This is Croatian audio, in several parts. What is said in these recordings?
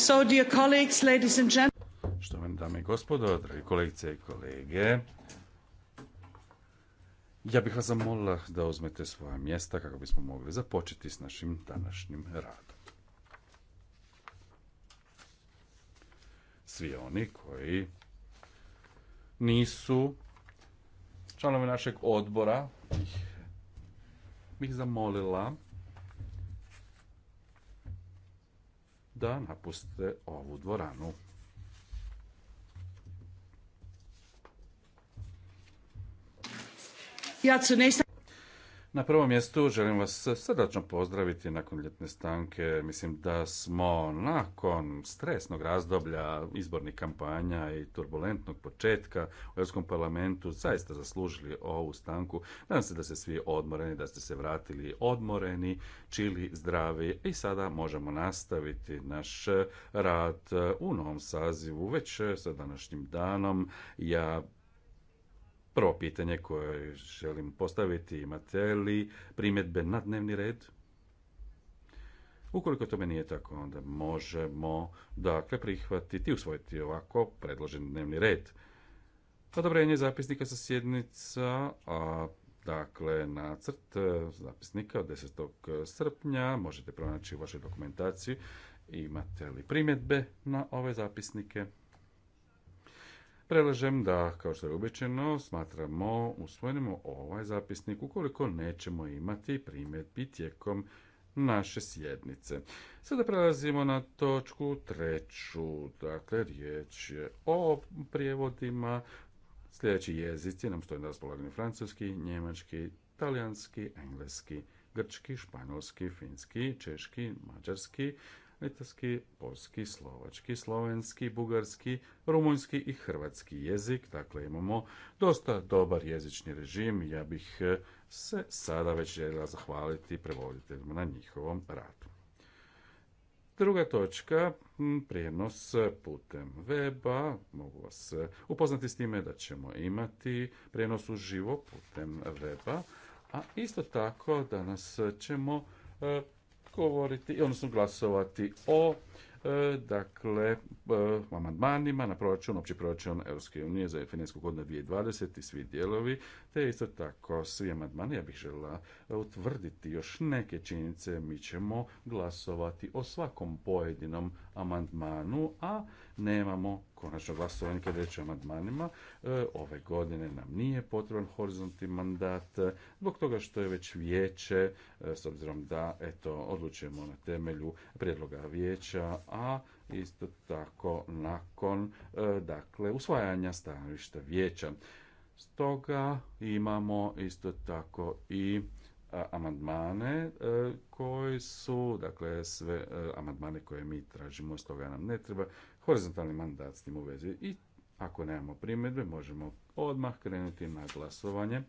So, dear colleagues, ladies and gentlemen. dame i gospodo, dragi kolegice i kolege, ja bih vas zamolila da uzmete svoja mjesta kako bismo mogli započeti s našim današnjim radom. Svi oni koji nisu članovi našeg odbora, bih zamolila da napuste ovu dvoranu. Ja, na prvom mjestu želim vas srdačno pozdraviti nakon ljetne stanke. Mislim da smo nakon stresnog razdoblja izbornih kampanja i turbulentnog početka u Europskom parlamentu zaista zaslužili ovu stanku. Nadam se da ste svi odmoreni, da ste se vratili odmoreni, čili, zdravi i sada možemo nastaviti naš rad u novom sazivu već sa današnjim danom. Ja Prvo pitanje koje želim postaviti, imate li primjedbe na dnevni red? Ukoliko tome nije tako, onda možemo dakle prihvatiti i usvojiti ovako predložen dnevni red. Odobrenje zapisnika sa sjednica, a dakle nacrt e, zapisnika od 10. srpnja možete pronaći u vašoj dokumentaciji. Imate li primjedbe na ove zapisnike? Prelažem da, kao što je uobičajeno, smatramo, usvojenimo ovaj zapisnik ukoliko nećemo imati primjedbi tijekom naše sjednice. Sada prelazimo na točku treću. Dakle, riječ je o prijevodima. Sljedeći jezici nam stoje na raspolaganju francuski, njemački, talijanski, engleski, grčki, španjolski, finski, češki, mađarski, litavski, polski, slovački, slovenski, bugarski, rumunjski i hrvatski jezik. Dakle, imamo dosta dobar jezični režim. Ja bih eh, se sada već željela zahvaliti prevoditeljima na njihovom radu. Druga točka, hm, prijenos eh, putem weba. Mogu vas eh, upoznati s time da ćemo imati prijenos živo putem weba. A isto tako danas ćemo govoriti, odnosno glasovati o e, dakle, e, amandmanima na proračun, opći proračun Europske unije za financijsku godinu 2020 i svi dijelovi, te isto tako svi amandmani, ja bih žela utvrditi još neke činjenice, mi ćemo glasovati o svakom pojedinom amandmanu, a nemamo konačno glasovanje kada reći o amandmanima. E, ove godine nam nije potreban horizonti mandat e, zbog toga što je već vijeće, e, s obzirom da eto, odlučujemo na temelju prijedloga vijeća, a isto tako nakon dakle, usvajanja stajališta vijeća. Stoga imamo isto tako i amandmane koji su, dakle sve amandmane koje mi tražimo, stoga nam ne treba horizontalni mandat s tim u vezi i ako nemamo primjedbe možemo odmah krenuti na glasovanje,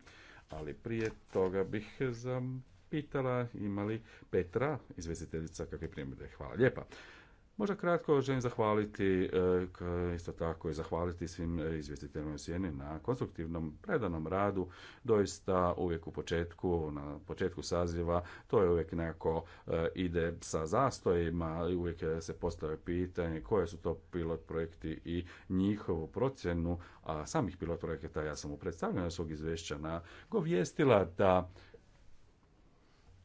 ali prije toga bih zapitala imali Petra, izvjestiteljica kakve primjedbe. Hvala lijepa. Možda kratko želim zahvaliti, e, isto tako i zahvaliti svim e, izvjestiteljima Sjeni na konstruktivnom, predanom radu. Doista uvijek u početku, na početku saziva, to je uvijek nekako e, ide sa zastojima, uvijek se postavlja pitanje koje su to pilot projekti i njihovu procjenu, a samih pilot projekata ja sam u predstavljanju svog izvješća Govijestila, da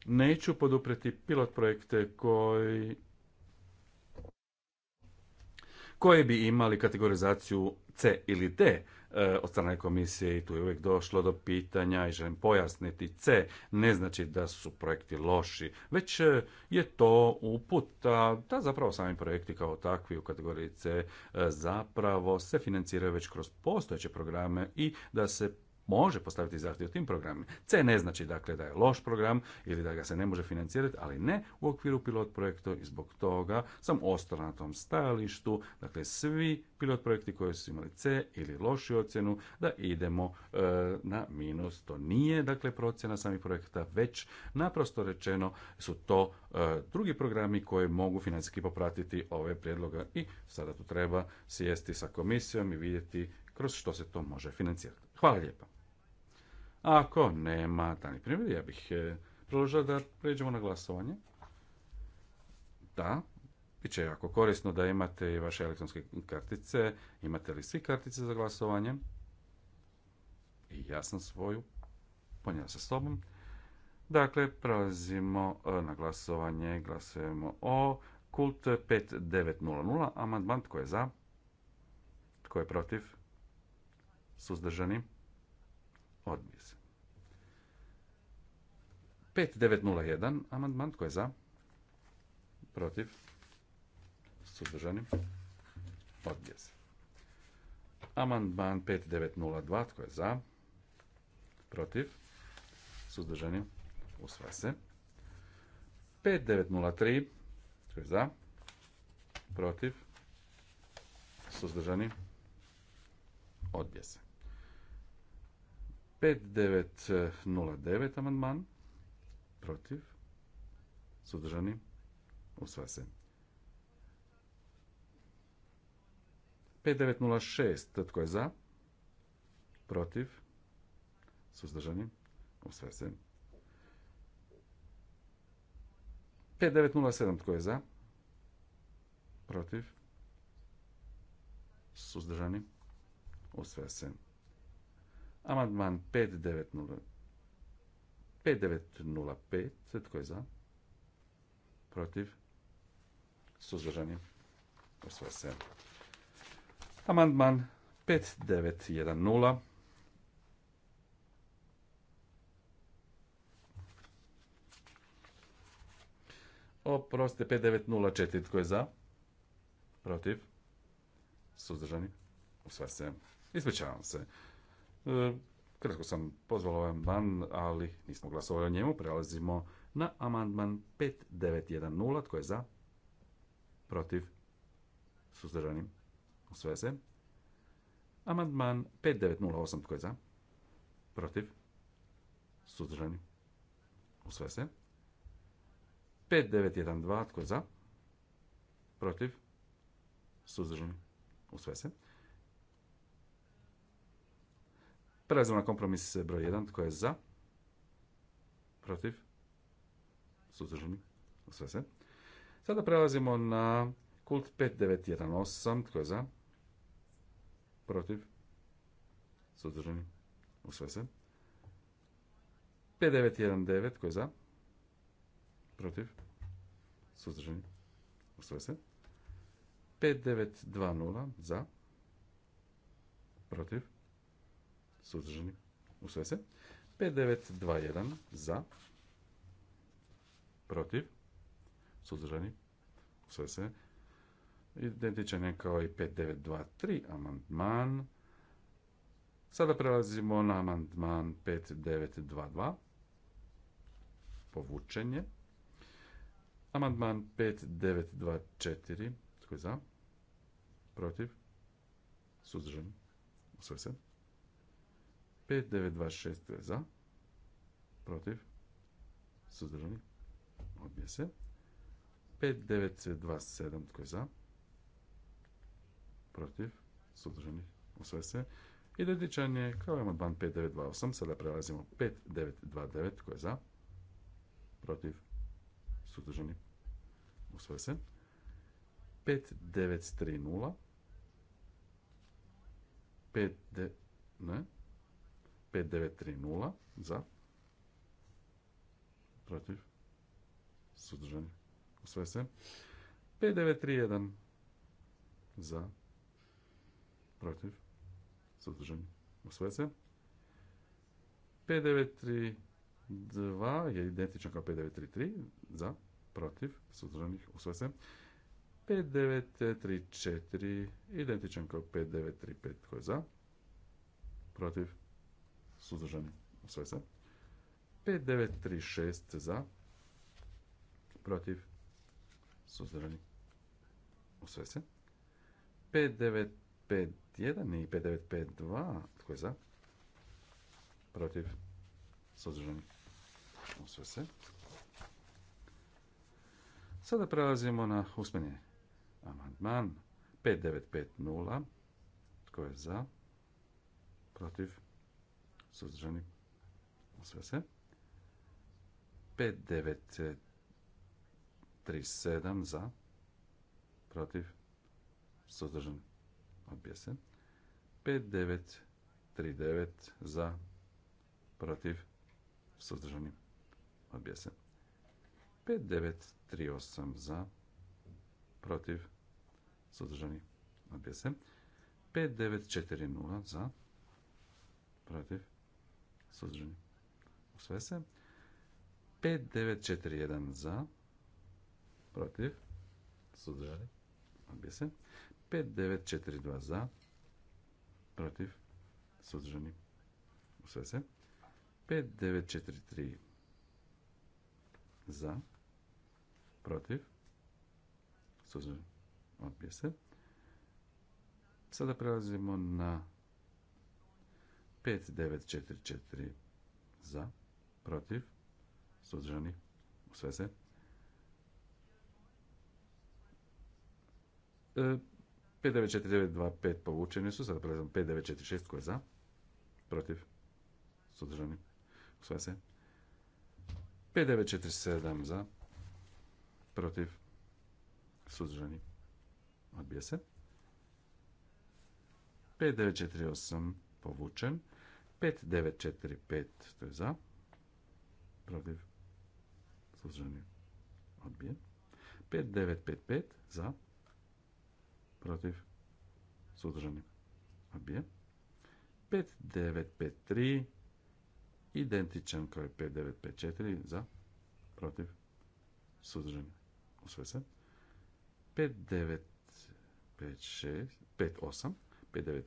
neću podupreti pilot projekte koji koje bi imali kategorizaciju C ili D e, od strane komisije i tu je uvijek došlo do pitanja i želim pojasniti C ne znači da su projekti loši, već e, je to uputa da zapravo sami projekti kao takvi u kategoriji C e, zapravo se financiraju već kroz postojeće programe i da se može postaviti zahtjev u tim programima. C ne znači dakle da je loš program ili da ga se ne može financirati, ali ne u okviru pilot projekta i zbog toga sam ostala na tom stajalištu. Dakle, svi pilot projekti koji su imali C ili lošu ocjenu, da idemo e, na minus. To nije dakle procjena samih projekta, već naprosto rečeno su to e, drugi programi koji mogu financijski popratiti ove prijedloga i sada tu treba sjesti sa komisijom i vidjeti kroz što se to može financirati. Hvala lijepa ako nema danih primjeri, ja bih e, proložila da pređemo na glasovanje. Da, bit će jako korisno da imate i vaše elektronske kartice. Imate li svi kartice za glasovanje? I ja sam svoju ponijela sa sobom. Dakle, prelazimo e, na glasovanje. Glasujemo o kult 5900. Amandman tko je za? Tko je protiv? Suzdržani? Odbije se. 5901, amandman, tko je za? Protiv? Suzdržani? Odbije se. Amandman 5902, tko je za? Protiv? Suzdržani? Usvaja se. 5903, tko je za? Protiv? Suzdržani? Odbije se. 5909 e, amandman. Protiv. Sudržani. Usva se. 5906. Tko je za? Protiv. Suzdržani. Usva se. 5907. Tko je za? Protiv. Suzdržani. Usva se. Amandman 590. 5905. tko je za? Protiv? Suzdržani? Osvoje se. Amandman 5910. Oproste, 5904. Tko je za? Protiv? Suzdržani? Osvoje se. Ispričavam se. E, kratko sam pozvao ovaj amandman, ali nismo glasovali o njemu. Prelazimo na amandman 5910. Tko je za? Protiv? suzdržanim, u se. Amandman 5908. Tko je za? Protiv? Suzdržani? u se. 5912. Tko je za? Protiv? Suzdržani? u se. Prelazimo na kompromis broj 1. Tko je za? Protiv? Suzdržani? Sve se. Sada prelazimo na kult 5918. Tko je za? Protiv? Suzdržani? Sve se. 5919. Tko je za? Protiv? Suzdržani? Sve se. 5920. Za? Protiv? suzdržani. U se. 5, 9, 2, 1, za. Protiv. Suzdržani. U se. Identičan je kao i 5, 9, 2, 3, amantman. Sada prelazimo na amantman 5, 9, 2, 2. Povučen Amantman 5, 9, 2, 4, za. Protiv. Suzdržani. U sve se. Suzdržani. 5926 je za, protiv, suzdržani, odbije se. 592.7 tko je za, protiv, suzdržani, usvoje se. Identičan je kao je amandman 5928, sada prelazimo 5929 tko je za, protiv, suzdržani, usvoje se. 5930, 5, de, ne, 5930 za protiv suzdržani usvaja se 5931 za protiv suzdržani usvaja se 5932 je identičan kao 5933 za protiv suzdržanih usvaja se 5934 identičan kao 5935 koji je za protiv suzdržani, u se. 5936 za, protiv, suzdržani, u se. 5951 i 5952, tko je za, protiv, suzdržani, u se. Sada prelazimo na usmeni amandman 5950. Tko je za? Protiv? suzdržani, sve se. 5937 za, protiv, suzdržani, odbija se. 5939 za, protiv, suzdržani, odbija se. 5938 za, protiv, suzdržani, odbija se. 5940 za, protiv, suzdržani. Sve se. 5941 za, protiv, suzdržani. Odbije se. 5942 za, protiv, suzdržani. Sve se. 5943 za, protiv, suzdržani. Odbije se. Sada prelazimo na 5944 za, protiv, suzdržani, sve se. E, 594925 povučeni su, sada prelazimo 5946 koje je za, protiv, suzdržani, sve se. 5947 za, protiv, suzdržani, odbija se. 5948 povučen. 5945, to je za. Protiv. Suzdržani. odbije. 5955, za. Protiv. Suzdržani. odbije. 5953, identičan kao je 5954, za. Protiv. Suzdržani. Usve se. 5956, 58, 59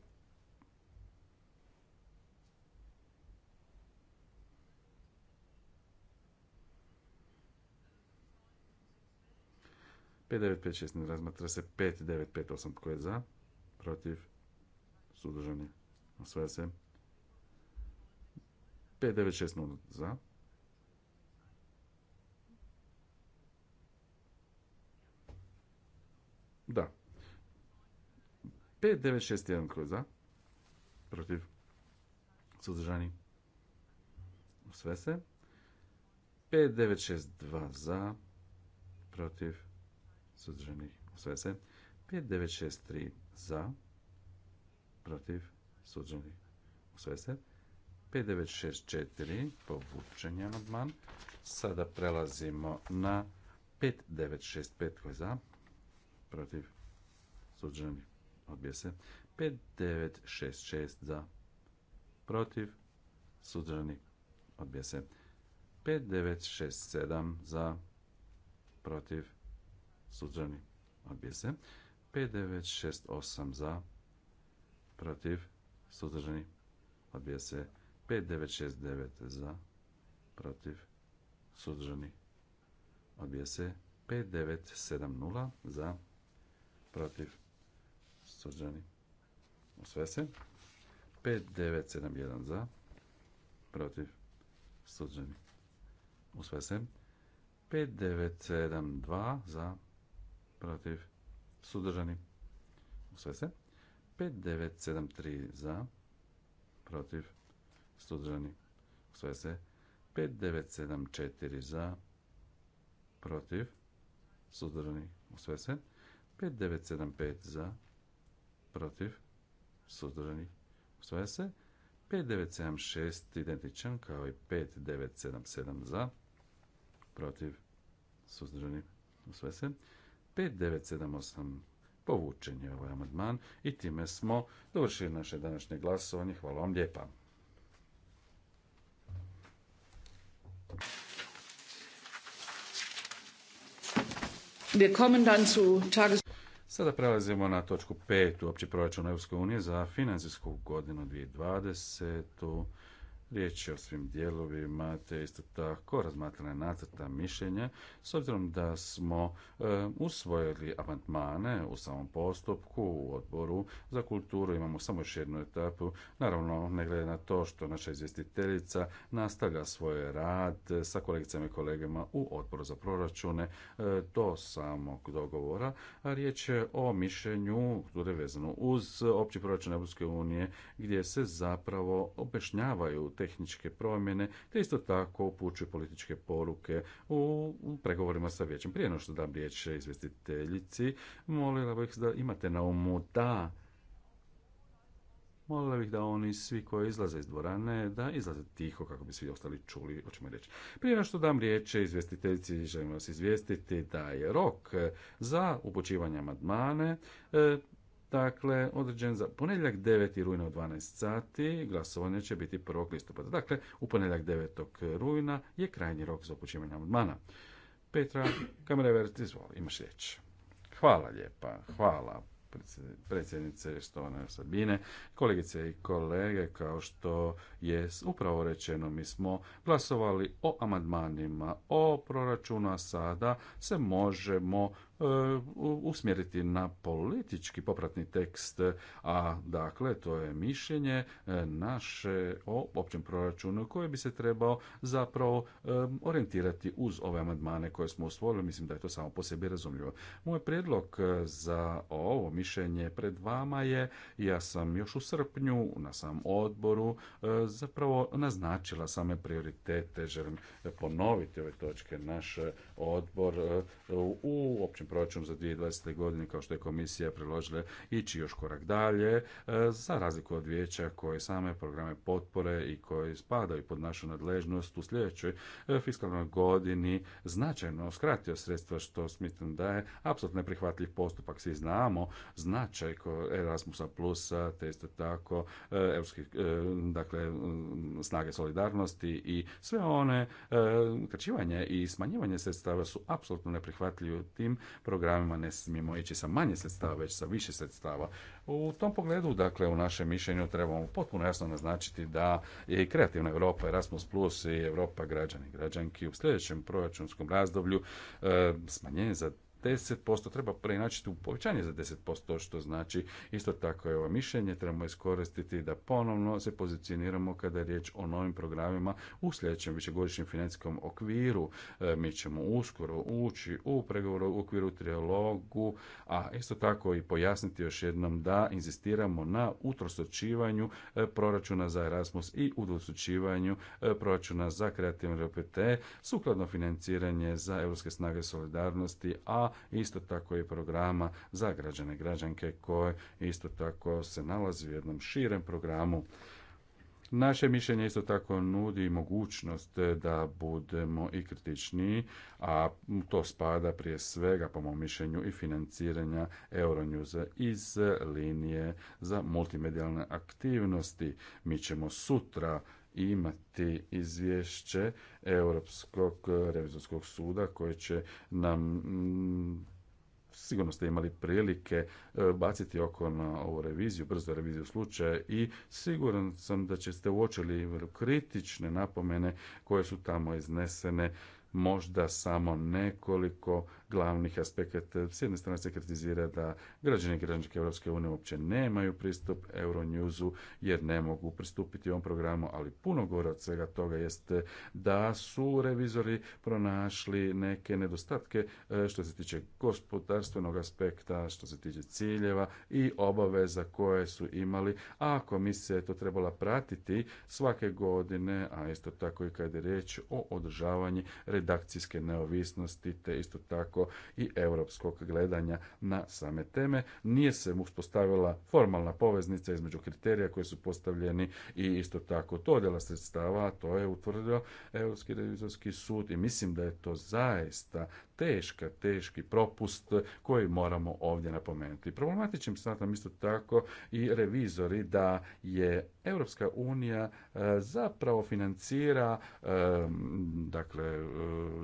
5956 ne razmatra se 5958 tko je za, protiv, sudržani osvaja se 5960 za, Da. 5961 tko je za? Protiv. sudržani osvese. se. 5962 za. Protiv suzdržani, usvaja 5963 za, protiv, suzdržani, usvaja se. 5964 povučen odman. Sada prelazimo na 5965 koji za, protiv, suzdržani, odbija se. 5966 za, protiv, suzdržani, odbija se. 5967 za, protiv, suzdržani, odbije se. 5968 za, protiv, suzdržani, odbije se. 5969 za, protiv, sudženi, odbije se. 5970 za, protiv, suzdržani, osve se. 5971 za, protiv, suzdržani, usve se. 5972 za, protiv, suzdržani, sve se. 5973 za, protiv, suzdržani, sve se. 5974 za, protiv, suzdržani, sve se. 5975 za, protiv, suzdržani, sve se. 5976 identičan kao i 5977 za, protiv, suzdržani, sve se. 5978 povučen je ovaj amandman i time smo dovršili naše današnje glasovanje. Hvala vam lijepa. Sada prelazimo na točku 5. Opći proračun EU za financijsku godinu 2020. Riječ je o svim dijelovima, te isto tako razmatrane nacrta mišljenja, s obzirom da smo e, usvojili amandmane u samom postupku u odboru za kulturu, imamo samo još jednu etapu, naravno ne glede na to što naša izvjestiteljica nastavlja svoj rad sa kolegicama i kolegama u odboru za proračune e, do samog dogovora, a riječ je o mišljenju vezano uz opći proračun Europske unije gdje se zapravo objašnjavaju tehničke promjene, te isto tako upućuje političke poruke u pregovorima sa vijećem. Prije no što dam riječ izvestiteljici, molila bih da imate na umu da Molila bih da oni svi koji izlaze iz dvorane, da izlaze tiho kako bi svi ostali čuli o čemu je reći. Prije što dam riječ izvjestiteljici, želim vas izvijestiti da je rok za upućivanje Madmane... E, dakle, određen za ponedjeljak 9. rujna u 12 sati, glasovanje će biti 1. listopada. Dakle, u ponedjeljak 9. rujna je krajnji rok za upućivanje amandmana. Petra Kamerevert, izvoli, imaš riječ. Hvala lijepa, hvala predsjednice štovane Sabine, kolegice i kolege, kao što je upravo rečeno, mi smo glasovali o amandmanima, o a sada se možemo usmjeriti na politički popratni tekst, a dakle to je mišljenje e, naše o općem proračunu koje bi se trebao zapravo e, orijentirati uz ove amandmane koje smo usvojili. Mislim da je to samo po sebi razumljivo. Moj prijedlog e, za ovo mišljenje pred vama je, ja sam još u srpnju na sam odboru zapravo naznačila same prioritete. Želim ponoviti ove točke. Naš odbor u općem proračun za 2020. godine kao što je komisija predložila ići još korak dalje e, za razliku od vijeća koje same programe potpore i koji spadaju pod našu nadležnost u sljedećoj e, fiskalnoj godini značajno skratio sredstva što mislim da je apsolutno neprihvatljiv postupak. Svi znamo značaj Erasmusa plusa, te isto tako evropskih, e, dakle, snage solidarnosti i sve one kraćivanje i smanjivanje sredstava su apsolutno neprihvatljivi tim programima ne smijemo ići sa manje sredstava, već sa više sredstava. U tom pogledu, dakle, u našem mišljenju trebamo potpuno jasno naznačiti da je i kreativna Europa, Erasmus Plus i Europa građani i građanki u sljedećem proračunskom razdoblju e, smanjenje za 10% treba preinačiti u povećanje za 10%, što znači isto tako je ovo mišljenje, trebamo iskoristiti da ponovno se pozicioniramo kada je riječ o novim programima u sljedećem višegodišnjem financijskom okviru. E, mi ćemo uskoro ući u pregovor u okviru triologu, a isto tako i pojasniti još jednom da inzistiramo na utrostočivanju e, proračuna za Erasmus i utrostočivanju e, proračuna za kreativne RPT, sukladno financiranje za Europske snage solidarnosti, a isto tako i programa za građane građanke koje isto tako se nalazi u jednom širem programu. Naše mišljenje isto tako nudi mogućnost da budemo i kritičniji, a to spada prije svega, po mom mišljenju, i financiranja Euronews iz linije za multimedijalne aktivnosti. Mi ćemo sutra imati izvješće Europskog revizorskog suda koje će nam mm, sigurno ste imali prilike e, baciti oko na ovu reviziju, brzo reviziju slučaja i siguran sam da ćete uočili kritične napomene koje su tamo iznesene možda samo nekoliko glavnih aspekata. S jedne strane se kritizira da građani i građanke Europske unije uopće nemaju pristup Euronewsu jer ne mogu pristupiti ovom programu, ali puno gore od svega toga jeste da su revizori pronašli neke nedostatke e, što se tiče gospodarstvenog aspekta, što se tiče ciljeva i obaveza koje su imali, a komisija je to trebala pratiti svake godine, a isto tako i kad je riječ o održavanju redakcijske neovisnosti, te isto tako i europskog gledanja na same teme. Nije se mu uspostavila formalna poveznica između kriterija koji su postavljeni i isto tako to odjela sredstava, to je utvrdio Europski revizorski sud i mislim da je to zaista teška, teški propust koji moramo ovdje napomenuti. Problematičnim smatram isto tako i revizori da je Europska unija e, zapravo financira e, dakle e,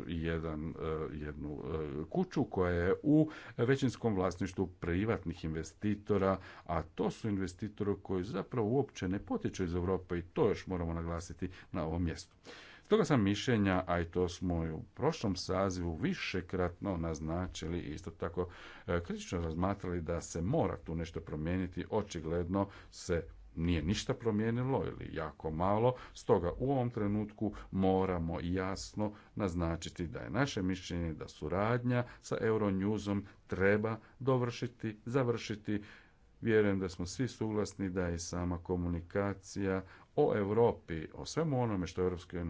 jedan, jednu kuću koja je u većinskom vlasništvu privatnih investitora, a to su investitori koji zapravo uopće ne potiču iz Europe i to još moramo naglasiti na ovom mjestu. Toga sam mišljenja, a i to smo u prošlom sazivu višekratno naznačili i isto tako e, kritično razmatrali da se mora tu nešto promijeniti. Očigledno se nije ništa promijenilo ili jako malo, stoga u ovom trenutku moramo jasno naznačiti da je naše mišljenje da suradnja sa Euronewsom treba dovršiti, završiti. Vjerujem da smo svi suglasni da je sama komunikacija o Europi, o svemu onome što Europska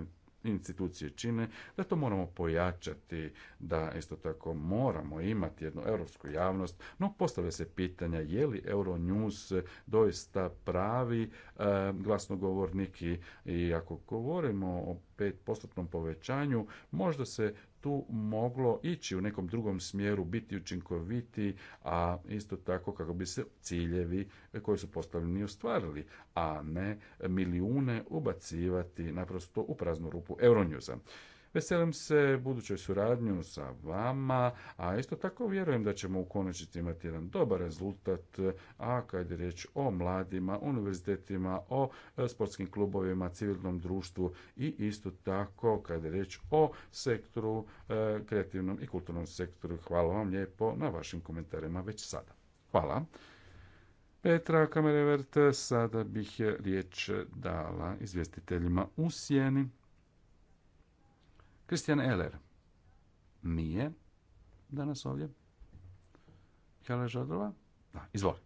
institucije čine, da to moramo pojačati, da isto tako moramo imati jednu europsku javnost, no postavlja se pitanja je li Euronews doista pravi glasnogovorniki eh, glasnogovornik i, i ako govorimo o 5-postupnom povećanju, možda se tu moglo ići u nekom drugom smjeru, biti učinkoviti, a isto tako kako bi se ciljevi koji su postavljeni ostvarili, a ne milijune ubacivati naprosto u praznu rupu Euronjuza. Veselim se budućoj suradnju sa vama, a isto tako vjerujem da ćemo u konačnici imati jedan dobar rezultat, a kad je riječ o mladima, univerzitetima, o e, sportskim klubovima, civilnom društvu i isto tako kad je riječ o sektoru, e, kreativnom i kulturnom sektoru. Hvala vam lijepo na vašim komentarima već sada. Hvala. Petra Kamerevert, sada bih riječ dala izvjestiteljima u sjeni. Kristijan Eller nije danas ovdje. Kjela Žodrova? Da, izvoli.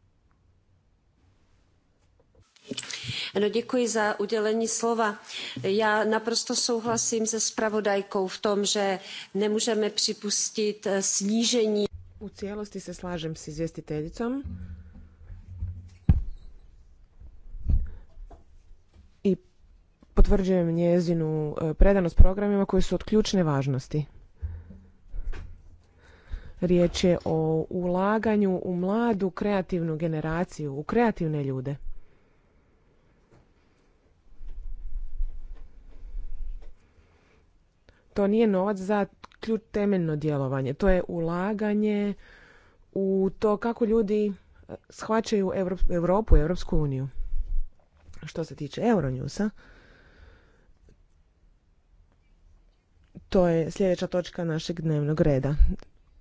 No, děkuji za udělení slova. Já naprosto souhlasím se spravodajkou v tom, že nemůžeme připustit eh, snížení. U cijelosti se slažem s izvjestiteljicom utvrđujem njezinu e, predanost programima koji su od ključne važnosti. Riječ je o ulaganju u mladu kreativnu generaciju, u kreativne ljude. To nije novac za ključ temeljno djelovanje, to je ulaganje u to kako ljudi e, shvaćaju Europu, Europsku uniju. Što se tiče Euronjusa, To je sljedeća točka našeg dnevnog reda,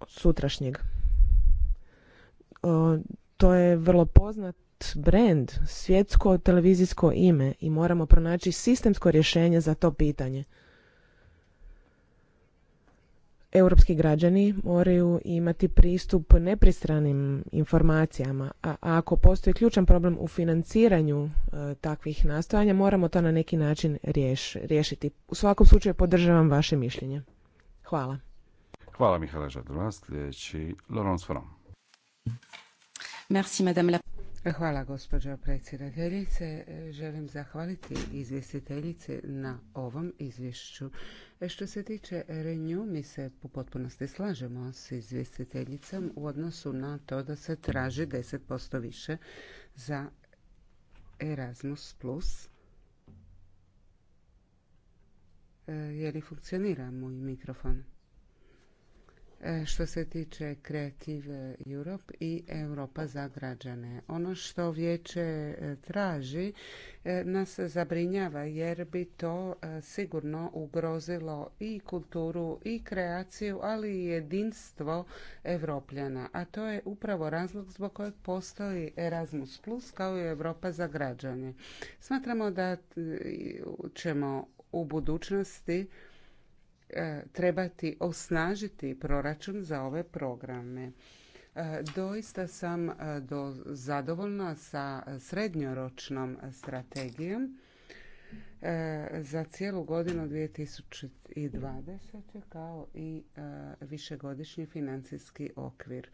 sutrašnjeg. to je vrlo poznat brand, svjetsko televizijsko ime i moramo pronaći sistemsko rješenje za to pitanje europski građani moraju imati pristup nepristranim informacijama, a ako postoji ključan problem u financiranju e, takvih nastojanja, moramo to na neki način riješiti. U svakom slučaju podržavam vaše mišljenje. Hvala. Hvala Merci, madame la... Hvala gospođo predsjedateljice. Želim zahvaliti izvjestiteljice na ovom izvješću. E, što se tiče Renew, mi se u potpunosti slažemo s izvjestiteljicom u odnosu na to da se traži 10% više za Erasmus+. E, je li funkcionira moj mikrofon? E, što se tiče Creative Europe i Europa za građane. Ono što vijeće e, traži e, nas zabrinjava jer bi to sigurno ugrozilo i kulturu i kreaciju, ali i jedinstvo Evropljana. A to je upravo razlog zbog kojeg postoji Erasmus Plus kao i Europa za građane. Smatramo da ćemo u budućnosti E, trebati osnažiti proračun za ove programe. E, doista sam e, zadovoljna sa srednjoročnom strategijom za cijelu godinu 2020. kao i višegodišnji financijski okvir.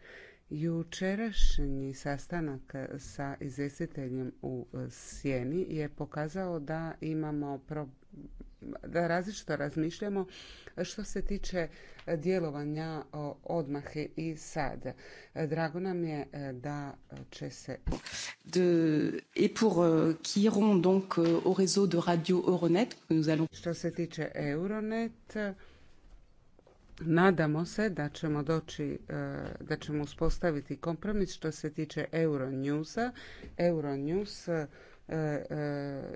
Jučerašnji sastanak sa izvjestiteljem u Sjeni je pokazao da imamo da različito razmišljamo što se tiče djelovanja odmah i sad. Drago nam je e, da će se... De, et pour, euh, qui donc euh, au réseau de radio Euronet, Što se tiče Euronet, Nadamo se da ćemo doći, e, da ćemo uspostaviti kompromis što se tiče Euronewsa. Euronews E,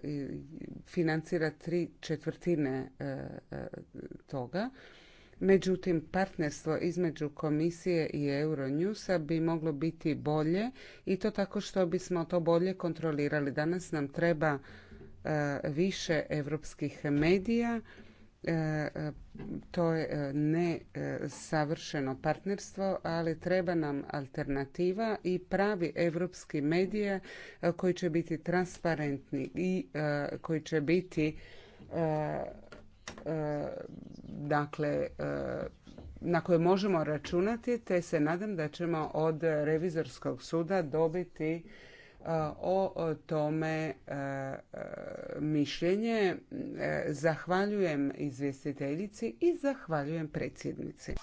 e, financira tri četvrtine e, toga. Međutim, partnerstvo između komisije i Euronewsa bi moglo biti bolje i to tako što bismo to bolje kontrolirali. Danas nam treba više europskih medija E, e, to je e, ne savršeno partnerstvo, ali treba nam alternativa i pravi europski medije koji će biti transparentni i koji će biti dakle na koje možemo računati te se nadam da ćemo od revizorskog suda dobiti o tome e, e, mišljenje. E, zahvaljujem izvjestiteljici i zahvaljujem predsjednici.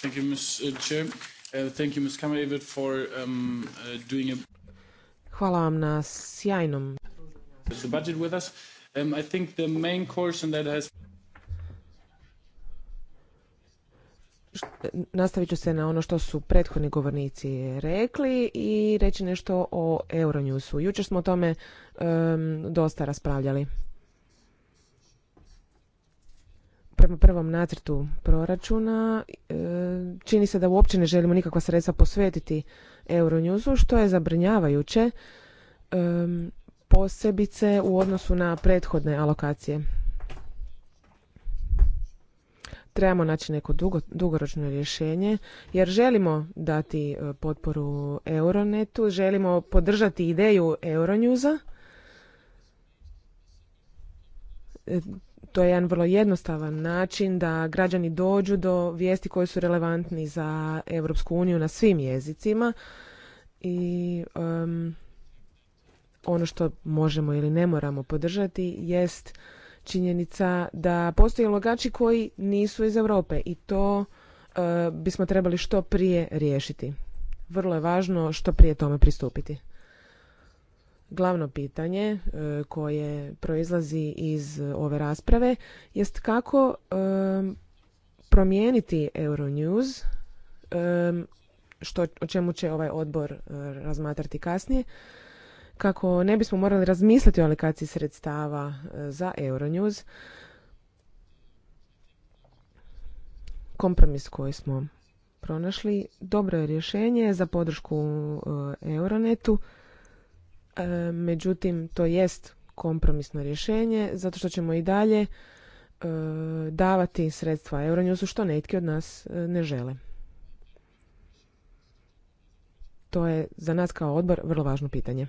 Thank you, Ms. Uh, Chair. Uh, thank you, Ms. Kameravid, for um, uh, doing a... Hvala vam na sjajnom. The budget with us. Um, I think the main that has... nastavit ću se na ono što su prethodni govornici rekli i reći nešto o Euronewsu. Jučer smo o tome dosta raspravljali. Prema prvom nacrtu proračuna čini se da uopće ne želimo nikakva sredstva posvetiti Euronewsu, što je zabrinjavajuće posebice u odnosu na prethodne alokacije trebamo naći neko dugoročno rješenje jer želimo dati e, potporu Euronetu, želimo podržati ideju Euronjuza. E, to je jedan vrlo jednostavan način da građani dođu do vijesti koji su relevantni za Europsku uniju na svim jezicima i ono što možemo ili ne moramo podržati jest činjenica da postoje ulagači koji nisu iz Europe i to e, bismo trebali što prije riješiti. Vrlo je važno što prije tome pristupiti. Glavno pitanje e, koje proizlazi iz ove rasprave jest kako e, promijeniti Euronews, što, o čemu će ovaj odbor razmatrati kasnije, kako ne bismo morali razmisliti o alikaciji sredstava e, za Euronews, kompromis koji smo pronašli, dobro je rješenje za podršku e, Euronetu, e, međutim to jest kompromisno rješenje zato što ćemo i dalje davati sredstva Euronewsu što neki od nas ne žele. To je za nas kao odbor vrlo važno pitanje.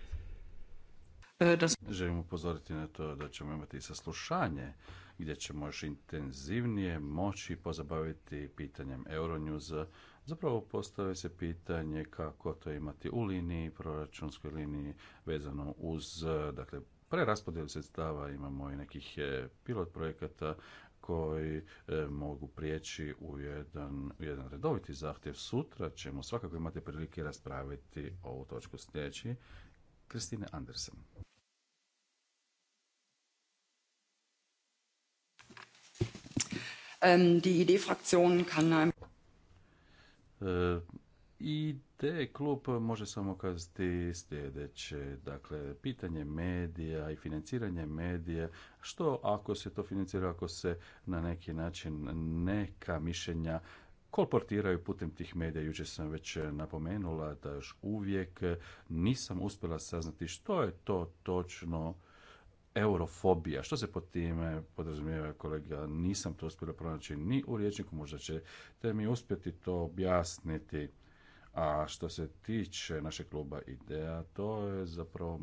E, da... Želim upozoriti na to da ćemo imati i saslušanje gdje ćemo još intenzivnije moći pozabaviti pitanjem Euronews. Zapravo postavlja se pitanje kako to imati u liniji, proračunskoj liniji, vezano uz dakle, preraspodjelu sredstava, imamo i nekih e, pilot projekata koji e, mogu prijeći u jedan, u jedan redoviti zahtjev. Sutra ćemo svakako imati prilike raspraviti ovu točku sljedeći. Kristine Andersen. Ähm, die ID-Fraktion kann... E, ID klub može samo kazati sljedeće, dakle, pitanje medija i financiranje medija, što ako se to financira, ako se na neki način neka mišljenja kolportiraju putem tih medija. juče sam već napomenula da još uvijek nisam uspjela saznati što je to točno eurofobija. Što se pod time podrazumijeva kolega? Nisam to uspjela pronaći ni u riječniku, možda ćete mi uspjeti to objasniti. A što se tiče našeg kluba ideja, to je zapravo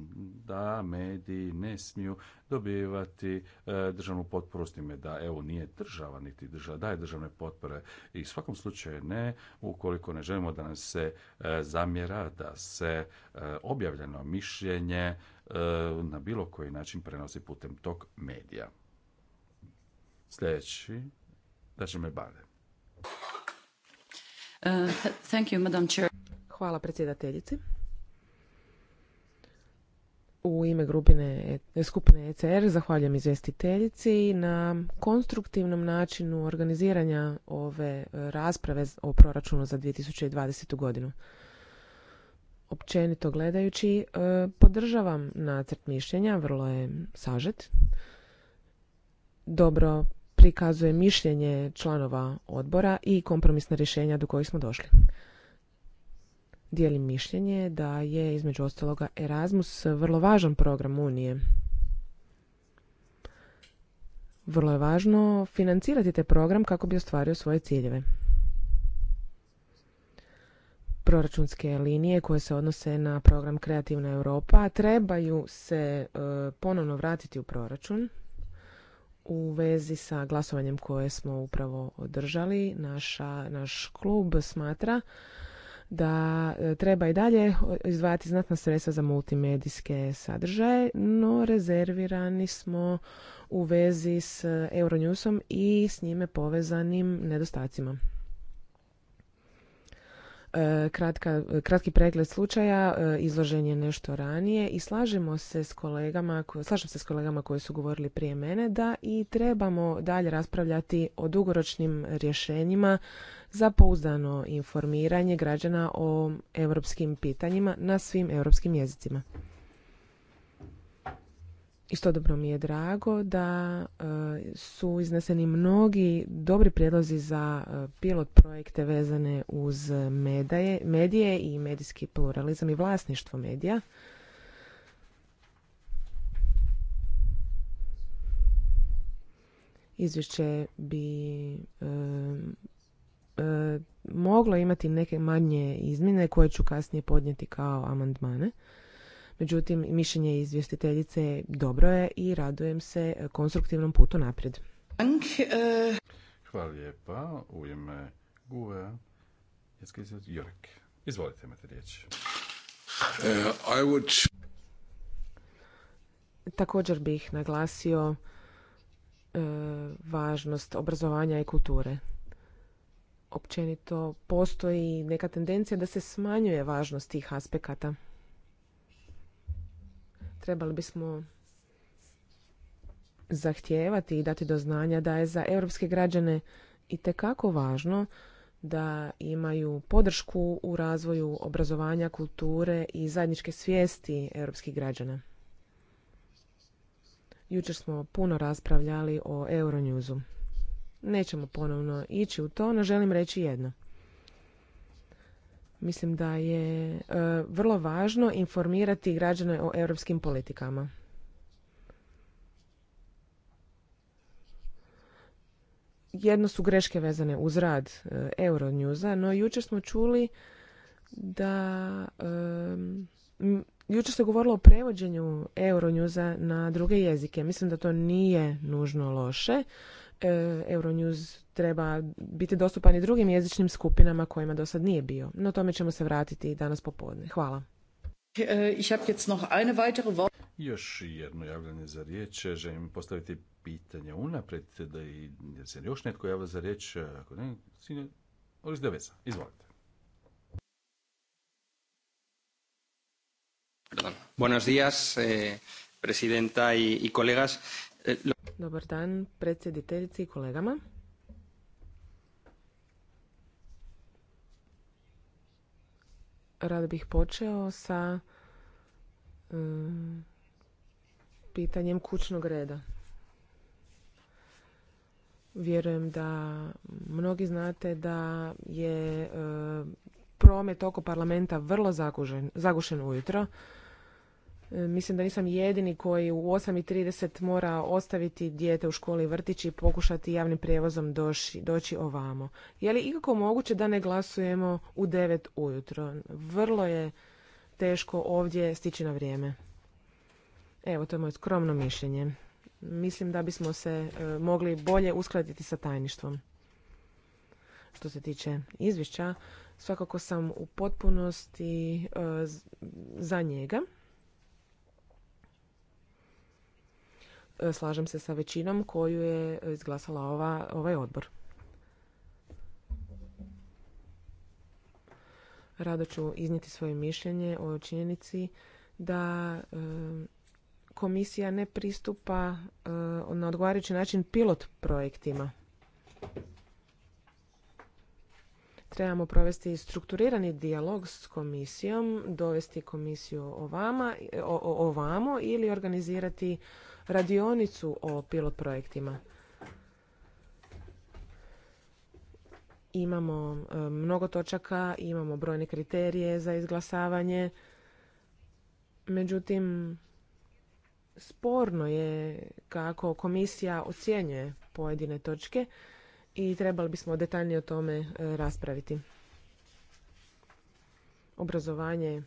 da mediji ne smiju dobivati e, državnu potporu s time da EU nije država niti država daje državne potpore i u svakom slučaju ne ukoliko ne želimo da nam se e, zamjera da se e, objavljeno mišljenje na bilo koji način prenosi putem tog medija. Sljedeći, da će me bade. Hvala predsjedateljici. U ime grupine, e, skupine ECR zahvaljujem izvjestiteljici na konstruktivnom načinu organiziranja ove e, rasprave o proračunu za 2020. godinu. Općenito gledajući, e, podržavam nacrt mišljenja, vrlo je sažet. Dobro prikazuje mišljenje članova odbora i kompromisna rješenja do kojih smo došli. Dijelim mišljenje da je između ostaloga Erasmus vrlo važan program Unije. Vrlo je važno financirati te program kako bi ostvario svoje ciljeve. Proračunske linije koje se odnose na program Kreativna Europa trebaju se e, ponovno vratiti u proračun u vezi sa glasovanjem koje smo upravo održali. Naša, naš klub smatra da e, treba i dalje izdvajati znatna sredstva za multimedijske sadržaje, no rezervirani smo u vezi s Euronewsom i s njime povezanim nedostacima. E, kratka, kratki pregled slučaja, e, izložen je nešto ranije i slažemo se s kolegama, slažem se s kolegama koji su govorili prije mene da i trebamo dalje raspravljati o dugoročnim rješenjima za pouzdano informiranje građana o europskim pitanjima na svim europskim jezicima dobro mi je drago da e, su izneseni mnogi dobri prijedlozi za e, pilot projekte vezane uz medaje, medije i medijski pluralizam i vlasništvo medija. Izvješće bi e, moglo imati neke manje izmjene koje ću kasnije podnijeti kao amandmane. Međutim, mišljenje izvjestiteljice dobro je i radujem se konstruktivnom putu naprijed. Eh. Hvala lijepa. U ime riječ. Eh, Također bih naglasio eh, važnost obrazovanja i kulture. Općenito postoji neka tendencija da se smanjuje važnost tih aspekata. Trebali bismo zahtijevati i dati do znanja da je za europske građane i tekako važno da imaju podršku u razvoju obrazovanja, kulture i zajedničke svijesti europskih građana. Jučer smo puno raspravljali o Euronewsu. Nećemo ponovno ići u to, no želim reći jedno. Mislim da je e, vrlo važno informirati građane o europskim politikama. Jedno su greške vezane uz rad e, Euronewsa, no jučer smo čuli da e, jučer se govorilo o prevođenju Euronewsa na druge jezike. Mislim da to nije nužno loše. E, Euronews treba biti dostupan i drugim jezičnim skupinama kojima do sad nije bio. No tome ćemo se vratiti danas popodne. Hvala. E, ich habe jetzt noch Još jedno javljanje za riječ. Želim postaviti pitanje unaprijed da i se još netko javlja za riječ. Ako ne, sine, Oris izvolite. Pardon. Buenos días, eh, presidenta i, i kolegas. Dobar dan predsjediteljici i kolegama. Rada bih počeo sa um, pitanjem kućnog reda. Vjerujem da mnogi znate da je uh, promet oko parlamenta vrlo zagušen ujutro. E, mislim da nisam jedini koji u 8.30 mora ostaviti dijete u školi i vrtići i pokušati javnim prijevozom doći, doći ovamo. Je li ikako moguće da ne glasujemo u 9 ujutro? Vrlo je teško ovdje stići na vrijeme. Evo, to je moje skromno mišljenje. Mislim da bismo se e, mogli bolje uskladiti sa tajništvom. Što se tiče izvješća, svakako sam u potpunosti e, za njega. E, slažem se sa većinom koju je izglasala ova, ovaj odbor. Rado ću iznijeti svoje mišljenje o činjenici da e, komisija ne pristupa e, na odgovarajući način pilot projektima. Trebamo provesti strukturirani dijalog s komisijom, dovesti komisiju ovama, ovamo ili organizirati radionicu o pilot projektima. Imamo e, mnogo točaka, imamo brojne kriterije za izglasavanje. Međutim, sporno je kako komisija ocjenjuje pojedine točke i trebali bismo detaljnije o tome e, raspraviti. Obrazovanje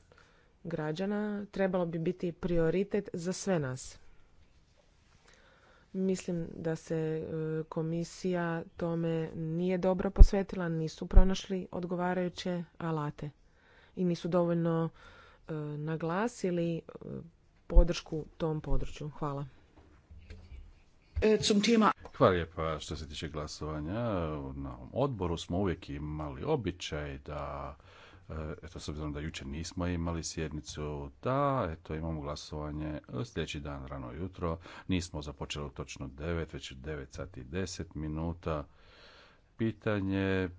građana trebalo bi biti prioritet za sve nas. Mislim da se e, komisija tome nije dobro posvetila, nisu pronašli odgovarajuće alate i nisu dovoljno e, naglasili e, podršku tom području. Hvala. Hvala lijepa što se tiče glasovanja. Na odboru smo uvijek imali običaj da E, eto, s obzirom da jučer nismo imali sjednicu, da, eto, imamo glasovanje e, sljedeći dan rano jutro. Nismo započeli točno 9, već 9 sati 10 minuta. Pitanje,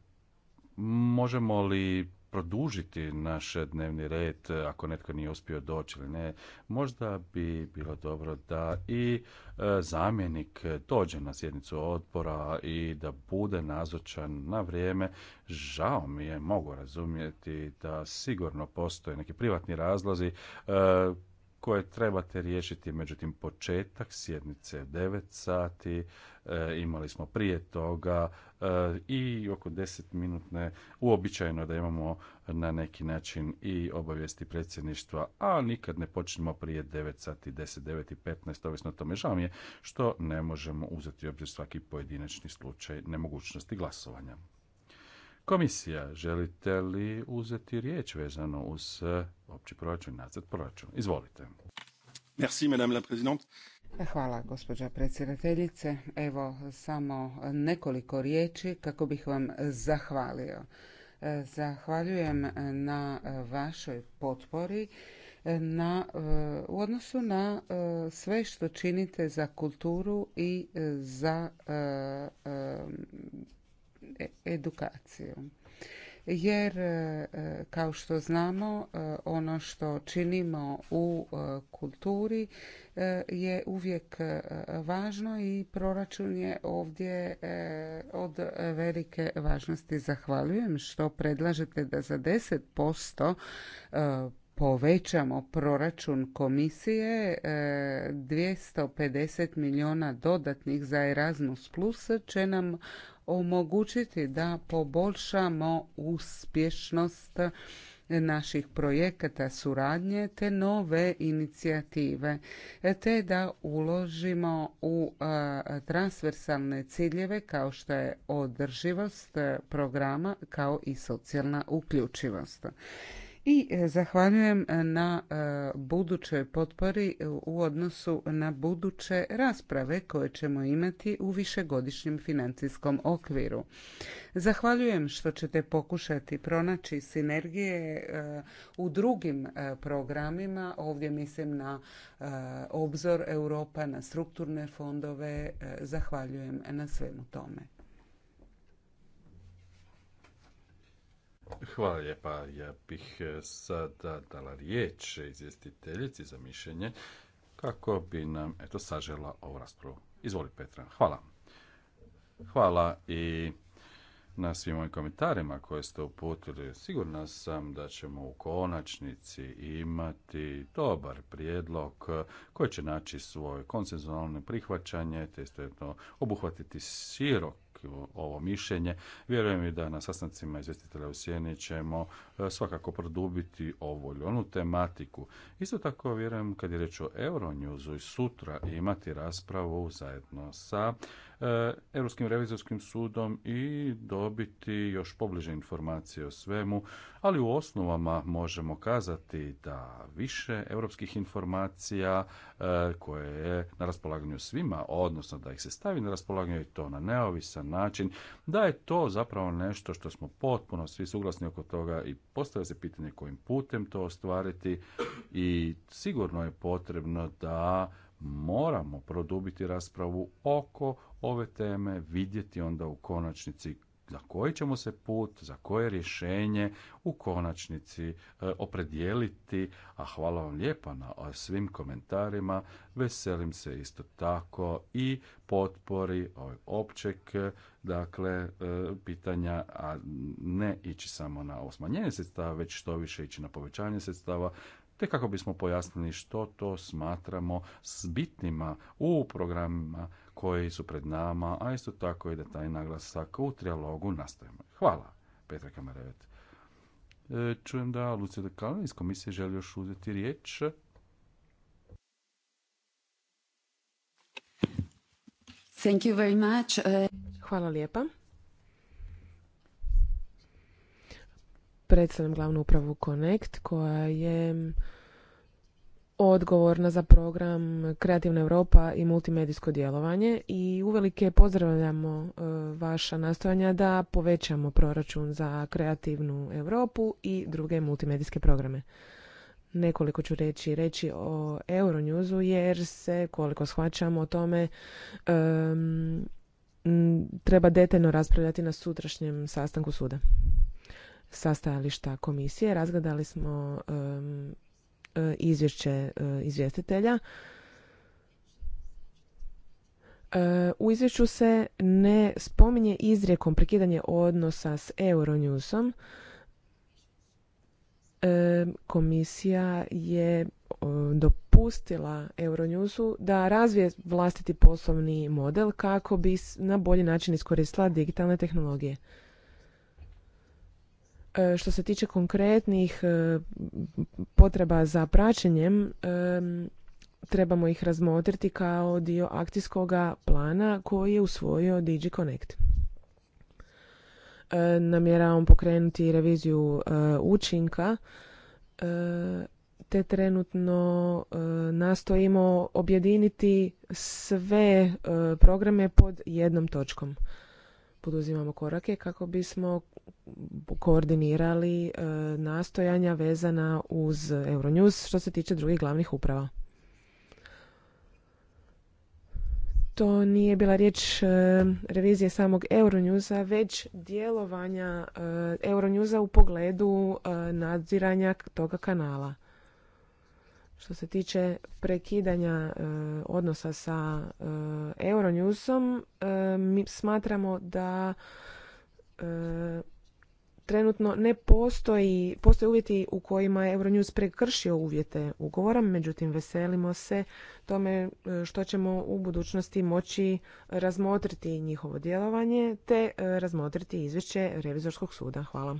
možemo li produžiti naš dnevni red e, ako netko nije uspio doći ili ne. Možda bi bilo dobro da i e, zamjenik dođe na sjednicu odbora i da bude nazočan na vrijeme. Žao mi je, mogu razumjeti da sigurno postoje neki privatni razlozi e, koje trebate riješiti. Međutim, početak sjednice je 9 sati, e, imali smo prije toga e, i oko 10 minutne, uobičajeno da imamo na neki način i obavijesti predsjedništva, a nikad ne počnemo prije 9 sati, 10, 9 i 15, ovisno o tome žao mi je što ne možemo uzeti obzir svaki pojedinačni slučaj nemogućnosti glasovanja. Komisija, želite li uzeti riječ vezano uz e, opći proračun, nacrt proračun? Izvolite. Merci, madame la présidente. Hvala, gospođa predsjedateljice. Evo samo nekoliko riječi kako bih vam zahvalio. E, zahvaljujem na vašoj potpori e, na, u odnosu na sve što činite za kulturu i za edukaciju. Jer, e, e, kao što znamo, e, ono što činimo u kulturi je uvijek važno i proračun je ovdje od velike važnosti. Zahvaljujem što predlažete da za 10% povećamo proračun komisije 250 eh, milijuna dodatnih za Erasmus Plus će nam omogućiti da poboljšamo uspješnost naših projekata suradnje te nove inicijative te da uložimo u eh, transversalne ciljeve kao što je održivost programa kao i socijalna uključivost i e, zahvaljujem na e, budućoj potpori u odnosu na buduće rasprave koje ćemo imati u višegodišnjem financijskom okviru. Zahvaljujem što ćete pokušati pronaći sinergije e, u drugim programima. Ovdje mislim na obzor Europa, na strukturne fondove. Zahvaljujem na svemu tome. Hvala lijepa. Ja bih e, sada dala riječ izvjestiteljici za mišljenje kako bi nam eto sažela ovu raspravu. Izvoli Petra. Hvala. Hvala i na svim ovim komentarima koje ste uputili. Sigurna sam da ćemo u konačnici imati dobar prijedlog koji će naći svoje konsenzualno prihvaćanje, te isto obuhvatiti sirok ovo mišljenje. Vjerujem i da na sastancima izvjestitelja u Sjeni ćemo e, svakako produbiti ovu ili onu tematiku. Isto tako vjerujem kad je reč o Euronewsu i sutra imati raspravu zajedno sa E, Europskim revizorskim sudom i dobiti još pobliže informacije o svemu, ali u osnovama možemo kazati da više europskih informacija e, koje je na raspolaganju svima, odnosno da ih se stavi na raspolaganje i to na neovisan način, da je to zapravo nešto što smo potpuno svi suglasni oko toga i postavlja se pitanje kojim putem to ostvariti i sigurno je potrebno da moramo produbiti raspravu oko ove teme, vidjeti onda u konačnici za koji ćemo se put, za koje rješenje u konačnici e, opredijeliti, a hvala vam lijepa na svim komentarima. Veselim se isto tako i potpori ovaj općeg dakle e, pitanja, a ne ići samo na osmanjenje sredstava, već što više ići na povećanje sredstava te kako bismo pojasnili što to smatramo s bitnima u programima koji su pred nama, a isto tako i da taj naglasak u trijalogu nastavimo. Hvala, Petra Kamarevet. E, čujem da Lucija Dekalina iz komisije želi još uzeti riječ. Thank you very much. E, Hvala lijepa. predstavljam glavnu upravu Connect koja je odgovorna za program Kreativna Europa i multimedijsko djelovanje i uvelike pozdravljamo e, vaša nastojanja da povećamo proračun za Kreativnu Europu i druge multimedijske programe. Nekoliko ću reći reći o Euronewsu jer se koliko shvaćamo o tome treba detaljno raspravljati na sutrašnjem sastanku suda sastajališta komisije razgledali smo e, izvješće e, izvjestitelja e, u izvješću se ne spominje izrijekom prekidanje odnosa s Euronewsom. Komisija je dopustila Euronewsu da razvije vlastiti poslovni model kako bi na bolji način iskoristila digitalne tehnologije. E, što se tiče konkretnih e, potreba za praćenjem, e, trebamo ih razmotriti kao dio akcijskoga plana koji je usvojio DigiConnect. Namjeravam pokrenuti reviziju učinka te trenutno nastojimo objediniti sve programe pod jednom točkom poduzimamo korake kako bismo koordinirali e, nastojanja vezana uz Euronews što se tiče drugih glavnih uprava. To nije bila riječ e, revizije samog Euronewsa, već djelovanja e, Euronewsa u pogledu nadziranja toga kanala. Što se tiče prekidanja e, odnosa sa e, Euronewsom, e, mi smatramo da e, trenutno ne postoji, postoje uvjeti u kojima je Euronews prekršio uvjete ugovora, međutim veselimo se tome što ćemo u budućnosti moći razmotriti njihovo djelovanje te razmotriti izvješće Revizorskog suda. Hvala.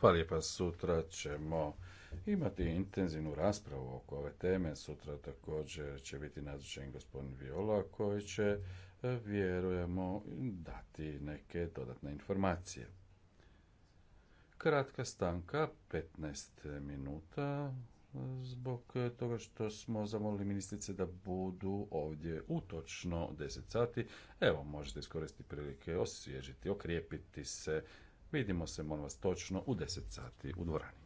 Hvala lijepa, sutra ćemo imati intenzivnu raspravu oko ove teme. Sutra također će biti nazočen gospodin Viola koji će, e, vjerujemo, dati neke dodatne informacije. Kratka stanka, 15 minuta, zbog toga što smo zamolili ministrice da budu ovdje u točno 10 sati. Evo, možete iskoristiti prilike osvježiti, okrijepiti se. Vidimo se, molim vas, točno u 10 sati u dvorani.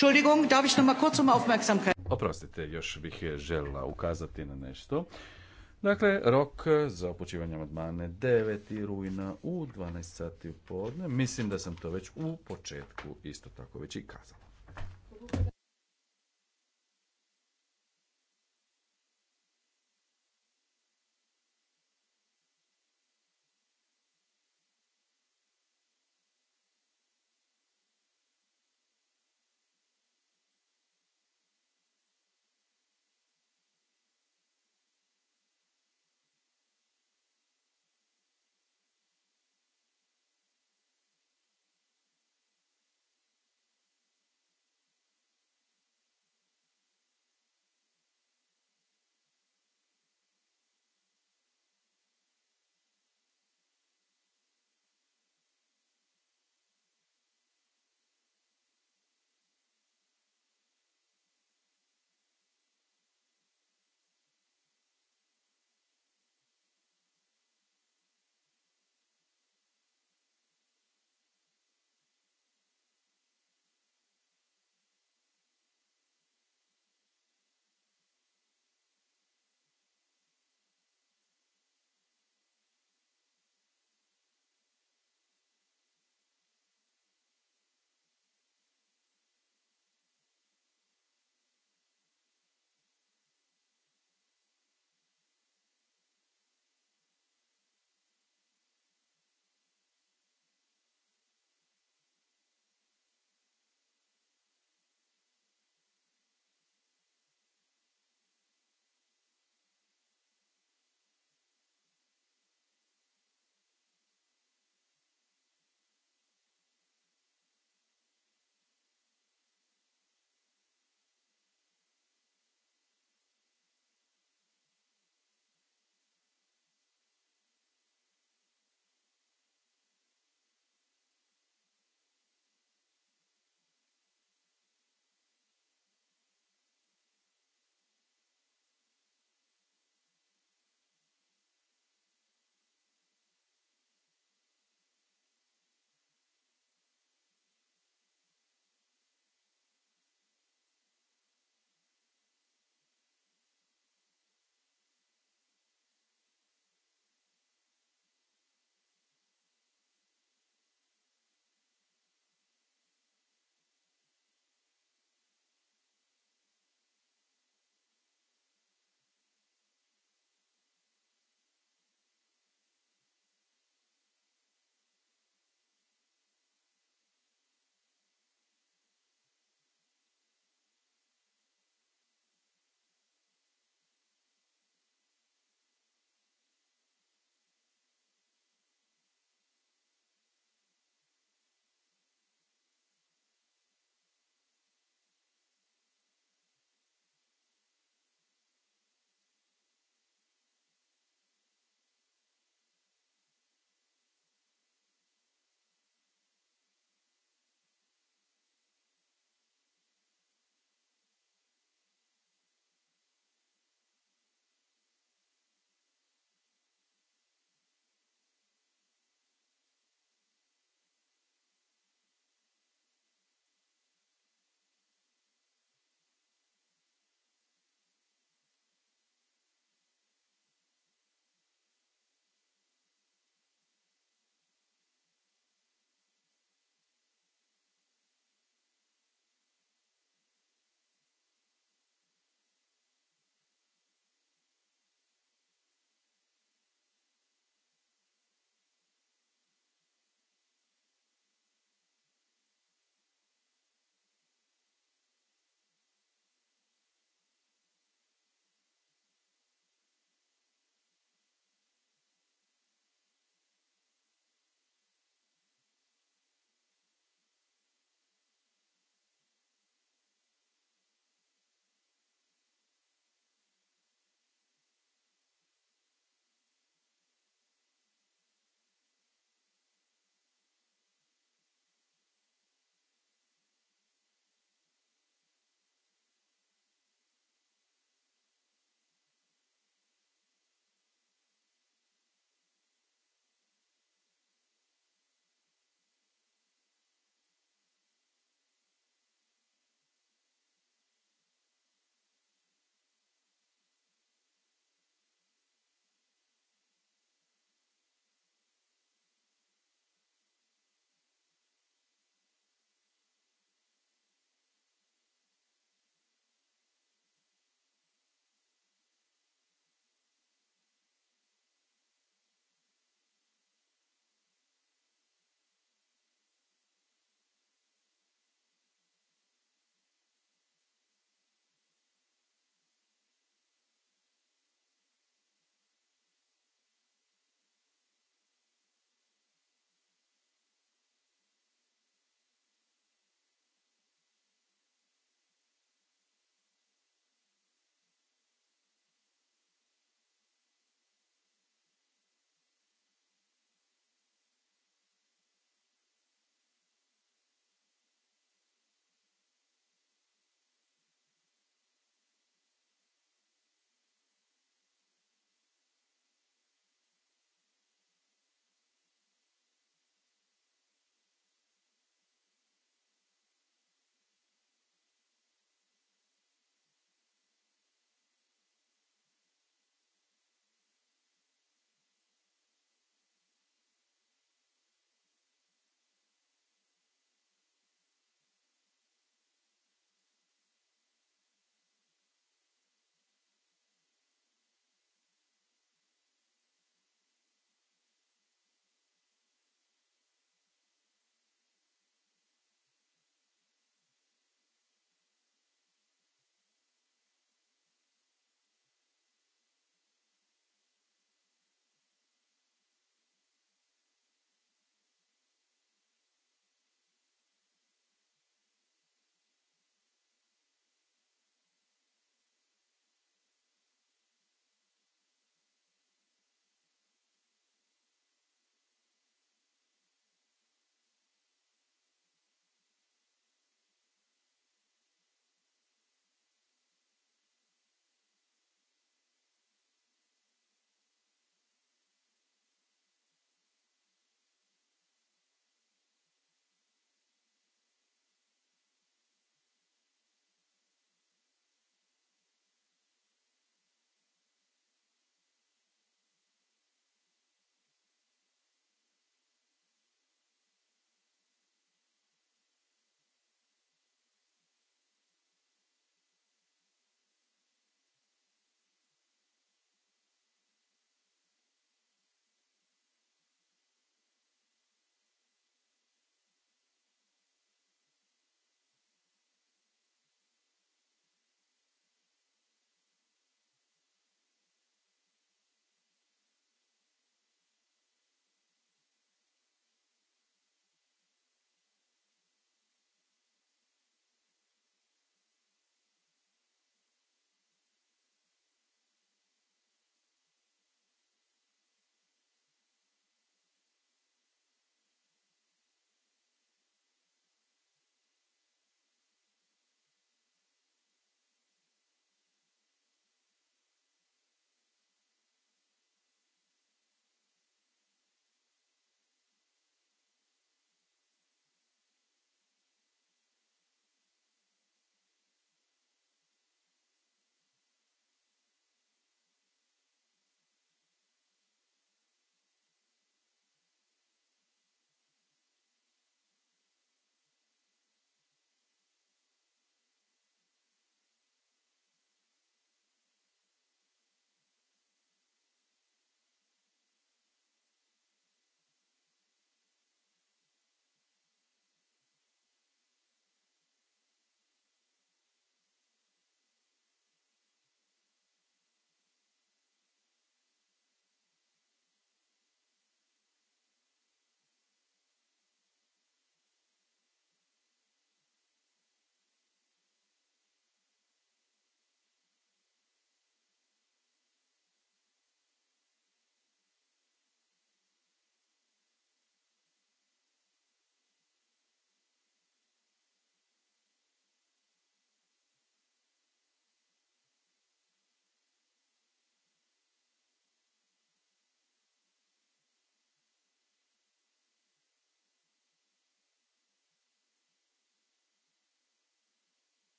Entschuldigung, darf ich noch mal kurz um Aufmerksamkeit? Oprostite, još bih je želila ukazati na nešto. Dakle, rok za upućivanje amandmane 9. rujna u 12 sati u podne. Mislim da sam to već u početku isto tako već i kazala.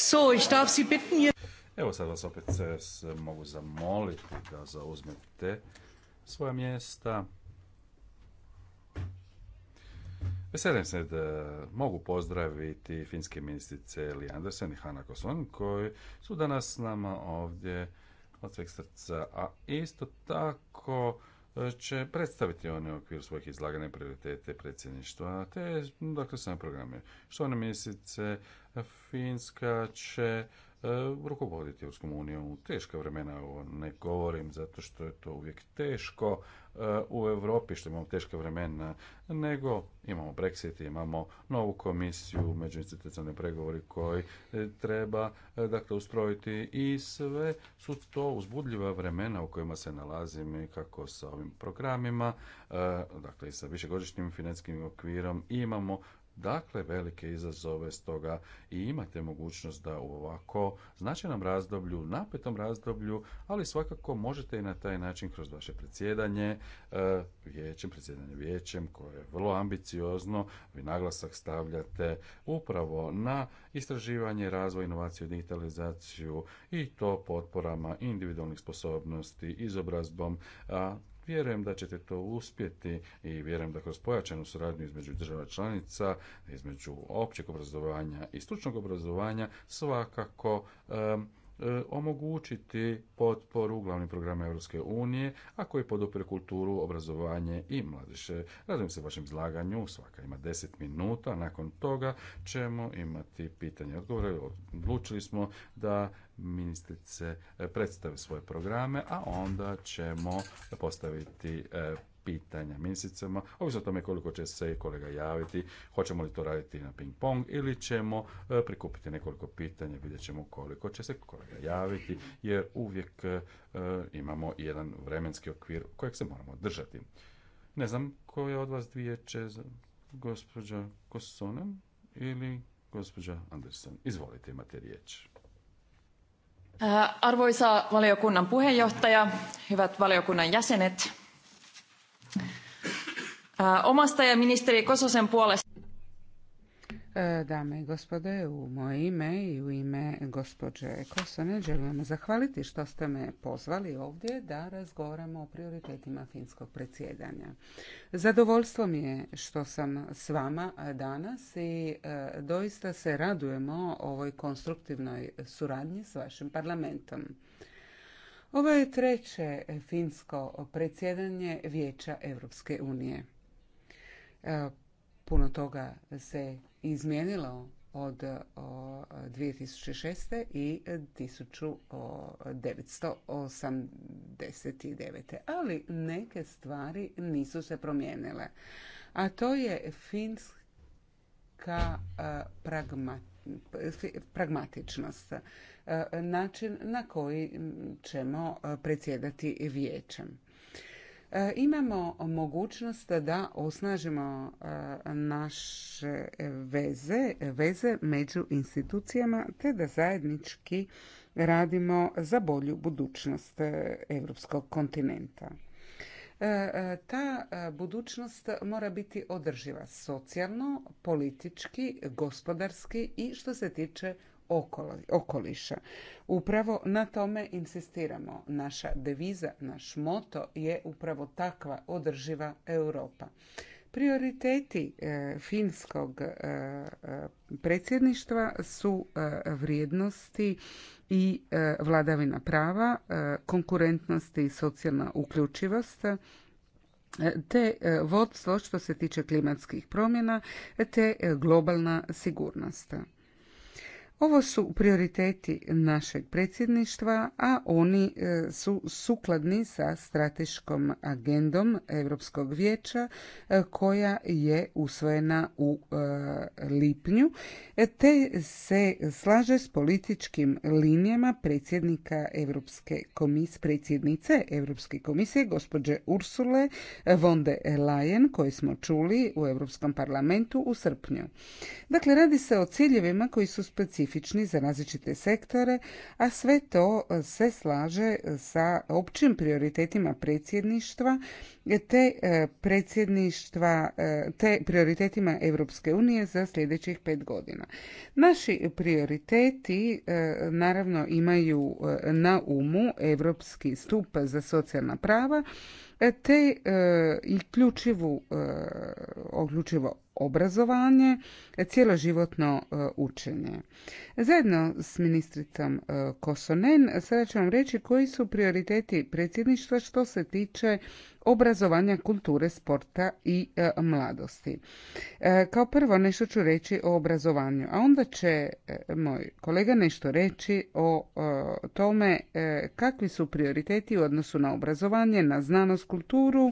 So, Evo sad vas opet se mogu zamoliti da zauzmete svoja mjesta. Veselim se da mogu pozdraviti finske ministrice Eli Andersen i Hanna Koson koji su danas s nama ovdje od sveg srca. A isto tako će predstaviti oni okviru svojih izlaganja prioritete predsjedništva, te dakle program programe. Što one mjesece Finska će E, rukovoditi Europskom unijom. Teška vremena ovo ne govorim zato što je to uvijek teško e, u Europi što imamo teška vremena, nego imamo Brexit, imamo novu komisiju, međuinstitucionalni pregovori koji e, treba dakle ustrojiti i sve su to uzbudljiva vremena u kojima se nalazimo kako sa ovim programima, dakle i sa višegodišnjim financijskim okvirom imamo dakle velike izazove stoga i imate mogućnost da u ovako značajnom razdoblju, napetom razdoblju, ali svakako možete i na taj način kroz vaše predsjedanje e, vijećem, predsjedanje vijećem koje je vrlo ambiciozno, vi naglasak stavljate upravo na istraživanje, razvoj, inovaciju, digitalizaciju i to potporama individualnih sposobnosti, izobrazbom, a Vjerujem da ćete to uspjeti i vjerujem da kroz pojačanu suradnju između država članica, između općeg obrazovanja i stručnog obrazovanja svakako E, omogućiti potporu glavnim programima Europske unije, a koji podupire kulturu, obrazovanje i mladiše. Radujem se vašem izlaganju, svaka ima 10 minuta, nakon toga ćemo imati pitanje odgovore. Odlučili smo da ministrice e, predstave svoje programe, a onda ćemo postaviti e, pitanja ministricama, ovisno o tome koliko će se kolega javiti, hoćemo li to raditi na ping pong ili ćemo e, prikupiti nekoliko pitanja, vidjet ćemo koliko će se kolega javiti, jer uvijek e, imamo jedan vremenski okvir kojeg se moramo držati. Ne znam koja od vas dvije će gospođa Kosonen ili gospođa Andersen. Izvolite, imate riječ. Arvoisa valiokunnan puheenjohtaja, hyvät valiokunnan jäsenet, Eh, Omasta ja ministeri Kososen puolesta. E, dame i gospode, u moje ime i u ime gospođe Kosone želim vam zahvaliti što ste me pozvali ovdje da razgovaramo o prioritetima finskog predsjedanja. Zadovoljstvo mi je što sam s vama danas i e, doista se radujemo ovoj konstruktivnoj suradnji s vašim parlamentom. Ovo je treće finsko predsjedanje Vijeća Europske unije. E, puno toga se izmijenilo od 2006. E, i 1989. Ali neke stvari nisu se promijenile. A to je finska e, pragmatičnost. Način na koji ćemo predsjedati vijećem. E, imamo mogućnost da osnažimo e, naše veze, veze među institucijama te da zajednički radimo za bolju budućnost europskog kontinenta. E, ta budućnost mora biti održiva socijalno, politički, gospodarski i što se tiče okoliša. Upravo na tome insistiramo. Naša deviza, naš moto je upravo takva održiva Europa. Prioriteti e, finskog e, e, predsjedništva su vrijednosti i vladavina prava, konkurentnost i socijalna uključivost, te vodstvo što se tiče klimatskih promjena, te globalna sigurnost. Ovo su prioriteti našeg predsjedništva, a oni e, su sukladni sa strateškom agendom Europskog vijeća e, koja je usvojena u e, lipnju, te se slaže s političkim linijama predsjednika Europske komisije, predsjednice Europske komisije gospođe Ursule von der Leyen koji smo čuli u Europskom parlamentu u srpnju. Dakle, radi se o ciljevima koji su specifični specifični za različite sektore, a sve to e, se slaže e, sa općim prioritetima predsjedništva te e, predsjedništva te prioritetima Europske unije za sljedećih pet godina. Naši prioriteti naravno imaju na umu europski stup za socijalna prava E, te e, uključivo e, ključivo obrazovanje, cijeloživotno učenje. Zajedno s ministricom Kosonen sada ću vam reći koji su prioriteti predsjedništva što se tiče obrazovanja, kulture, sporta i e, mladosti. E, kao prvo nešto ću reći o obrazovanju, a onda će e, moj kolega nešto reći o tome kakvi su prioriteti u odnosu na obrazovanje, na znanost, kulturu,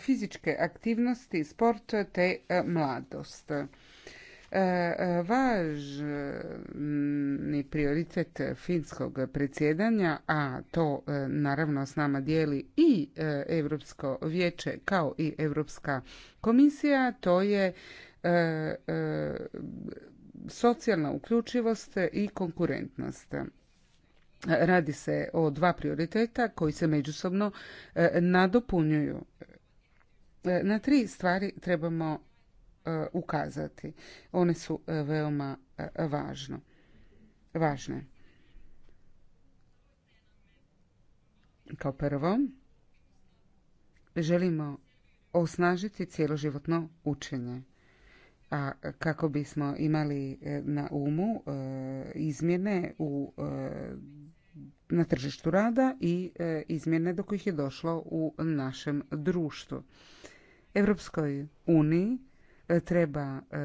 fizičke aktivnosti, sport te mladost. E, e, važni prioritet finskog predsjedanja, a to e, naravno s nama dijeli i Europsko vijeće kao i Europska komisija, to je socijalna uključivost i konkurentnost. Radi se o dva prioriteta koji se međusobno nadopunjuju. Na tri stvari trebamo E, ukazati. One su e, veoma e, važno, važne. Kao prvo, želimo osnažiti cijeloživotno učenje. A kako bismo imali na umu izmjene u na tržištu rada i izmjene do kojih je došlo u našem društvu. Evropskoj uniji E, treba e,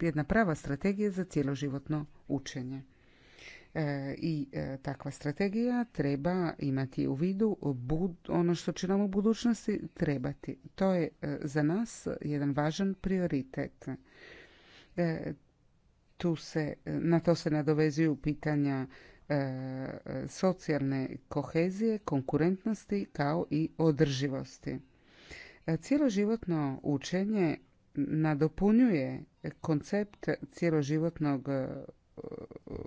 jedna prava strategija za cjeloživotno učenje. E, I takva strategija treba imati u vidu ono što će nam u budućnosti trebati. To je za nas jedan važan prioritet. Tu se, na to se nadovezuju pitanja socijalne kohezije, konkurentnosti kao i održivosti. Cjeloživotno učenje nadopunjuje koncept cijeloživotnog e,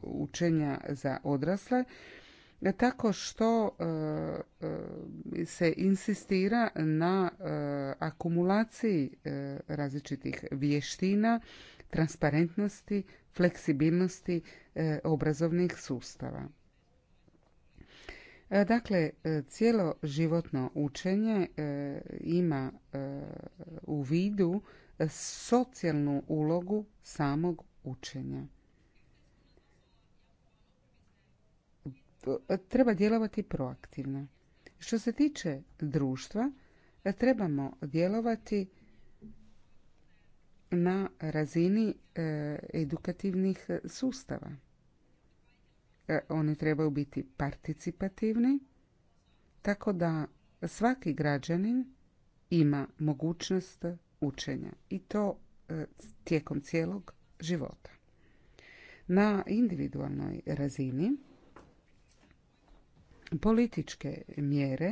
učenja za odrasle e, tako što e, se insistira na akumulaciji različitih vještina, transparentnosti, fleksibilnosti obrazovnih sustava. Dakle, cijelo životno učenje ima u vidu socijalnu ulogu samog učenja. Treba djelovati proaktivno. Što se tiče društva, trebamo djelovati na razini e, edukativnih sustava. E, oni trebaju biti participativni, tako da svaki građanin ima mogućnost učenja i to e, tijekom cijelog života. Na individualnoj razini političke mjere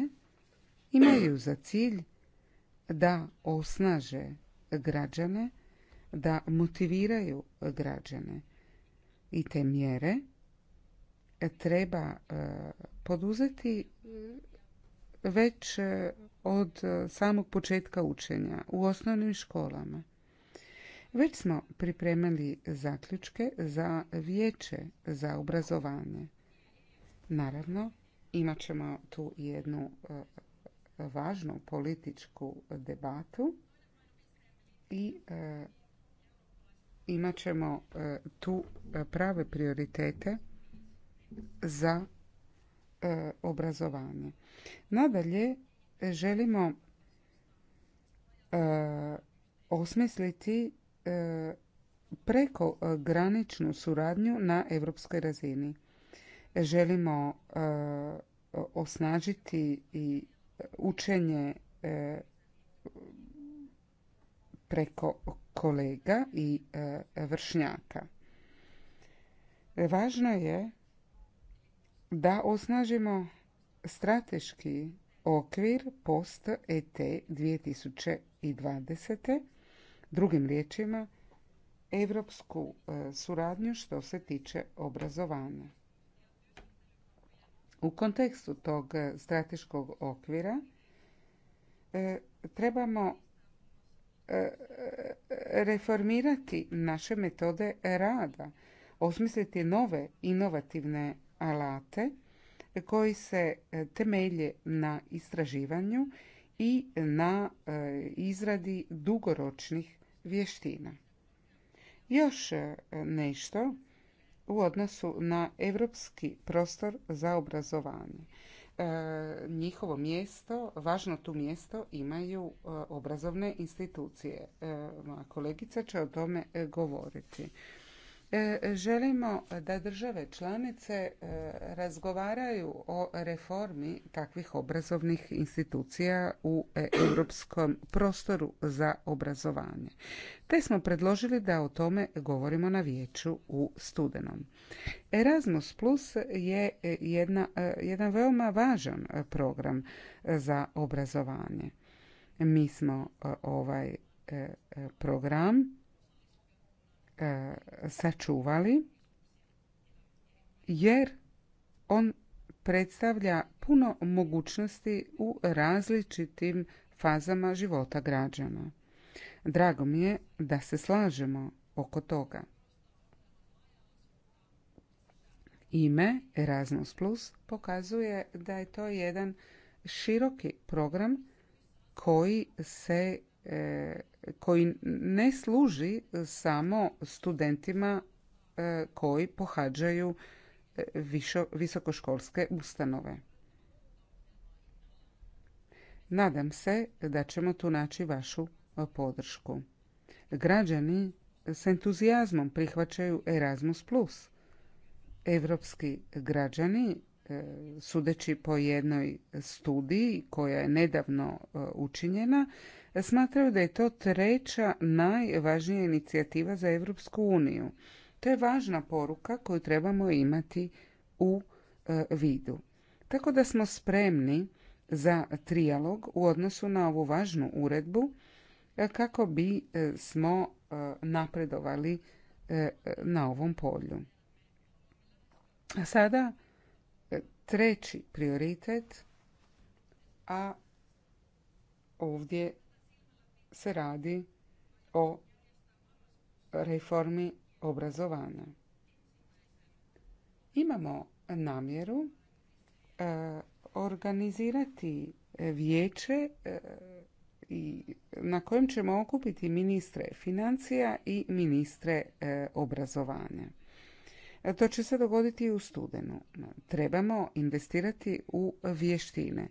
imaju za cilj da osnaže građane, da motiviraju građane. I te mjere e, treba e, poduzeti već od e, samog početka učenja u osnovnim školama. Već smo pripremili zaključke za vijeće za obrazovanje. Naravno, imat ćemo tu jednu e, važnu političku debatu i e, imat ćemo tu prave prioritete za obrazovanje. Nadalje, želimo e, osmisliti e, preko e, graničnu suradnju na europskoj razini. Želimo osnažiti i učenje preko kolega i vršnjaka. Važno je da osnažimo strateški okvir post ET 2020. Drugim riječima, evropsku e, suradnju što se tiče obrazovanja. U kontekstu tog e, strateškog okvira e, trebamo reformirati naše metode rada, osmisliti nove inovativne alate koji se e, temelje na istraživanju i na e, izradi dugoročnih vještina. Još e, nešto u odnosu na europski prostor za obrazovanje. Njihovo mjesto, važno tu mjesto imaju obrazovne institucije. Moja kolegica će o tome govoriti. E, želimo da države članice e, razgovaraju o reformi takvih obrazovnih institucija u e, europskom prostoru za obrazovanje. Te smo predložili da o tome govorimo na vijeću u studenom. Erasmus Plus je jedna, jedan veoma važan program za obrazovanje. Mi smo ovaj program E, sačuvali jer on predstavlja puno mogućnosti u različitim fazama života građana. Drago mi je da se slažemo oko toga. Ime Erasmus Plus pokazuje da je to jedan široki program koji se E, koji ne služi samo studentima e, koji pohađaju e, visokoškolske ustanove. Nadam se da ćemo tu naći vašu podršku. Građani s entuzijazmom prihvaćaju Erasmus+. Europski građani E, sudeći po jednoj studiji koja je nedavno e, učinjena, smatraju da je to treća najvažnija inicijativa za Europsku uniju. To je važna poruka koju trebamo imati u e, vidu. Tako da smo spremni za trijalog u odnosu na ovu važnu uredbu kako bi smo napredovali na ovom polju. sada treći prioritet, a ovdje se radi o reformi obrazovanja. Imamo namjeru e, organizirati vijeće e, na kojem ćemo okupiti ministre financija i ministre e, obrazovanja. E, to će se dogoditi i u studenu. Trebamo investirati u vještine.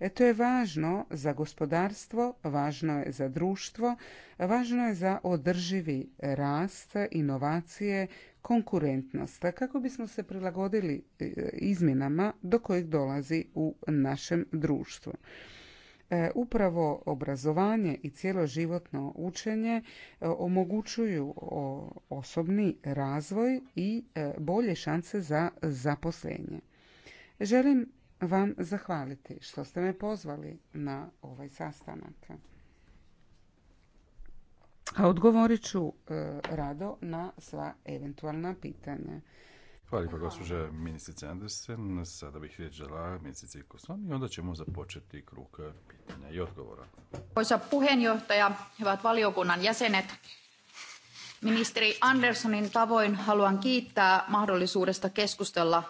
E, to je važno za gospodarstvo, važno je za društvo, važno je za održivi rast, inovacije, konkurentnost, kako bismo se prilagodili e, izmjenama do kojih dolazi u našem društvu. E, upravo obrazovanje i cjeloživotno učenje e, omogućuju osobni razvoj i e, bolje šanse za zaposlenje. Želim vam zahvaliti što ste me pozvali na ovaj sastanak. A odgovorit ću rado na sva eventualna pitanja. Hvala lijepa gospođa ministrice Andersen. Sada bih riječ žela ministrice Kosom i onda ćemo započeti kruk pitanja i odgovora. Arvoisa puheenjohtaja, hyvät valiokunnan jäsenet. Ministeri Anderssonin tavoin haluan kiittää mahdollisuudesta keskustella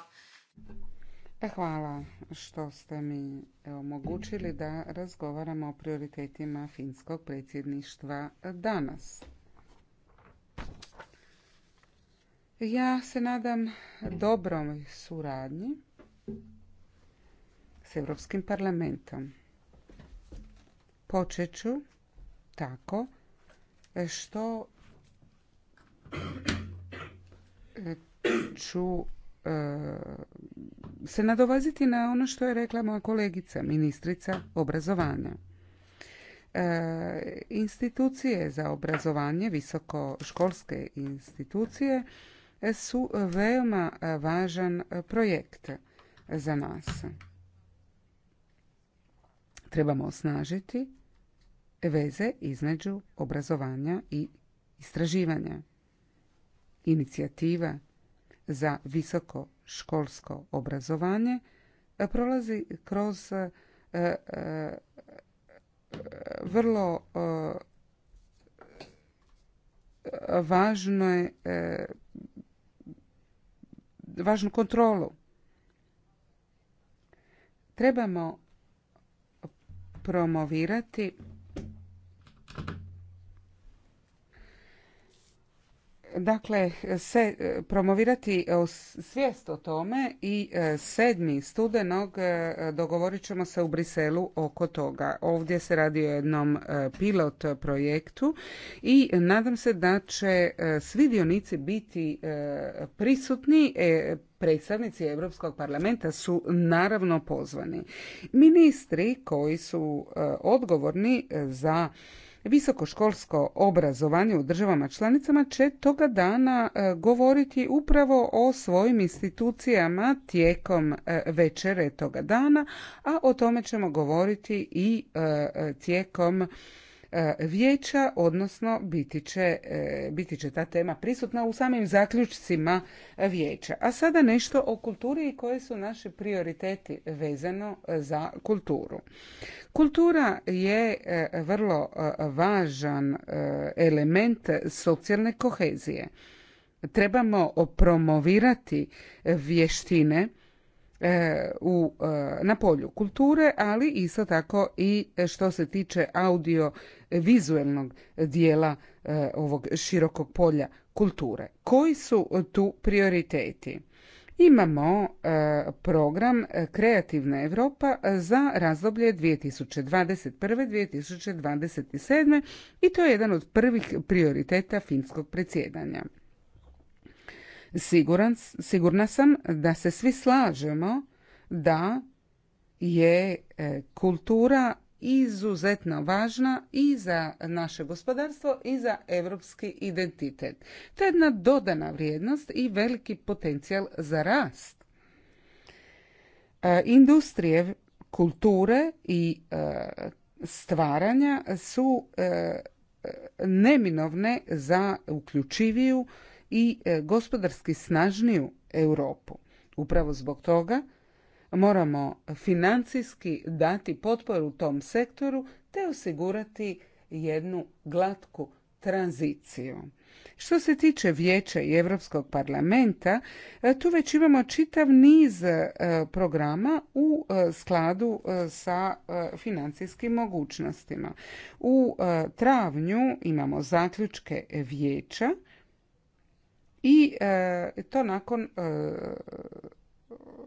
e, Hvala što ste mi e, omogućili da razgovaramo o prioritetima finskog predsjedništva danas. Ja se nadam dobrom suradnji s Europskim parlamentom. Počet ću tako što ću e, se nadovaziti na ono što je rekla moja kolegica, ministrica obrazovanja. E, institucije za obrazovanje, visokoškolske institucije, su veoma važan projekt za nas. Trebamo osnažiti veze između obrazovanja i istraživanja. Inicijativa za visoko školsko obrazovanje prolazi kroz e, e, vrlo e, važne važnu kontrolu. Trebamo promovirati Dakle, se e, promovirati e, svijest o tome i e, sedmi studenog dogovorit ćemo se u Briselu oko toga. Ovdje se radi o jednom pilot projektu i nadam se da će svi dionici biti prisutni, predstavnici Europskog parlamenta su naravno pozvani. Ministri koji su odgovorni za visokoškolsko obrazovanje u državama članicama će toga dana e, govoriti upravo o svojim institucijama tijekom e, večere toga dana, a o tome ćemo govoriti i e, tijekom E, vijeća, odnosno e, biti će, ta tema prisutna u samim zaključcima vijeća. A sada nešto o kulturi i koje su naše prioriteti vezano e, za kulturu. Kultura je vrlo važan element socijalne kohezije. Trebamo promovirati vještine E, u, e, na polju kulture, ali isto tako i što se tiče audio-vizuelnog dijela e, ovog širokog polja kulture. Koji su tu prioriteti? Imamo program Kreativna Europa za razdoblje 2021-2027 i to je jedan od prvih prioriteta finskog predsjedanja sigurna sam da se svi slažemo da je e, kultura izuzetno važna i za naše gospodarstvo i za europski identitet. To je jedna dodana vrijednost i veliki potencijal za rast. E, industrije kulture i e, stvaranja su neminovne za uključiviju i e, gospodarski snažniju Europu. Upravo zbog toga moramo financijski dati potporu tom sektoru te osigurati jednu glatku tranziciju. Što se tiče Vijeća i Europskog parlamenta, e, tu već imamo čitav niz e, programa u skladu sa financijskim mogućnostima. U travnju imamo zaključke Vijeća E, i to nakon e,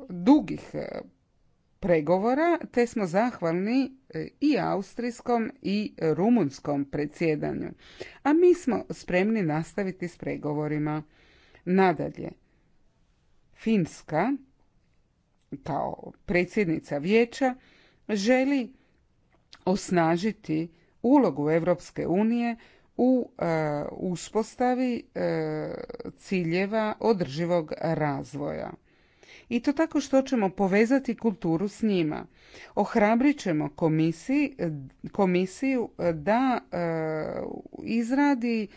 dugih e, pregovora, te smo zahvalni i austrijskom i rumunskom predsjedanju. A mi smo spremni nastaviti s pregovorima. Nadalje, Finska kao predsjednica vijeća želi osnažiti ulogu Europske unije u e, uspostavi e, ciljeva održivog razvoja. I to tako što ćemo povezati kulturu s njima. Ohrabrit ćemo komisiji, komisiju da e, izradi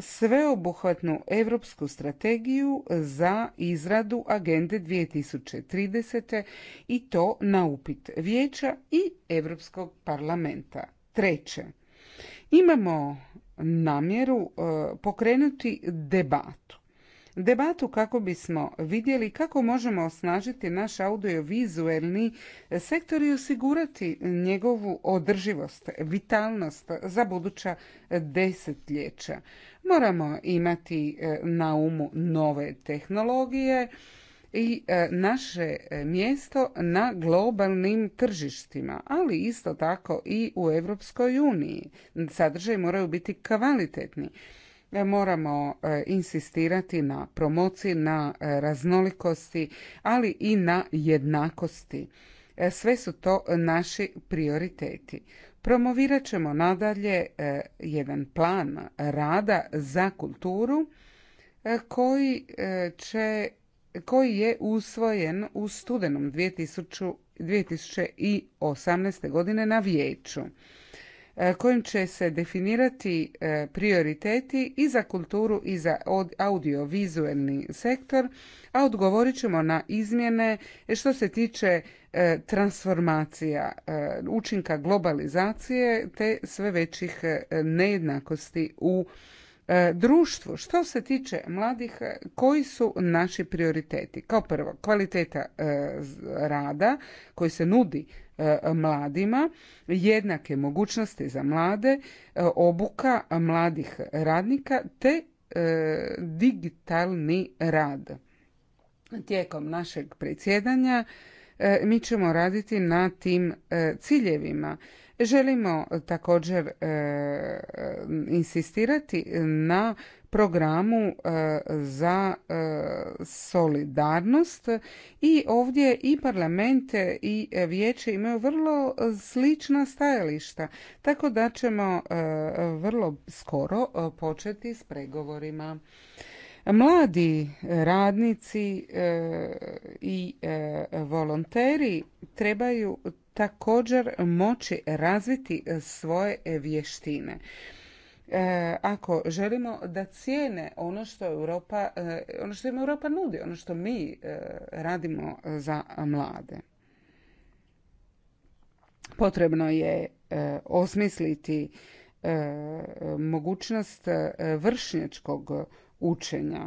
sveobuhvatnu europsku strategiju za izradu agende 2030. i to na upit vijeća i Europskog parlamenta. Treće, Imamo namjeru e, pokrenuti debatu. Debatu kako bismo vidjeli kako možemo osnažiti naš audiovizuelni sektor i osigurati njegovu održivost, vitalnost za buduća desetljeća. Moramo imati e, na umu nove tehnologije, i e, naše e, mjesto na globalnim tržištima, ali isto tako i u Europskoj uniji. Sadržaj moraju biti kvalitetni. E, moramo insistirati na promociji, na raznolikosti, ali i na jednakosti. Sve su to naši prioriteti. Promovirat ćemo nadalje jedan plan rada za kulturu koji će koji je usvojen u studenom 2018. godine na vijeću e, kojim će se definirati e, prioriteti i za kulturu i za audiovizualni sektor, a odgovorit ćemo na izmjene što se tiče e, transformacija, učinka globalizacije te sve većih nejednakosti u E, društvu. Što se tiče mladih, e, koji su naši prioriteti? Kao prvo, kvaliteta e, rada koji se nudi mladima, jednake mogućnosti za mlade, obuka mladih radnika te digitalni rad. Tijekom našeg predsjedanja mi ćemo raditi na tim ciljevima Želimo također e, insistirati na programu e, za e, solidarnost i ovdje i parlamente i vijeće imaju vrlo slična stajališta, tako da ćemo vrlo skoro početi s pregovorima. Mladi radnici i volonteri trebaju također moći razviti e, svoje e, vještine. E, ako želimo da cijene ono što Europa, ono što im Europa nudi, ono što mi radimo za mlade. Potrebno je osmisliti mogućnost vršnjačkog učenja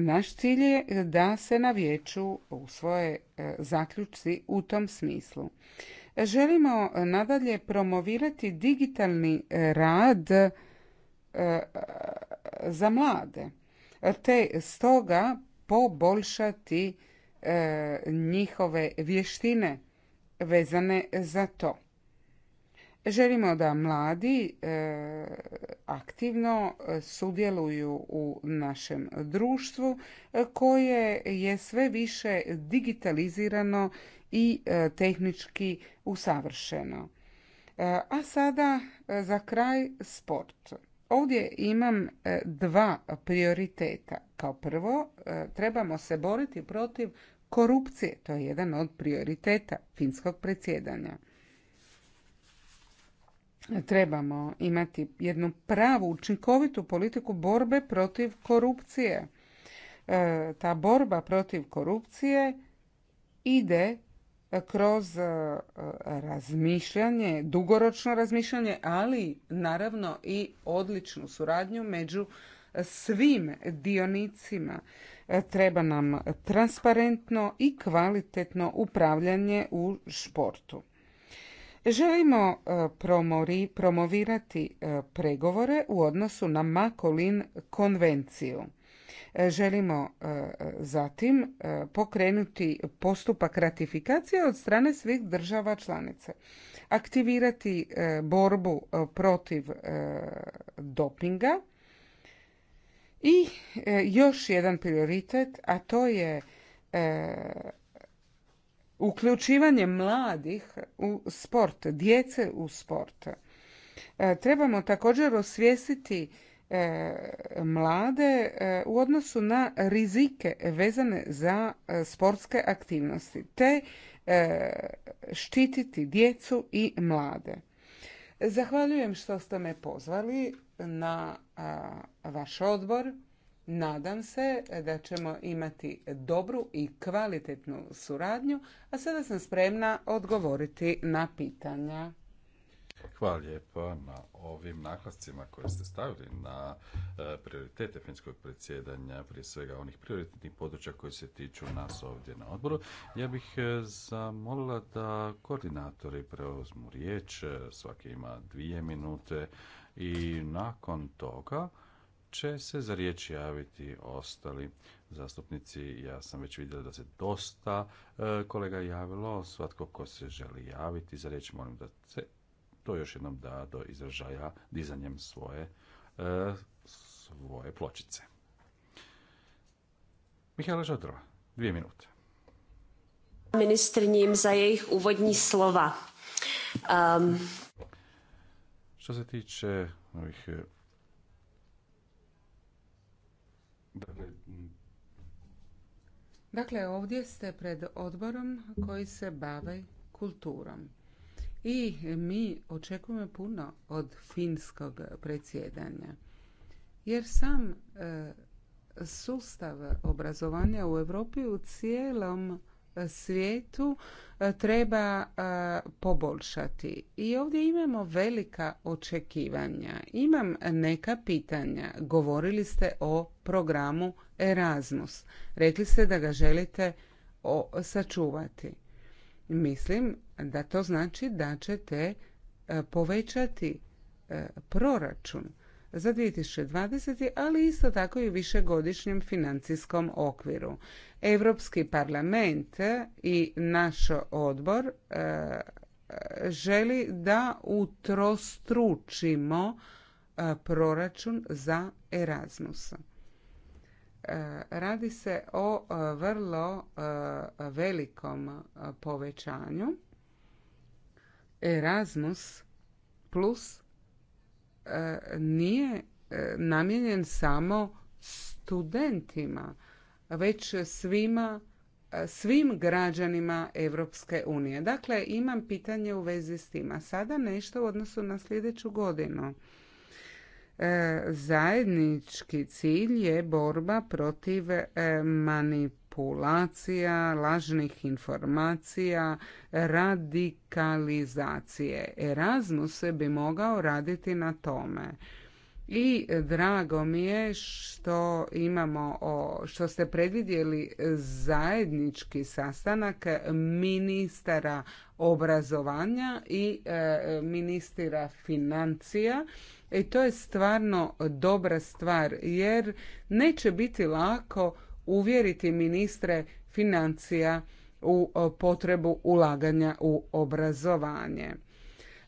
naš cilj je da se na vijeću svoje e, zaključci u tom smislu. Želimo e, nadalje promovirati digitalni e, rad za mlade, te stoga poboljšati njihove vještine vezane za to. Želimo da mladi e, aktivno e, sudjeluju u našem društvu e, koje je sve više digitalizirano i tehnički usavršeno. A sada za kraj sport. Ovdje imam dva prioriteta. Kao prvo, trebamo se boriti protiv korupcije. To je jedan od prioriteta finskog predsjedanja trebamo imati jednu pravu učinkovitu politiku borbe protiv korupcije. E, ta borba protiv korupcije ide kroz e, razmišljanje, dugoročno razmišljanje, ali naravno i odličnu suradnju među svim dionicima. E, treba nam transparentno i kvalitetno upravljanje u športu. Želimo e, promori, promovirati e, pregovore u odnosu na Makolin konvenciju. E, želimo zatim pokrenuti postupak ratifikacije od strane svih država članice. Aktivirati borbu protiv dopinga i još jedan prioritet, a to je uključivanje mladih u sport, djece u sport. E, trebamo također osvijestiti e, mlade e, u odnosu na rizike vezane za sportske aktivnosti, te štititi djecu i mlade. Zahvaljujem što ste me pozvali na vaš odbor Nadam se da ćemo imati dobru i kvalitetnu suradnju, a sada sam spremna odgovoriti na pitanja. Hvala lijepo na ovim naglascima koje ste stavili na e, prioritete finskog predsjedanja, prije svega onih prioritetnih područja koji se tiču nas ovdje na odboru. Ja bih e, zamolila da koordinatori preuzmu riječ, e, svaki ima dvije minute i nakon toga će se za riječ javiti ostali zastupnici. Ja sam već vidjela da se dosta e, kolega javilo. Svatko ko se želi javiti za riječ, molim da se to još jednom da do izražaja dizanjem svoje, e, svoje pločice. Mihajla Žadrova, dvije minute. Ministrnjim za jejih uvodnji slova. Ehm. Što se tiče ovih Dakle, dakle, ovdje ste pred odborom koji se bave kulturom. I mi očekujemo puno od finskog predsjedanja. Jer sam e, sustav obrazovanja u Europi u cijelom svijetu e, treba e, poboljšati. I ovdje imamo velika očekivanja. Imam neka pitanja. Govorili ste o programu Erasmus. Rekli ste da ga želite sačuvati. Mislim da to znači da ćete e, povećati proračun za 2020. ali isto tako i u višegodišnjem financijskom okviru. Europski parlament i naš odbor e, želi da utrostručimo e, proračun za Erasmus. E, radi se o vrlo velikom povećanju. Erasmus plus nije e, namijenjen samo studentima, već svima e, svim građanima Europske unije. Dakle, imam pitanje u vezi s tima. Sada nešto u odnosu na sljedeću godinu. E, zajednički cilj je borba protiv manipulacije manipulacija, lažnih informacija, radikalizacije. Erasmus bi mogao raditi na tome. I drago mi je što imamo što ste predvidjeli zajednički sastanak ministara obrazovanja i e, ministra financija i e, to je stvarno dobra stvar jer neće biti lako uvjeriti ministre financija u potrebu ulaganja u obrazovanje.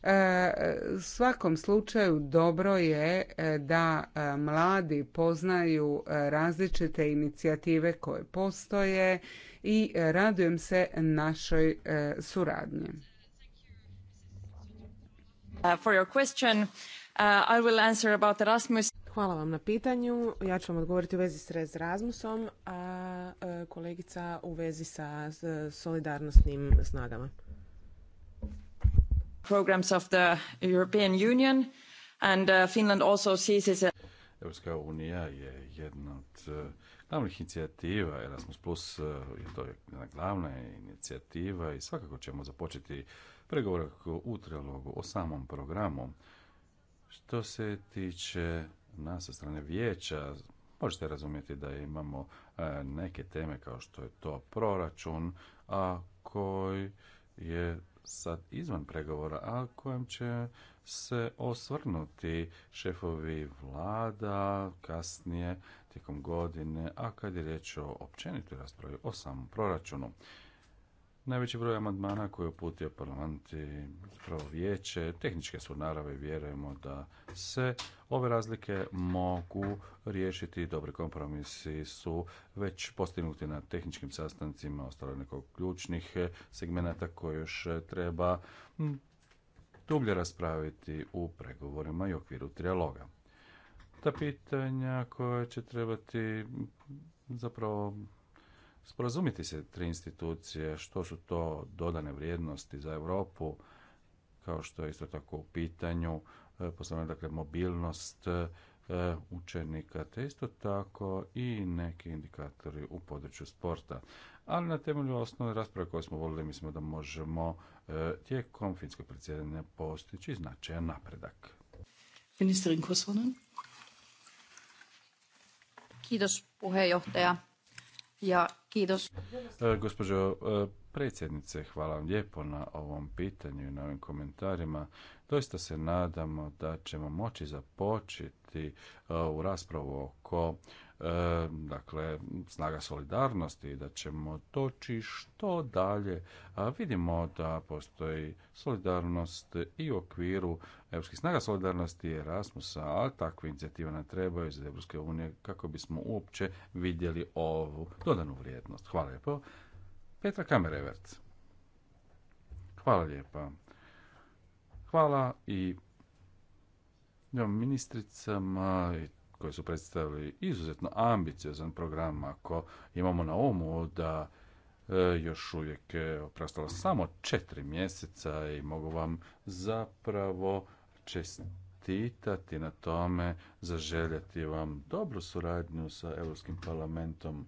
U e, svakom slučaju dobro je e, da e, mladi poznaju različite inicijative koje postoje i radujem se našoj suradnji. For Hvala vam na pitanju. Ja ću vam odgovoriti u vezi s Razmusom, a e, kolegica u vezi sa solidarnostnim snagama. Programs of uh, Europska unija je jedna od e, glavnih inicijativa, Erasmus Plus e, je to jedna glavna inicijativa i svakako ćemo započeti pregovor u trilogu o samom programu. Što se tiče nas sa strane vijeća možete razumjeti da imamo e, neke teme kao što je to proračun, a koji je sad izvan pregovora, a kojem će se osvrnuti šefovi vlada kasnije tijekom godine, a kad je riječ o općenitoj raspravi o samom proračunu. Najveći broj amandmana koje je uputio parlament vijeće, tehničke su narave, vjerujemo da se ove razlike mogu riješiti. Dobri kompromisi su već postignuti na tehničkim sastancima, ostalo nekog ključnih segmenata koje još treba dublje raspraviti u pregovorima i okviru trijaloga. Ta pitanja koja će trebati zapravo Sporazumiti se tri institucije, što su to dodane vrijednosti za Europu, kao što je isto tako u pitanju e, poslovno dakle, mobilnost e, učenika, te isto tako i neki indikatori u području sporta. Ali na temelju osnovne rasprave koje smo volili, mislimo da možemo e, tijekom finskog predsjedanja postići značajan napredak. Ministerin Kosvonen. Kiitos Ja E, Gospođo e, predsjednice, hvala vam lijepo na ovom pitanju i na ovim komentarima. Doista se nadamo da ćemo moći započeti e, u raspravu oko e, dakle, snaga solidarnosti, i da ćemo toći što dalje. A vidimo da postoji solidarnost i u okviru Europskih snaga solidarnosti i Erasmusa, a takve inicijative nam trebaju iz Evropske unije kako bismo uopće vidjeli ovu dodanu vrijednost. Hvala lijepo. Petra Kamerevert. Hvala lijepa. Hvala i ministricama koji su predstavili izuzetno ambiciozan program ako imamo na umu da e, još uvijek je samo četiri mjeseca i mogu vam zapravo čestitati na tome, zaželjati vam dobru suradnju sa Europskim parlamentom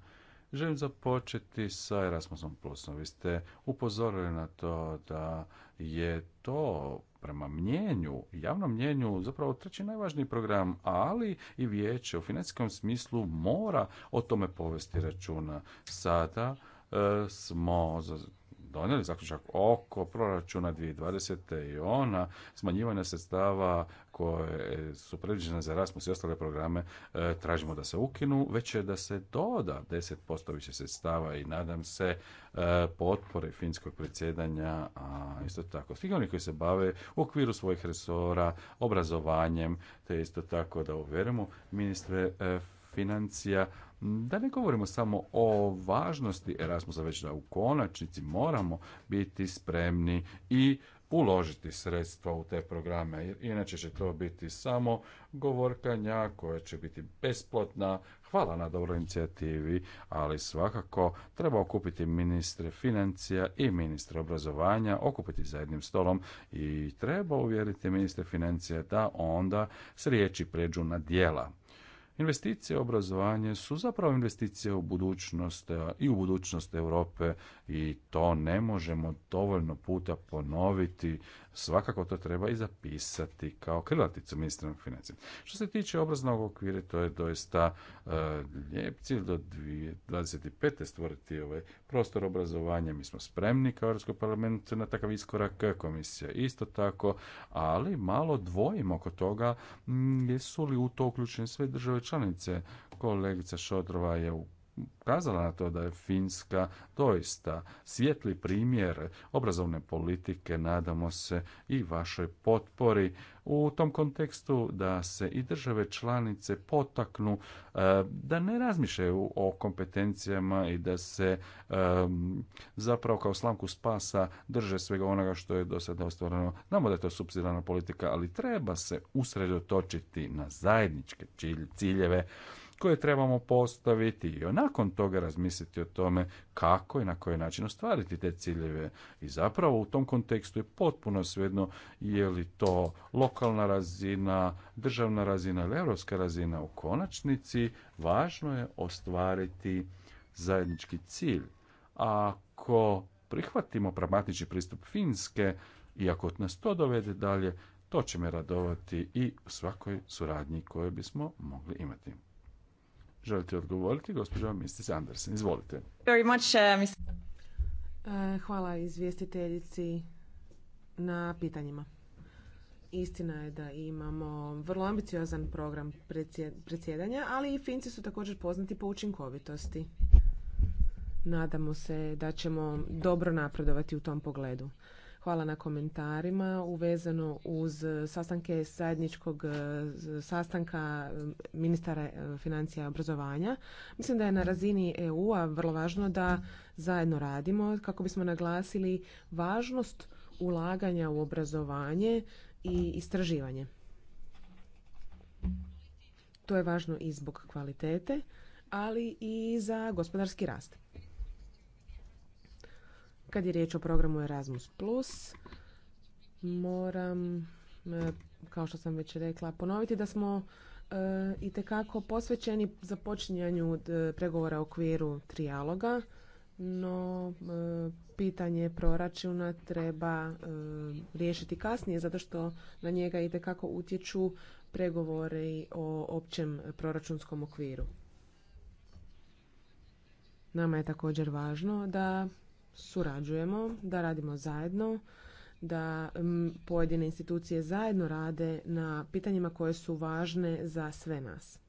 Želim započeti sa Erasmusom Plusom. Vi ste upozorili na to da je to prema mnjenju, javnom mnjenju, zapravo treći najvažniji program, ali i vijeće u financijskom smislu mora o tome povesti računa. Sada e, smo donijeli zaključak oko proračuna 2020. i ona smanjivanja sredstava koje su predviđene za Erasmus i ostale programe e, tražimo da se ukinu, već je da se doda 10% više sredstava i nadam se e, potpore finskog predsjedanja, a isto tako svi oni koji se bave u okviru svojih resora, obrazovanjem, te isto tako da uverimo ministre e, financija da ne govorimo samo o važnosti Erasmusa, već da u konačnici moramo biti spremni i uložiti sredstva u te programe, jer inače će to biti samo govorkanja koja će biti besplatna. Hvala na dobroj inicijativi, ali svakako treba okupiti ministre financija i ministre obrazovanja, okupiti za jednim stolom i treba uvjeriti ministre financija da onda s riječi pređu na dijela Investicije u obrazovanje su zapravo investicije u budućnost i u budućnost Europe i to ne možemo dovoljno puta ponoviti. Svakako to treba i zapisati kao krilaticu ministra financija. Što se tiče obraznog okvira, to je doista e, lijep cilj do 2025. stvoriti ovaj prostor obrazovanja. Mi smo spremni kao europskog parlament na takav iskorak, komisija isto tako, ali malo dvojimo oko toga jesu li u to uključene sve države članice. Kolegica Šodrova je u kazala na to da je Finska doista svijetli primjer obrazovne politike. Nadamo se i vašoj potpori u tom kontekstu da se i države članice potaknu e, da ne razmišljaju o kompetencijama i da se e, zapravo kao slamku spasa drže svega onoga što je do sada ostvareno. Znamo da je to subsidijalna politika, ali treba se usredotočiti na zajedničke ciljeve koje trebamo postaviti i nakon toga razmisliti o tome kako i na koji način ostvariti te ciljeve. I zapravo u tom kontekstu je potpuno svejedno je li to lokalna razina, državna razina ili europska razina. U konačnici važno je ostvariti zajednički cilj. Ako prihvatimo pragmatični pristup Finske i ako nas to dovede dalje, to će me radovati i u svakoj suradnji koju bismo mogli imati. Želite odgovoriti, gospođa Mistis Andersen. Izvolite. Uh, e, hvala izvjestiteljici na pitanjima. Istina je da imamo vrlo ambiciozan program predsjedanja, ali i Finci su također poznati po učinkovitosti. Nadamo se da ćemo dobro napredovati u tom pogledu. Hvala na komentarima uvezano uz sastanke zajedničkog eh, sastanka eh, ministara eh, financija i obrazovanja. Mislim da je na razini EU-a vrlo važno da zajedno radimo kako bismo naglasili važnost ulaganja u obrazovanje i istraživanje. To je važno i zbog kvalitete, ali i za gospodarski rast. Kad je riječ o programu Erasmus+, Plus, moram, e, kao što sam već rekla, ponoviti da smo e, i tekako posvećeni započinjanju e, pregovora u okviru trijaloga, no pitanje proračuna treba riješiti kasnije zato što na njega i tekako utječu pregovori o općem proračunskom okviru. Nama je također važno da surađujemo, da radimo zajedno, da pojedine institucije zajedno rade na pitanjima koje su važne za sve nas.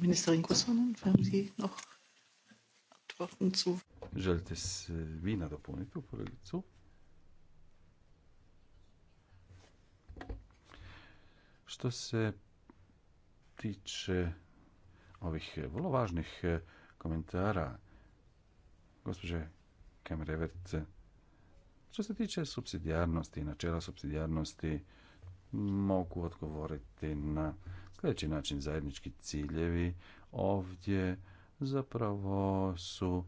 Ministerin Kusonen, haben Sie noch Antworten zu? Želite se vi nadopuniti u porodicu? Što se tiče ovih eh, vrlo važnih eh, komentara gospođe Kemrevert, eh, što se tiče subsidijarnosti i načela subsidijarnosti, mogu odgovoriti na sljedeći način zajednički ciljevi. Ovdje zapravo su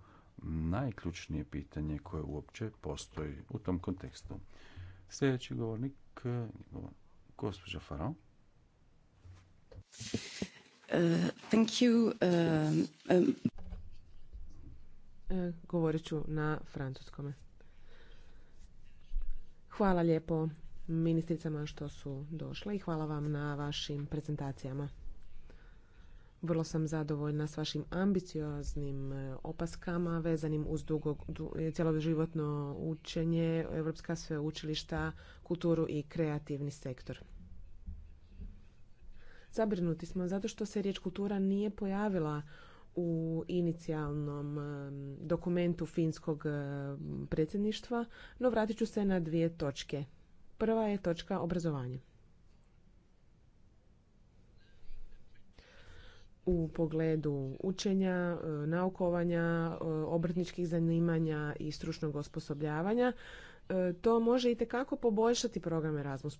najključnije pitanje koje uopće postoji u tom kontekstu. Sljedeći govornik, gospođa Faraon. Uh, thank uh, um, e, govorit ću na francuskome. Hvala lijepo ministricama što su došle i hvala vam na vašim prezentacijama. Vrlo sam zadovoljna s vašim ambicioznim e, opaskama vezanim uz dugo, cjeloživotno učenje, europska sveučilišta, kulturu i kreativni sektor. Zabrinuti smo zato što se riječ kultura nije pojavila u inicijalnom dokumentu finskog predsjedništva, no vratit ću se na dvije točke. Prva je točka obrazovanje. u pogledu učenja, e, naukovanja, e, obrtničkih zanimanja i stručnog osposobljavanja. E, to može i poboljšati program Erasmus+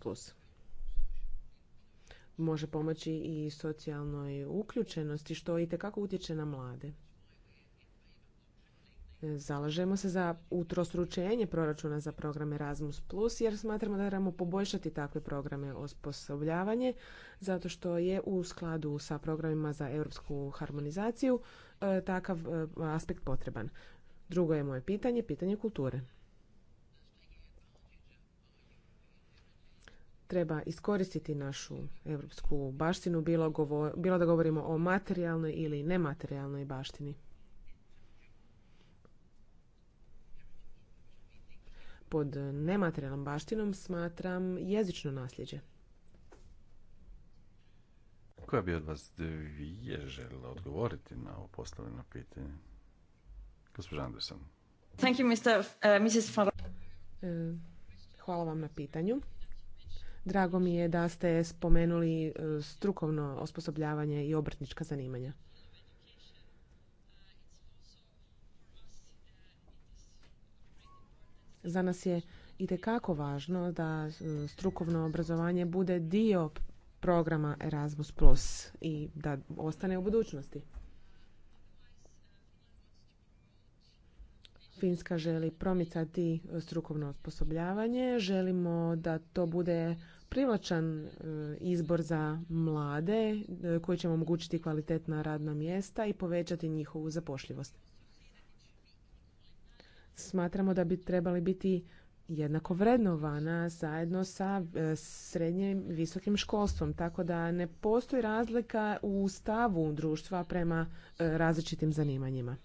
može pomoći i socijalnoj uključenosti što i tekako utječe na mlade. Zalažemo se za utrostručenje proračuna za programe Erasmus Plus jer smatramo da trebamo poboljšati takve programe osposobljavanje zato što je u skladu sa programima za europsku harmonizaciju e, takav e, aspekt potreban. Drugo je moje pitanje, pitanje kulture. treba iskoristiti našu europsku baštinu, bilo, bilo da govorimo o materijalnoj ili nematerijalnoj baštini. Pod nematerijalnom baštinom smatram jezično nasljeđe. Koja bi od vas dvije željela odgovoriti na ovo postavljeno pitanje? Gospođa Anderson. Thank uh, e, Hvala vam na pitanju. Drago mi je da ste spomenuli e, strukovno osposobljavanje i obrtnička zanimanja. Za nas je itekako važno da e, strukovno obrazovanje bude dio programa Erasmus Plus i da ostane u budućnosti. Finska želi promicati e, strukovno osposobljavanje. Želimo da to bude privlačan e, izbor za mlade e, koji će omogućiti kvalitetna radna mjesta i povećati njihovu zapošljivost. Smatramo da bi trebali biti jednako vrednovana zajedno sa e, srednjim visokim školstvom, tako da ne postoji razlika u stavu društva prema različitim zanimanjima.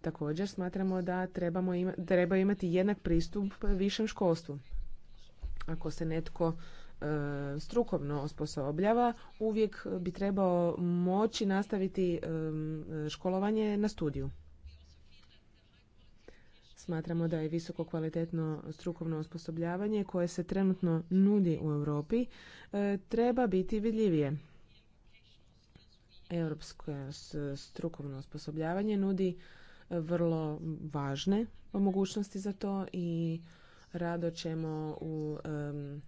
Također smatramo da trebamo ima, treba imati jednak pristup višem školstvu ako se netko e, strukovno osposobljava, uvijek bi trebao moći nastaviti e, školovanje na studiju. Smatramo da je visoko kvalitetno strukovno osposobljavanje koje se trenutno nudi u Europi e, treba biti vidljivije. Europsko strukovno osposobljavanje nudi vrlo važne mogućnosti za to i Rado ćemo u eh,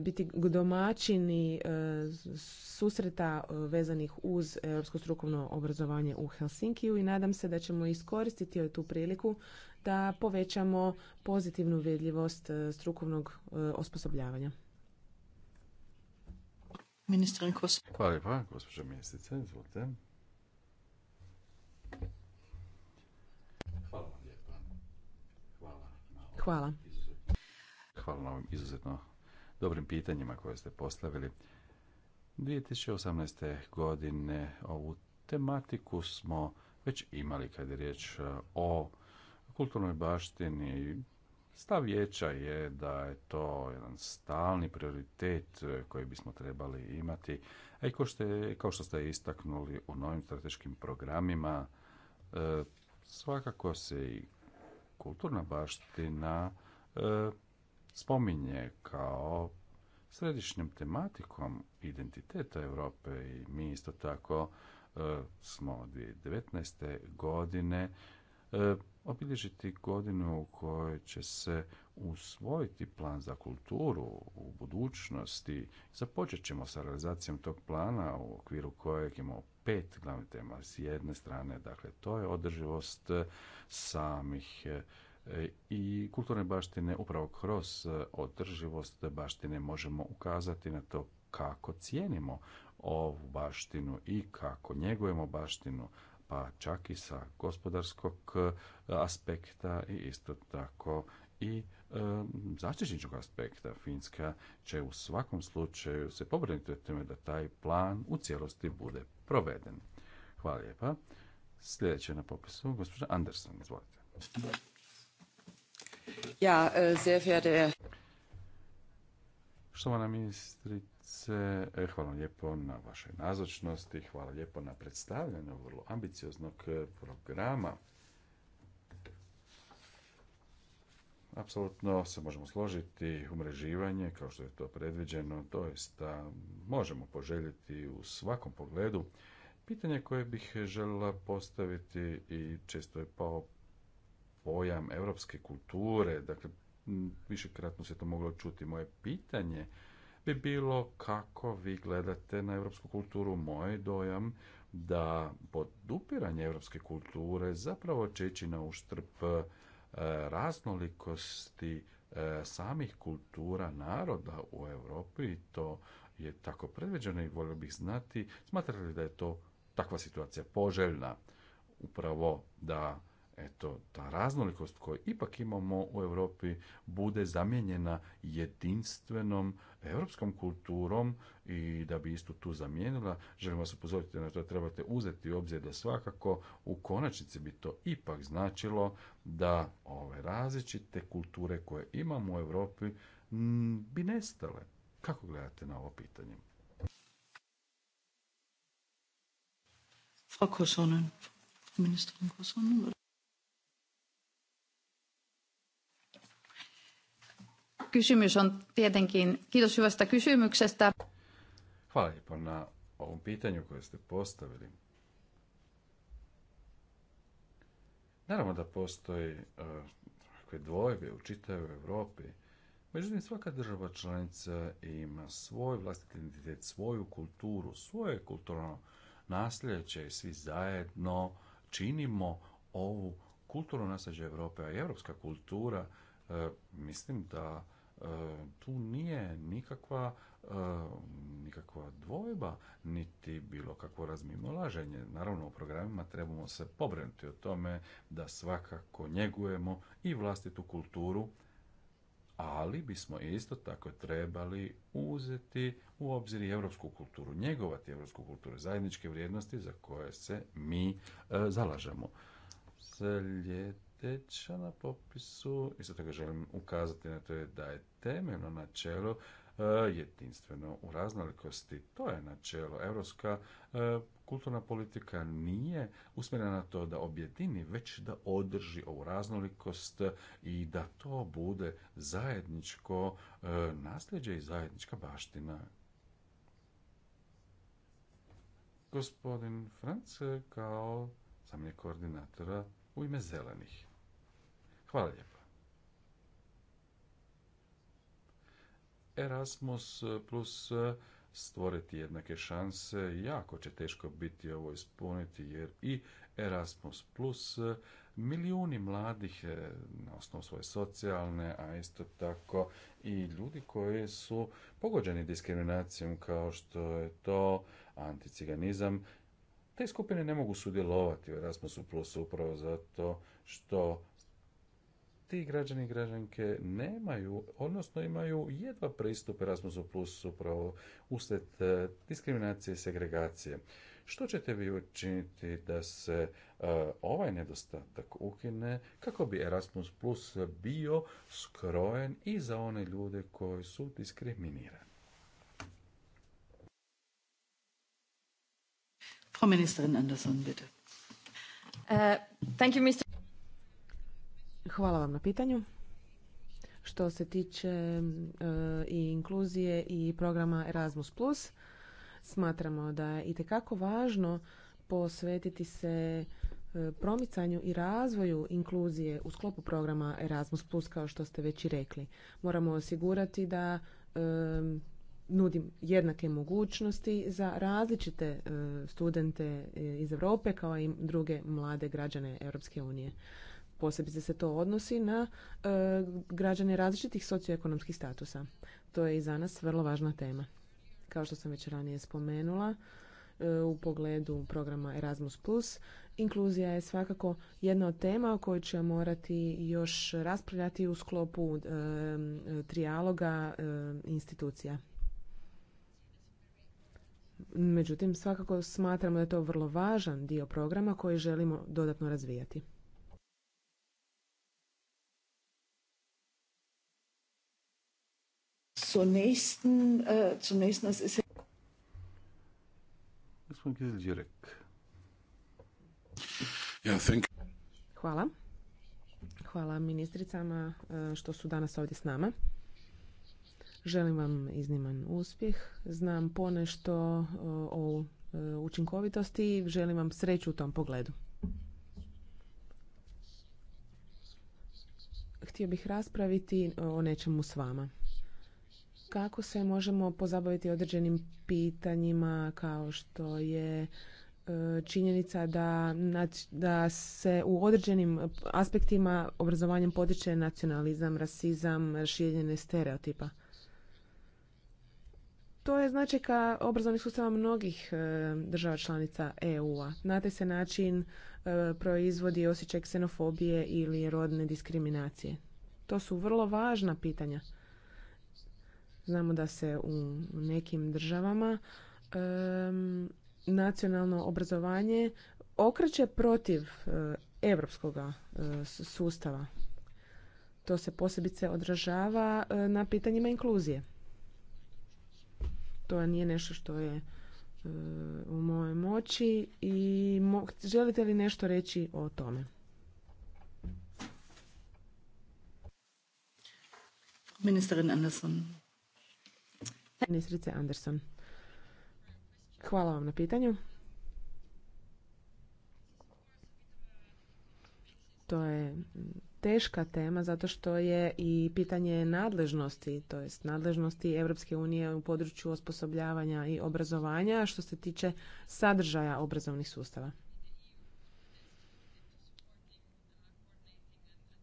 biti domaćini eh, susreta eh, vezanih uz europsko strukovno obrazovanje u Helsinkiju i nadam se da ćemo iskoristiti tu priliku da povećamo pozitivnu vidljivost strukovnog osposobljavanja. Hvala lijepa, gospođo ministrice, izvolite. Hvala. Hvala na ovim izuzetno dobrim pitanjima koje ste postavili. 2018. godine ovu tematiku smo već imali kad je riječ e, o kulturnoj baštini. Stav vijeća je da je to jedan stalni prioritet e, koji bismo trebali imati, a i kao što, kao što ste istaknuli u novim strateškim programima, e, svakako se i kulturna baština e, spominje kao središnjom tematikom identiteta Europe i mi isto tako e, smo 2019. godine e, obilježiti godinu u kojoj će se usvojiti plan za kulturu u budućnosti. Započet ćemo sa realizacijom tog plana u okviru kojeg imamo pet glavnih tema. S jedne strane, dakle, to je održivost eh, samih eh, i kulturne baštine upravo kroz eh, održivost baštine možemo ukazati na to kako cijenimo ovu baštinu i kako njegujemo baštinu pa čak i sa gospodarskog aspekta i isto tako i zaštićničkog aspekta Finska će u svakom slučaju se pobrinuti o tome da taj plan u cijelosti bude proveden. Hvala lijepa. Sljedeće na popisu, gospođa Anderson, izvolite. Ja, e, sehr na ministrice, e, hvala lijepo na vašoj nazočnosti, hvala lijepo na predstavljanju vrlo ambicioznog e, programa Apsolutno se možemo složiti, umreživanje, kao što je to predviđeno, to doista možemo poželjeti u svakom pogledu. Pitanje koje bih željela postaviti i često je pao pojam europske kulture, dakle, višekratno se to moglo čuti. Moje pitanje bi bilo kako vi gledate na europsku kulturu, moj dojam da podupiranje europske kulture zapravo čeći na uštrp... E, raznolikosti e, samih kultura naroda u Europi i to je tako predviđeno i volio bih znati smatrate li da je to takva situacija poželjna upravo da eto, ta raznolikost koju ipak imamo u Europi bude zamijenjena jedinstvenom europskom kulturom i da bi istu tu zamijenila, želim vas upozoriti na to da trebate uzeti u obzir da svakako u konačnici bi to ipak značilo da ove različite kulture koje imamo u Europi bi nestale. Kako gledate na ovo pitanje? Frau kysymys on tietenkin, kiitos hyvästä kysymyksestä. Hvala lijepo na ovom pitanju koje ste postavili. Naravno da postoji uh, dvojbe u čitavoj Europi. Međutim, svaka država članica ima svoj vlastiti identitet, svoju kulturu, svoje kulturno nasljeđe i svi zajedno činimo ovu kulturno nasljeđe Europe, a europska kultura, e, mislim da E, tu nije nikakva e, nikakva dvojba, niti bilo kakvo razmimolaženje. Naravno, u programima trebamo se pobrinuti o tome da svakako njegujemo i vlastitu kulturu, ali bismo isto tako trebali uzeti u obzir i evropsku kulturu, njegovati evropsku kulturu, zajedničke vrijednosti za koje se mi e, zalažemo na popisu. Isto tako želim ukazati na to da je temeljno načelo e, jedinstveno u raznolikosti. To je načelo. Europska e, kulturna politika nije usmjerena na to da objedini, već da održi ovu raznolikost i da to bude zajedničko e, nasljeđe i zajednička baština. Gospodin Franc kao je koordinatora u ime zelenih. Hvala Erasmus plus stvoriti jednake šanse, jako će teško biti ovo ispuniti jer i Erasmus plus milijuni mladih e, na osnovu svoje socijalne, a isto tako i ljudi koji su pogođeni diskriminacijom kao što je to anticiganizam, te skupine ne mogu sudjelovati u Erasmusu plus upravo zato što i građani i građanke nemaju, odnosno imaju jedva pristup Erasmusu Plus upravo uslijed e, diskriminacije i segregacije. Što ćete vi učiniti da se e, ovaj nedostatak ukine kako bi Erasmus Plus bio skrojen i za one ljude koji su diskriminirani? Frau Ministerin Hvala vam na pitanju. Što se tiče e, i inkluzije i programa Erasmus+, smatramo da je itekako važno posvetiti se e, promicanju i razvoju inkluzije u sklopu programa Erasmus+, kao što ste već i rekli. Moramo osigurati da e, nudim jednake mogućnosti za različite studente iz Europe kao i druge mlade građane Europske unije. Posebice se to odnosi na e, građane različitih socioekonomskih statusa. To je i za nas vrlo važna tema. Kao što sam već ranije spomenula, e, u pogledu programa Erasmus+, inkluzija je svakako jedna od tema o kojoj ćemo morati još raspravljati u sklopu e, trijaloga e, institucija. Međutim, svakako smatramo da je to vrlo važan dio programa koji želimo dodatno razvijati. Zur äh, Hvala. Hvala ministricama e, što su danas ovdje s nama. Želim vam izniman uspjeh. Znam ponešto e, o e, učinkovitosti i želim vam sreću u tom pogledu. Htio bih raspraviti o nečemu s vama kako se možemo pozabaviti određenim pitanjima kao što je e, činjenica da, da se u određenim aspektima obrazovanjem potiče nacionalizam, rasizam, širenje stereotipa. To je značajka obrazovnih sustava mnogih e, država članica EU-a. Na taj se način e, proizvodi osjećaj ksenofobije ili rodne diskriminacije. To su vrlo važna pitanja. Znamo da se u nekim državama nacionalno obrazovanje okreće protiv europskog eh, eh, sustava. To se posebice odražava eh, na pitanjima inkluzije. To nije nešto što je u mojoj moći i želite li nešto reći o tome? Ministerin Anderson. Ministrice Anderson. Hvala vam na pitanju. To je teška tema zato što je i pitanje nadležnosti, to jest nadležnosti Europske unije u području osposobljavanja i obrazovanja što se tiče sadržaja obrazovnih sustava.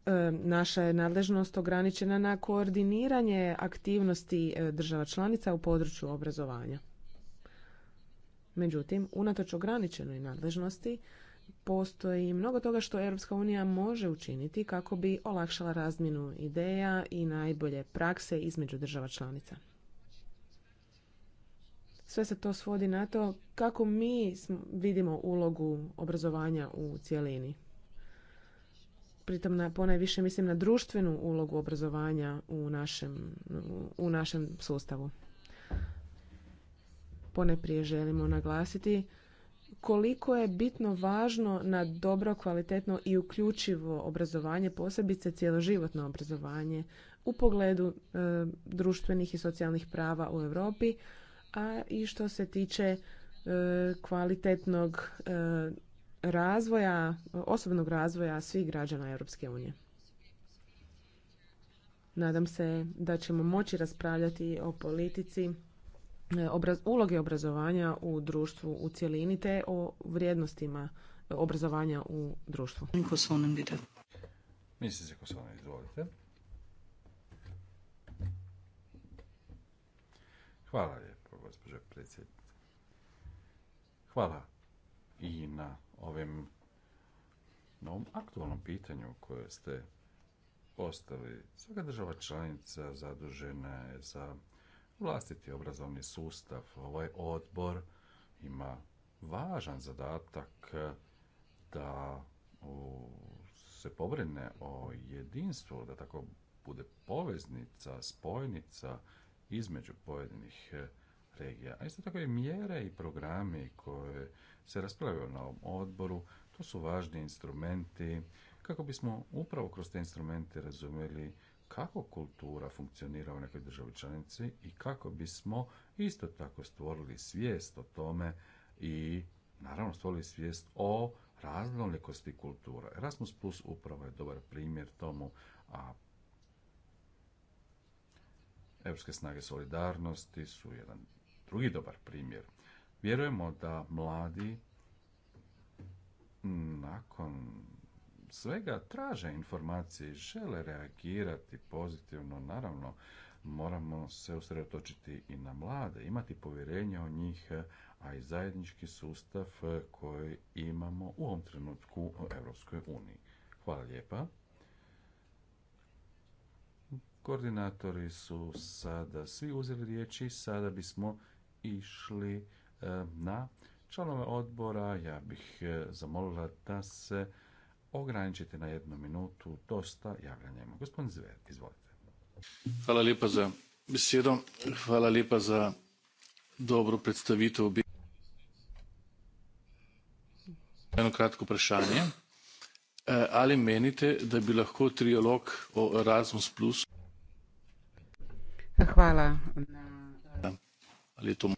E, naša je nadležnost ograničena na koordiniranje aktivnosti e, država članica u području obrazovanja. Međutim, unatoč ograničenoj nadležnosti postoji mnogo toga što Europska unija može učiniti kako bi olakšala razmjenu ideja i najbolje prakse između država članica. Sve se to svodi na to kako mi vidimo ulogu obrazovanja u cjelini pritom na ponajviše mislim na društvenu ulogu obrazovanja u našem, u našem sustavu. Poneprije želimo naglasiti koliko je bitno važno na dobro, kvalitetno i uključivo obrazovanje, posebice cjeloživotno obrazovanje u pogledu e, društvenih i socijalnih prava u Europi, a i što se tiče e, kvalitetnog e, razvoja, osobnog razvoja svih građana Europske unije. Nadam se da ćemo moći raspravljati o politici e, obraz, uloge obrazovanja u društvu u cjelini te o vrijednostima e, obrazovanja u društvu. Mislim se izvolite. Hvala lijepo, gospođo predsjednice. Hvala i na ovim na ovom aktualnom pitanju koje ste postali. Svaka država članica zadužena je za vlastiti obrazovni sustav. Ovaj odbor ima važan zadatak da se pobrine o jedinstvu, da tako bude poveznica, spojnica između pojedinih regija. A isto tako i mjere i programi koje se raspravio na ovom odboru. To su važni instrumenti kako bismo upravo kroz te instrumente razumjeli kako kultura funkcionira u nekoj državi članici i kako bismo isto tako stvorili svijest o tome i naravno stvorili svijest o raznolikosti kultura. Erasmus Plus upravo je dobar primjer tomu, a Europske snage solidarnosti su jedan drugi dobar primjer. Vjerujemo da mladi nakon svega traže informacije, žele reagirati pozitivno, naravno moramo se usredotočiti i na mlade, imati povjerenje u njih, a i zajednički sustav koji imamo u ovom trenutku u Europskoj uniji. Hvala lijepa. Koordinatori su sada svi uzeli riječi, sada bismo išli E, na članove odbora, ja bih e, zamolila da se ograničite na jednu minutu, dosta javljanja ima. Gospodin Zver, izvolite. Hvala lijepa za besedo, hvala lijepa za dobro predstavitev. Eno kratko vprašanje. E, ali menite, da bi lahko trialog o Erasmus Plus... Hvala na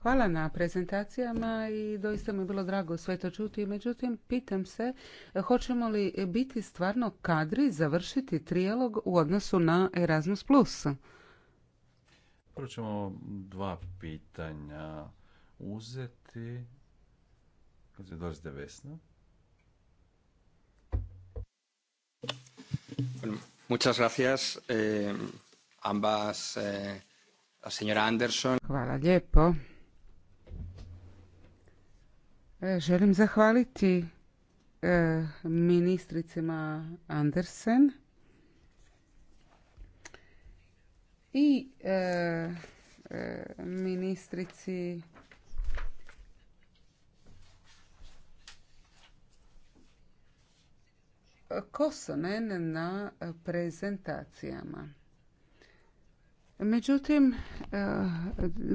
Hvala na prezentacijama i doista mi je bilo drago sve to čuti. Međutim, pitam se hoćemo li biti stvarno kadri završiti trijalog u odnosu na Erasmus+. Prvo ćemo dva pitanja uzeti. Dolazite Vesna. Muchas gracias. Eh, ambas eh, Anderson. Hvala lijepo. E, želim zahvaliti e, ministricima Andersen i e, ministrici Kosonen na prezentacijama. Međutim, e,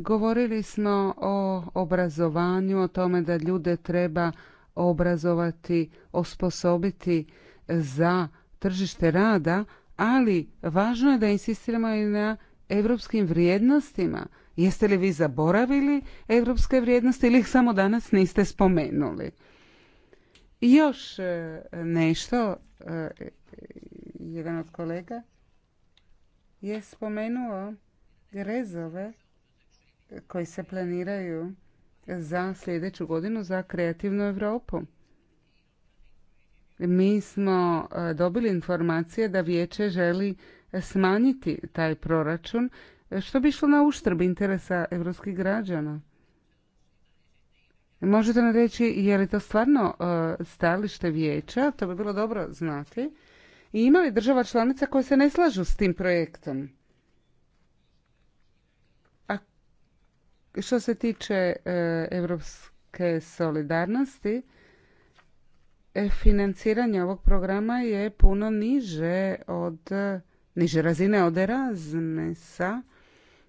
govorili smo o obrazovanju, o tome da ljude treba obrazovati, osposobiti za tržište rada, ali važno je da insistiramo i na europskim vrijednostima. Jeste li vi zaboravili europske vrijednosti ili ih samo danas niste spomenuli? Još e, nešto, e, jedan od kolega je spomenuo rezove koji se planiraju za sljedeću godinu za kreativnu Europu. Mi smo e, dobili informacije da vijeće želi smanjiti taj proračun e, što bi išlo na uštrb interesa europskih građana. Možete nam reći je li to stvarno e, stajalište vijeća? To bi bilo dobro znati. I ima li država članica koje se ne slažu s tim projektom? A što se tiče europske solidarnosti, e, financiranje ovog programa je puno niže od niže razine od Erasmusa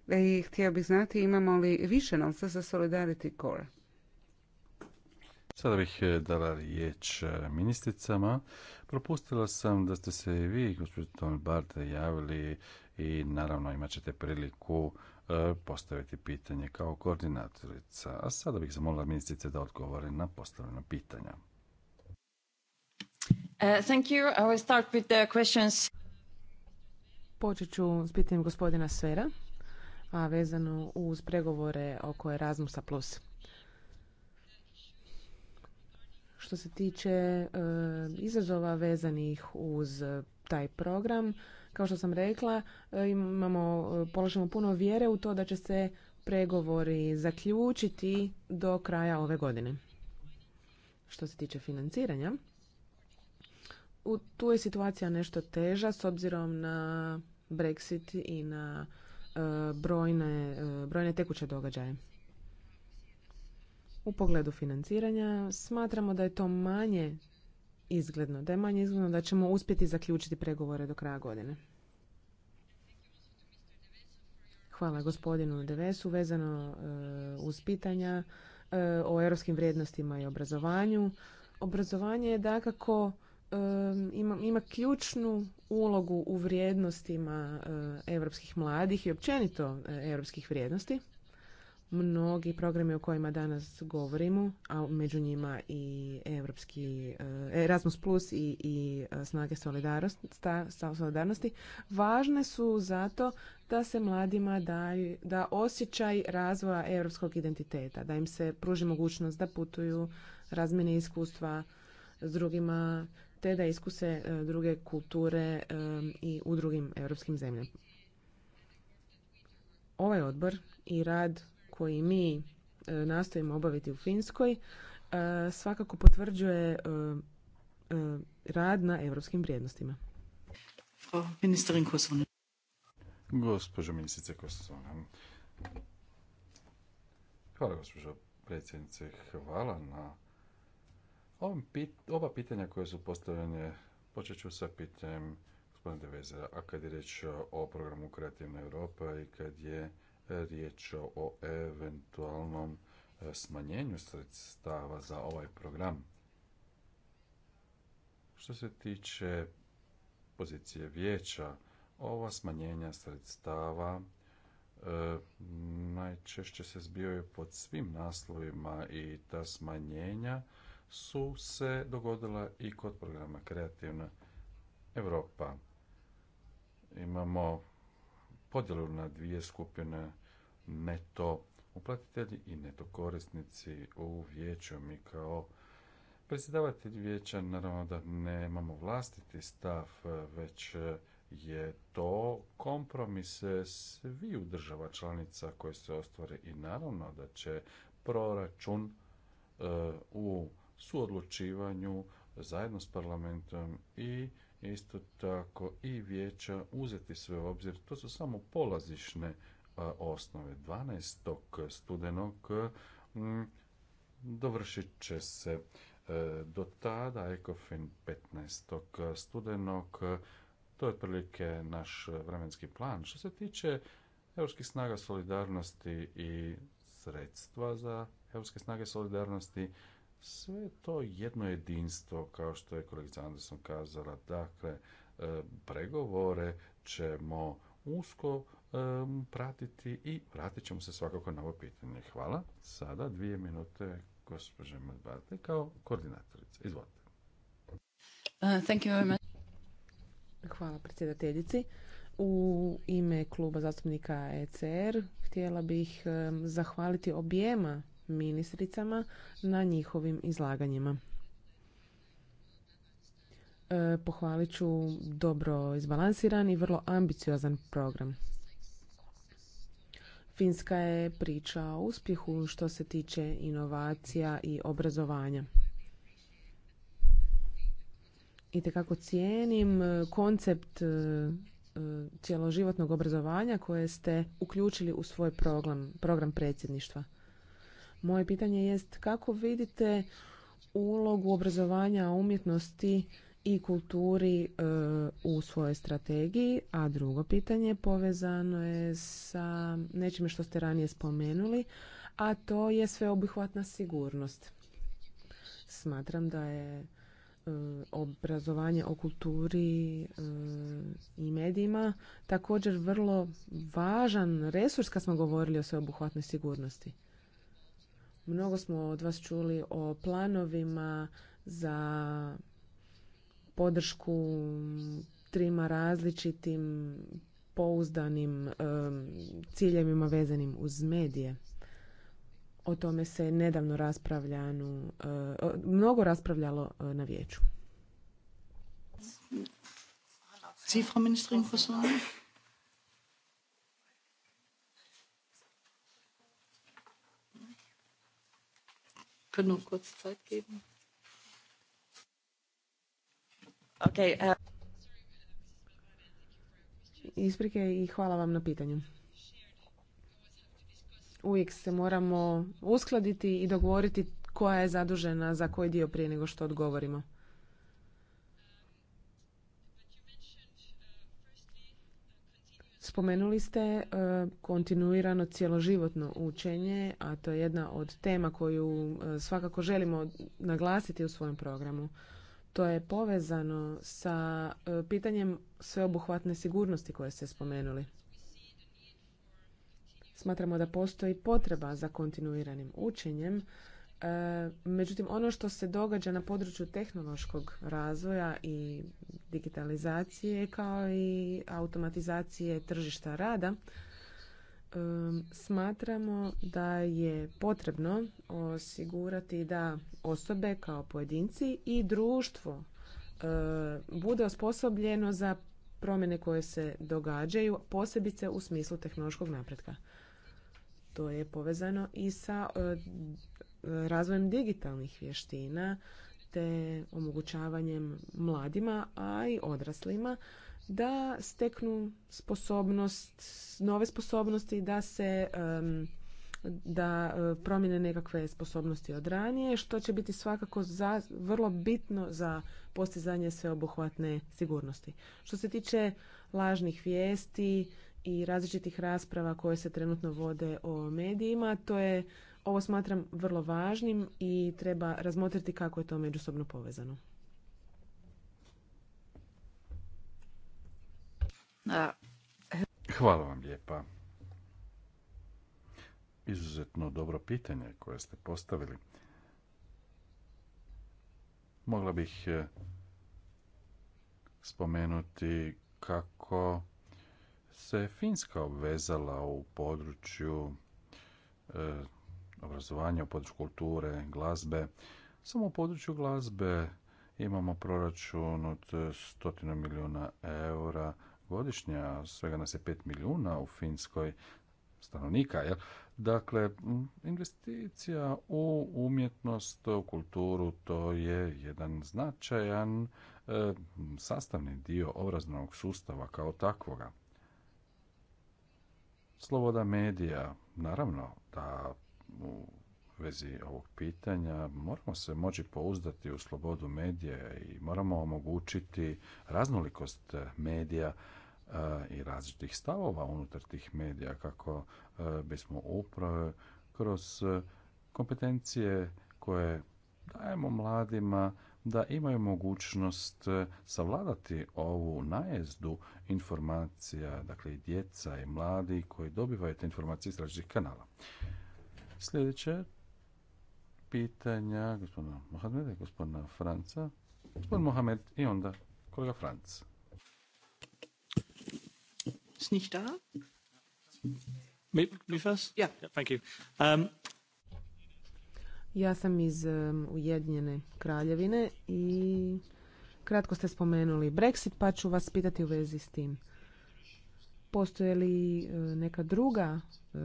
i htio bih znati imamo li više novca za Solidarity Core. Sada bih e, dala riječ e, ministricama. Propustila sam da ste se i vi, gospodin Barde, javili i naravno imat ćete priliku e, postaviti pitanje kao koordinatorica. A sada bih zamolila ministrice da odgovore na postavljena pitanja. Počet ću s pitanjem gospodina Svera, a vezano uz pregovore oko Erasmusa+. Plus. Što se tiče e, izazova vezanih uz e, taj program, kao što sam rekla, e, imamo, položimo puno vjere u to da će se pregovori zaključiti do kraja ove godine. Što se tiče financiranja, u, tu je situacija nešto teža s obzirom na Brexit i na brojne, brojne tekuće događaje. U pogledu financiranja smatramo da je to manje izgledno, da je manje izgledno da ćemo uspjeti zaključiti pregovore do kraja godine. Hvala gospodinu Devesu vezano e, uz pitanja e, o europskim vrijednostima i obrazovanju. Obrazovanje je dakako e, ima, ima ključnu ulogu u vrijednostima europskih mladih i općenito europskih vrijednosti. Mnogi programi o kojima danas govorimo, a među njima i Europski e, Erasmus Plus i, i e, snage solidarnosti, važne su zato da se mladima daju, da osjećaj razvoja europskog identiteta, da im se pruži mogućnost da putuju, razmjene iskustva s drugima, te da iskuse e, druge kulture i u drugim europskim zemljama. Ovaj odbor i rad koji mi e, nastojimo obaviti u Finskoj e, svakako potvrđuje e, rad na europskim vrijednostima. Gospođo ministrice Kosovna. Hvala gospođo predsjednice. Hvala na ova pitanja koje su postavljene. Počet ću sa pitanjem gospodina Devezera, a kad je riječ o programu Kreativna Europa i kad je riječ o eventualnom e, smanjenju sredstava za ovaj program. Što se tiče pozicije vijeća, ova smanjenja sredstava e, najčešće se zbijaju pod svim naslovima i ta smanjenja su se dogodila i kod programa Kreativna Europa. Imamo podjelu na dvije skupine neto uplatitelji i neto korisnici u vijeću. Mi kao predsjedavatelj vijeća naravno da nemamo vlastiti stav, već je to kompromis u država članica koje se ostvare i naravno da će proračun eh, u suodlučivanju zajedno s parlamentom i isto tako i vijeća uzeti sve u obzir. To su samo polazišne osnove 12. studenog mm, dovršit će se e, do tada ECOFIN 15. studenog. To je otprilike naš vremenski plan. Što se tiče europskih snaga solidarnosti i sredstva za europske snage solidarnosti, sve to jedno jedinstvo, kao što je kolegica Anderson kazala, dakle, e, pregovore ćemo usko pratiti i vratit ćemo se svakako na ovo pitanje. Hvala. Sada dvije minute gospođe Medbarte kao koordinatorica. Izvolite. Uh, Hvala predsjedateljici. U ime kluba zastupnika ECR htjela bih zahvaliti objema ministricama na njihovim izlaganjima. E, pohvalit ću dobro izbalansiran i vrlo ambiciozan program. Finska je priča o uspjehu što se tiče inovacija i obrazovanja. I kako cijenim e, koncept e, e, cjeloživotnog obrazovanja koje ste uključili u svoj program, program predsjedništva. Moje pitanje jest kako vidite ulogu obrazovanja umjetnosti i kulturi e, u svojoj strategiji, a drugo pitanje povezano je sa nečim što ste ranije spomenuli, a to je sveobuhvatna sigurnost. Smatram da je e, obrazovanje o kulturi e, i medijima također vrlo važan resurs kad smo govorili o sveobuhvatnoj sigurnosti. Mnogo smo od vas čuli o planovima za podršku trima različitim pouzdanim ciljevima vezanim uz medije. O tome se nedavno raspravljano, e, mnogo raspravljalo e, na vijeću. Sie, Frau Können kurz Zeit geben? Eh. Isprike i hvala vam na pitanju. Uvijek se moramo uskladiti i dogovoriti koja je zadužena za koji dio prije nego što odgovorimo. Spomenuli ste eh, kontinuirano cjeloživotno učenje, a to je jedna od tema koju eh, svakako želimo naglasiti u svojem programu. To je povezano sa e, pitanjem sveobuhvatne sigurnosti koje ste spomenuli. Smatramo da postoji potreba za kontinuiranim učenjem. E, međutim, ono što se događa na području tehnološkog razvoja i digitalizacije kao i automatizacije tržišta rada, smatramo da je potrebno osigurati da osobe kao pojedinci i društvo bude osposobljeno za promjene koje se događaju, posebice u smislu tehnološkog napretka. To je povezano i sa razvojem digitalnih vještina te omogućavanjem mladima, a i odraslima da steknu sposobnost, nove sposobnosti, da se da e, promjene nekakve sposobnosti od ranije, što će biti svakako vrlo bitno za postizanje sveobuhvatne sigurnosti. Što se tiče lažnih vijesti i različitih rasprava koje se trenutno vode o medijima, to je ovo smatram vrlo važnim i treba razmotriti kako je to međusobno povezano. Hvala vam lijepa. Izuzetno dobro pitanje koje ste postavili. Mogla bih e, spomenuti kako se Finska obvezala u području e, obrazovanja, u području kulture, glazbe. Samo u području glazbe imamo proračun od 100 milijuna eura godišnje, svega nas je 5 milijuna u Finskoj stanovnika, jel? Dakle, investicija u umjetnost, u kulturu, to je jedan značajan e, sastavni dio obraznog sustava kao takvoga. Sloboda medija, naravno da u vezi ovog pitanja moramo se moći pouzdati u slobodu medija i moramo omogućiti raznolikost medija i različitih stavova unutar tih medija kako e, bismo upravo kroz e, kompetencije koje dajemo mladima da imaju mogućnost e, savladati ovu najezdu informacija, dakle i djeca i mladi koji dobivaju te informacije iz različitih kanala. Sljedeće pitanja gospodina Mohameda i gospodina Franca. Gospodin Mohamed i onda kolega Franca nicht first? thank you. Um... Ja sam iz um, Ujedinjene kraljevine i kratko ste spomenuli Brexit, pa ću vas pitati u vezi s tim. Postoje li uh, neka druga uh,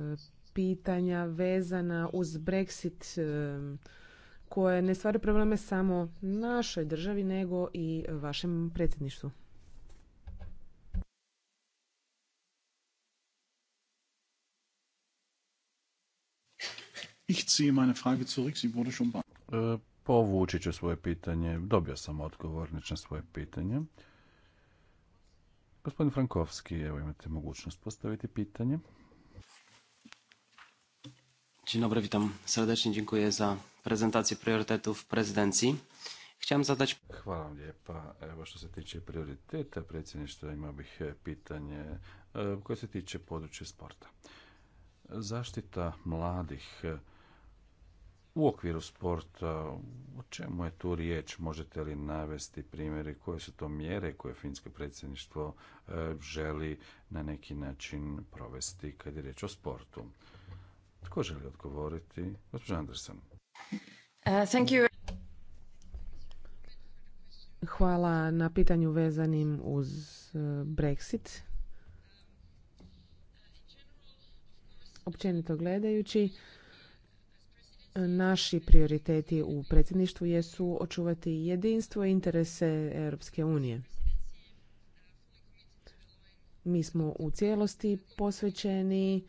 pitanja vezana uz Brexit um, koje ne stvaraju probleme samo našoj državi nego i vašem predsjedništvu? Ich e, Povući ću svoje pitanje. Dobio sam odgovor na svoje pitanje. Gospodin Frankovski, evo imate mogućnost postaviti pitanje. Dzień dobry, witam serdecznie. Dziękuję za prezentację priorytetów prezydencji. Chciałem zadać... Hvala vam lijepa. Evo što se tiče prioriteta predsjedništva imao bih e, pitanje e, koje se tiče područja sporta. Zaštita mladih u okviru sporta, o čemu je tu riječ, možete li navesti primjere, koje su to mjere koje finsko predsjedništvo e, želi na neki način provesti kad je riječ o sportu? Tko želi odgovoriti? Gospođa Anderson. Uh, Hvala na pitanju vezanim uz e, Brexit. Općenito gledajući, Naši prioriteti u predsjedništvu jesu očuvati jedinstvo i interese Europske unije. Mi smo u cijelosti posvećeni e,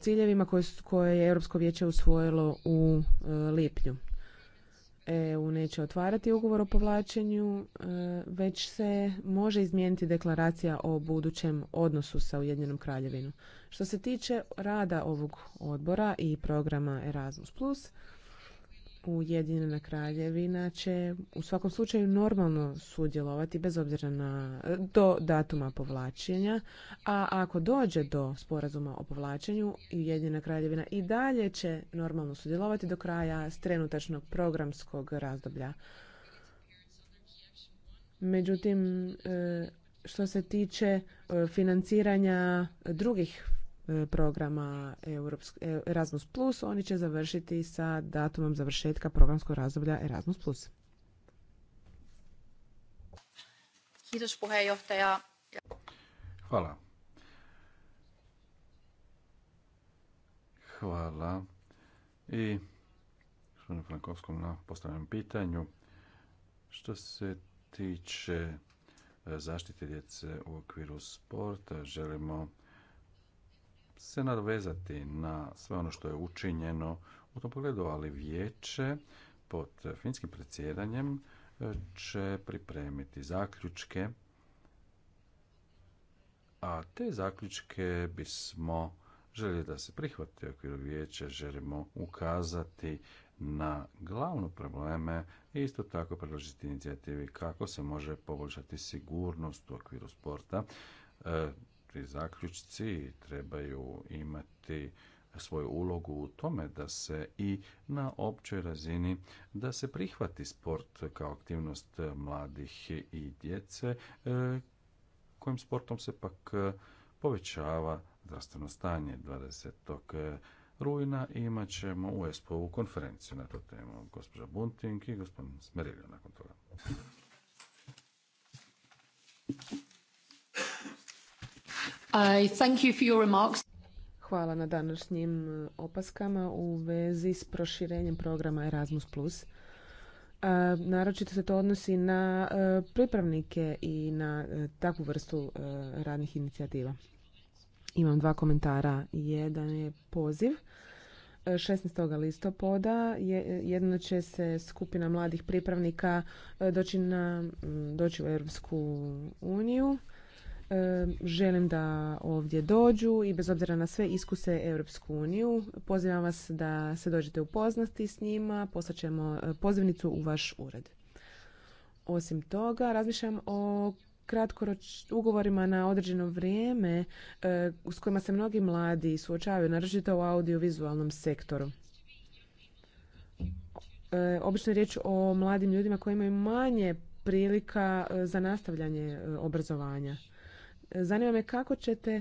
ciljevima koje je Europsko vijeće usvojilo u e, lipnju. EU neće otvarati ugovor o povlačenju, e, već se može izmijeniti deklaracija o budućem odnosu sa Ujedinjenom kraljevinom. Što se tiče rada ovog odbora i programa Erasmus+, Ujedinjena kraljevina će u svakom slučaju normalno sudjelovati bez obzira na e, do datuma povlačenja, a ako dođe do sporazuma o povlačenju, Ujedinjena kraljevina i dalje će normalno sudjelovati do kraja trenutačnog programskog razdoblja. Međutim, e, što se tiče e, financiranja drugih E, programa e, Erasmus+, oni će završiti sa datumom završetka programskog razdoblja Erasmus+. Hvala. Hvala. I gospodinu Frankovskom na postavljenom pitanju. Što se tiče e, zaštite djece u okviru sporta, želimo se nadvezati na sve ono što je učinjeno u tom pogledu, ali vijeće pod finskim predsjedanjem e, će pripremiti zaključke, a te zaključke bismo željeli da se prihvati u okviru vijeća, želimo ukazati na glavne probleme i isto tako predložiti inicijativi kako se može poboljšati sigurnost u okviru sporta. E, zaključci trebaju imati svoju ulogu u tome da se i na općoj razini da se prihvati sport kao aktivnost mladih i djece e, kojim sportom se pak povećava zdravstveno stanje 20. rujna imat ćemo u espo konferenciju na tu temu. Gospođa Bunting i gospodin Smeriljo nakon toga. I Hvala na današnjim e, opaskama u vezi s proširenjem programa Erasmus+. plus. E, naročito se to odnosi na e, pripravnike i na takvu vrstu radnih inicijativa. Imam dva komentara. Jedan je poziv. 16. listopada jedno će se skupina mladih pripravnika doći, na, doći u Europsku uniju želim da ovdje dođu i bez obzira na sve iskuse Europsku uniju. Pozivam vas da se dođete upoznati s njima, ćemo e, pozivnicu u vaš ured. Osim toga, razmišljam o kratkoroč ugovorima na određeno vrijeme e, s kojima se mnogi mladi suočavaju, naročito u audiovizualnom sektoru. E, obično je riječ o mladim ljudima koji imaju manje prilika za nastavljanje obrazovanja. Zanima me kako ćete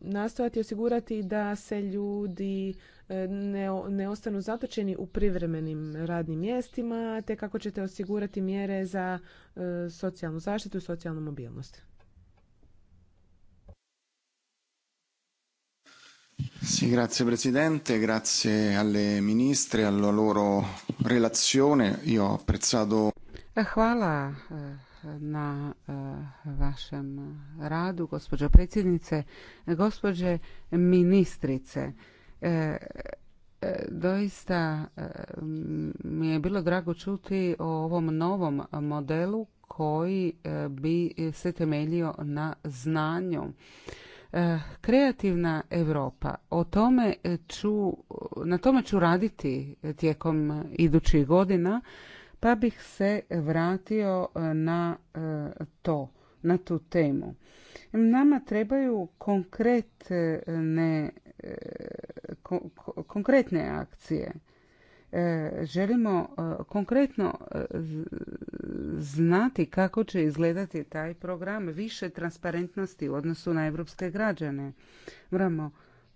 nastojati osigurati da se ljudi e, ne, ne ostanu zatočeni u privremenim radnim mjestima, te kako ćete osigurati mjere za e, socijalnu zaštitu i socijalnu mobilnost. Sì, grazie Presidente, grazie alle ministre, alla loro relazione. Io ho apprezzato... Hvala na eh, vašem radu, gospođo predsjednice, gospođe ministrice. Eh, eh, doista mi je bilo drago čuti o ovom novom modelu koji bi se temeljio na znanju. Kreativna Europa. O tome ću, na tome ću raditi tijekom idućih godina pa bih se vratio e, na e, to, na tu temu. Nama trebaju konkretne, e, konkretne akcije. Želimo konkretno znati kako će izgledati taj program više transparentnosti u odnosu na evropske građane. Moramo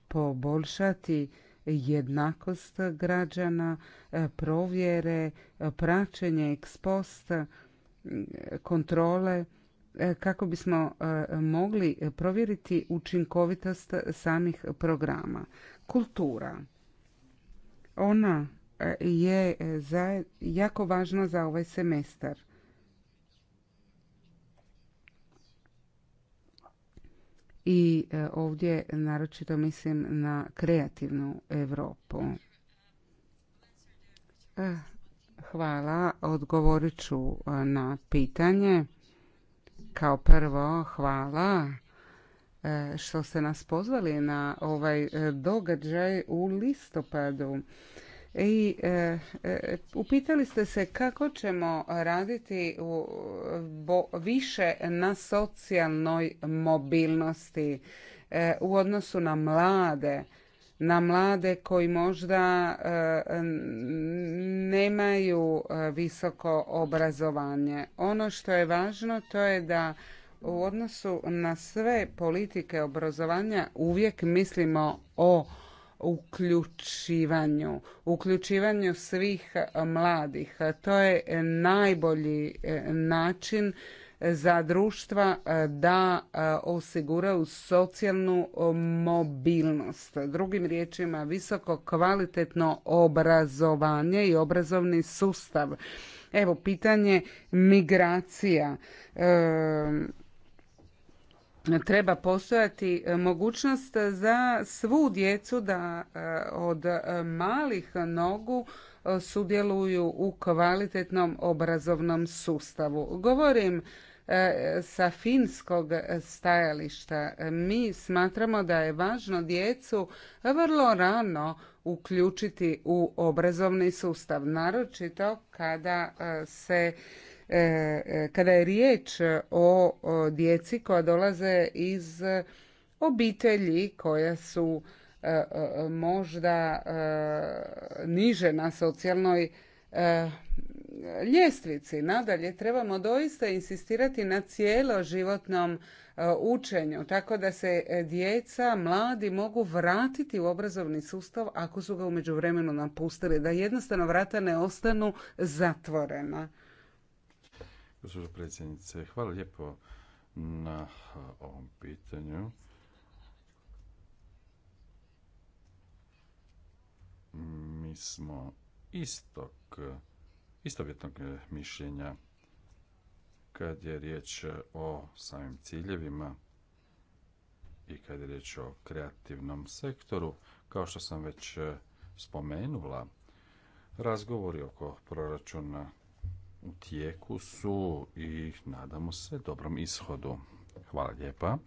poboljšati jednakost građana, e, provjere, praćenje ekspost, kontrole e, kako bismo e, mogli provjeriti učinkovitost samih programa. Kultura. Ona je jako važna za ovaj semestar. i e, ovdje naročito mislim na kreativnu Europu. E, hvala, odgovorit ću e, na pitanje. Kao prvo, hvala što ste nas pozvali na ovaj događaj u listopadu i e, e, upitali ste se kako ćemo raditi u, više na socijalnoj mobilnosti e, u odnosu na mlade na mlade koji možda e, nemaju visoko obrazovanje ono što je važno to je da u odnosu na sve politike obrazovanja uvijek mislimo o uključivanju, uključivanju svih e, mladih. To je najbolji e, način za društva e, da osiguraju socijalnu mobilnost. Drugim riječima, visoko kvalitetno obrazovanje i obrazovni sustav. Evo, pitanje migracija treba postojati e, mogućnost za svu djecu da e, od e, malih nogu sudjeluju u kvalitetnom obrazovnom sustavu. Govorim sa finskog stajališta. Mi smatramo da je važno djecu vrlo rano uključiti u obrazovni sustav, naročito kada se E, e, kada je riječ o djeci koja dolaze iz obitelji koja su e, možda niže na socijalnoj ljestvici. Nadalje, trebamo doista insistirati na cijelo učenju, tako da se djeca, mladi mogu vratiti u obrazovni sustav ako su ga u međuvremenu napustili, da jednostavno vrata ne ostanu zatvorena. Gospođo predsjednice, hvala lijepo na ovom pitanju. Mi smo istog, istovjetnog mišljenja kad je riječ o samim ciljevima i kad je riječ o kreativnom sektoru. Kao što sam već spomenula, razgovori oko proračuna u tijeku su i nadamo se dobrom ishodu. Hvala lijepa.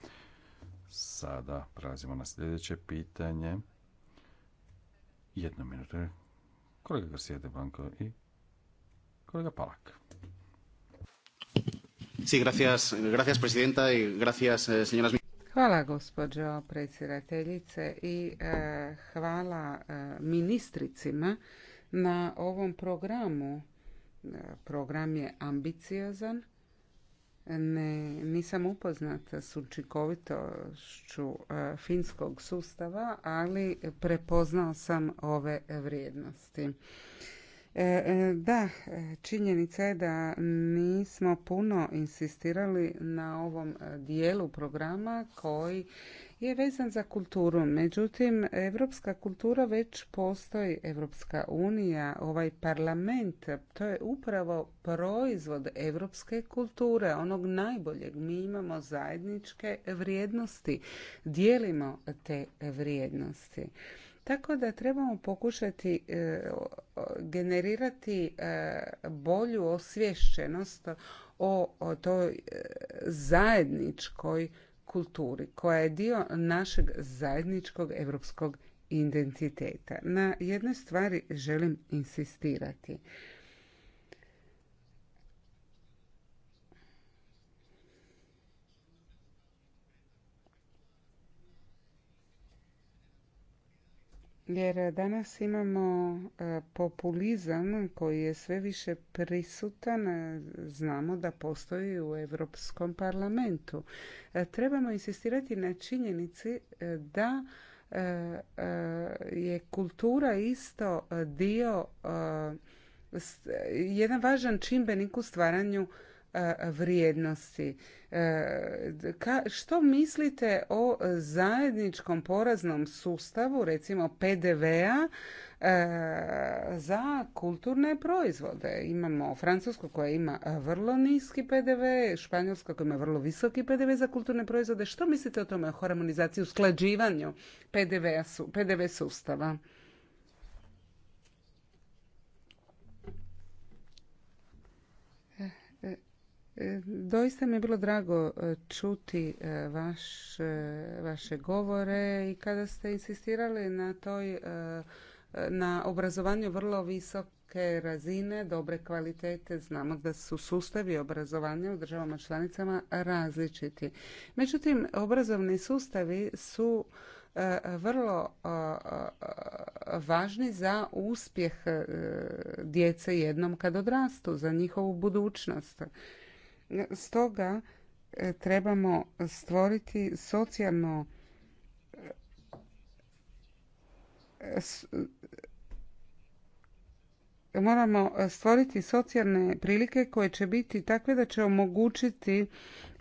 Sada prelazimo na sljedeće pitanje. Jedno je. Kolega Garcia de i kolega Palak. Sí, gracias, gracias presidenta y gracias eh, señoras Hvala gospođo predsjedateljice i eh, hvala eh, ministricima na ovom programu program je ambiciozan. Ne, nisam upoznata s učinkovitošću e, finskog sustava, ali prepoznao sam ove vrijednosti. E, e, da, činjenica je da nismo puno insistirali na ovom dijelu programa koji je vezan za kulturu. Međutim, evropska kultura već postoji. Evropska unija, ovaj parlament, to je upravo proizvod evropske kulture, onog najboljeg. Mi imamo zajedničke vrijednosti, dijelimo te vrijednosti. Tako da trebamo pokušati e, generirati e, bolju osviještenost o toj e, zajedničkoj kulturi koja je dio našeg zajedničkog europskog identiteta. Na jednoj stvari želim insistirati. jer danas imamo e, populizam koji je sve više prisutan, e, znamo da postoji u Europskom parlamentu. E, trebamo insistirati na činjenici da je kultura isto dio jedan važan čimbenik u stvaranju E, vrijednosti. E, što mislite o zajedničkom poraznom sustavu, recimo PDV-a, e, za kulturne proizvode. Imamo Francusku koja ima vrlo niski PDV, Španjolska koja ima vrlo visoki PDV za kulturne proizvode. Što mislite o tome o harmonizaciji, usklađivanju PDV, PDV sustava? Doista mi je bilo drago e, čuti e, vaš, vaše govore i kada ste insistirali na toj e, na obrazovanju vrlo visoke razine, dobre kvalitete. Znamo da su sustavi obrazovanja u državama članicama različiti. Međutim, obrazovni sustavi su vrlo važni za uspjeh djece jednom kad odrastu, za njihovu budućnost. Stoga e, trebamo stvoriti socijalno e, moramo stvoriti socijalne prilike koje će biti takve da će omogućiti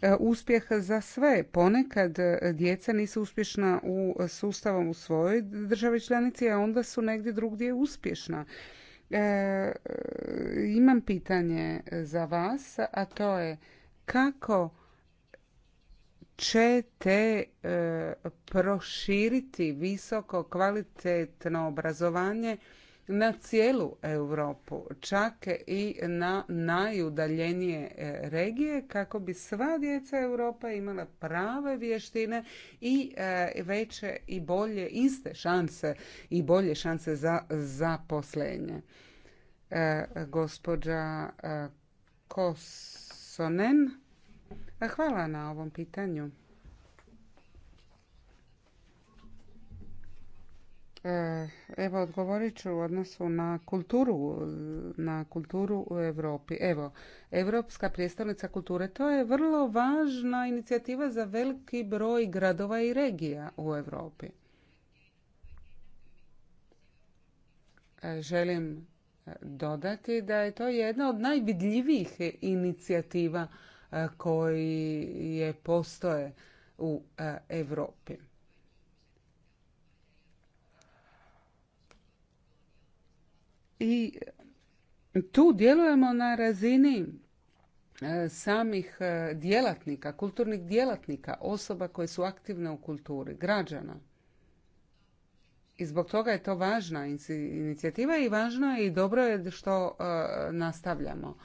e, uspjeh za sve. Ponekad djeca nisu uspješna u sustavom u svojoj državi članici, a onda su negdje drugdje uspješna. E, e, imam pitanje za vas, a to je kako ćete e, proširiti visoko kvalitetno obrazovanje na cijelu Europu, čak i na najudaljenije e, regije kako bi sva djeca Europa imala prave vještine i e, veće i bolje iste šanse i bolje šanse za zaposlenje. E, gospođa Kosonen, hvala na ovom pitanju. E, evo, odgovorit ću u odnosu na kulturu, na kulturu u Europi. Evo, Europska prijestolnica kulture, to je vrlo važna inicijativa za veliki broj gradova i regija u Europi. E, želim dodati da je to jedna od najvidljivijih inicijativa e, koji je postoje u Europi. i tu djelujemo na razini e, samih e, djelatnika, kulturnih djelatnika, osoba koje su aktivne u kulturi, građana. I zbog toga je to važna inicijativa i važno je i dobro je što e, nastavljamo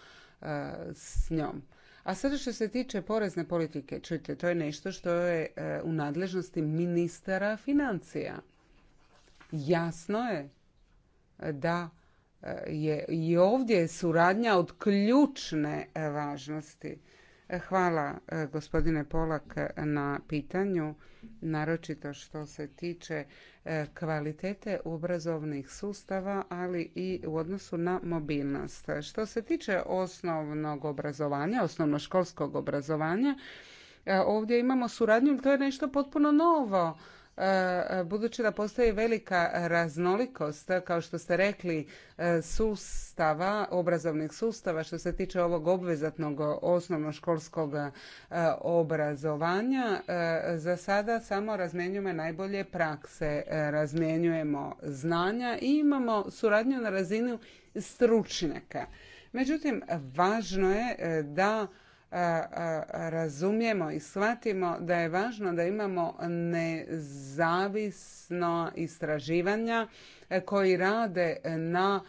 s njom. A sada što se tiče porezne politike, čujte, to je nešto što je u nadležnosti ministara financija. Jasno je da je i ovdje suradnja od ključne e, važnosti. E, hvala e, gospodine Polak na pitanju, naročito što se tiče kvalitete obrazovnih sustava, ali i u odnosu na mobilnost. Što se tiče osnovnog obrazovanja, osnovnoškolskog obrazovanja, ovdje imamo suradnju, to je nešto potpuno novo E, budući da postoji velika raznolikost, kao što ste rekli, e, sustava, obrazovnih sustava što se tiče ovog obvezatnog osnovnoškolskog e, obrazovanja, za sada samo razmjenjujemo najbolje prakse, razmjenjujemo znanja i imamo suradnju na razini stručnjaka. Međutim, važno je da razumijemo i shvatimo da je važno da imamo nezavisno istraživanja e, koji rade na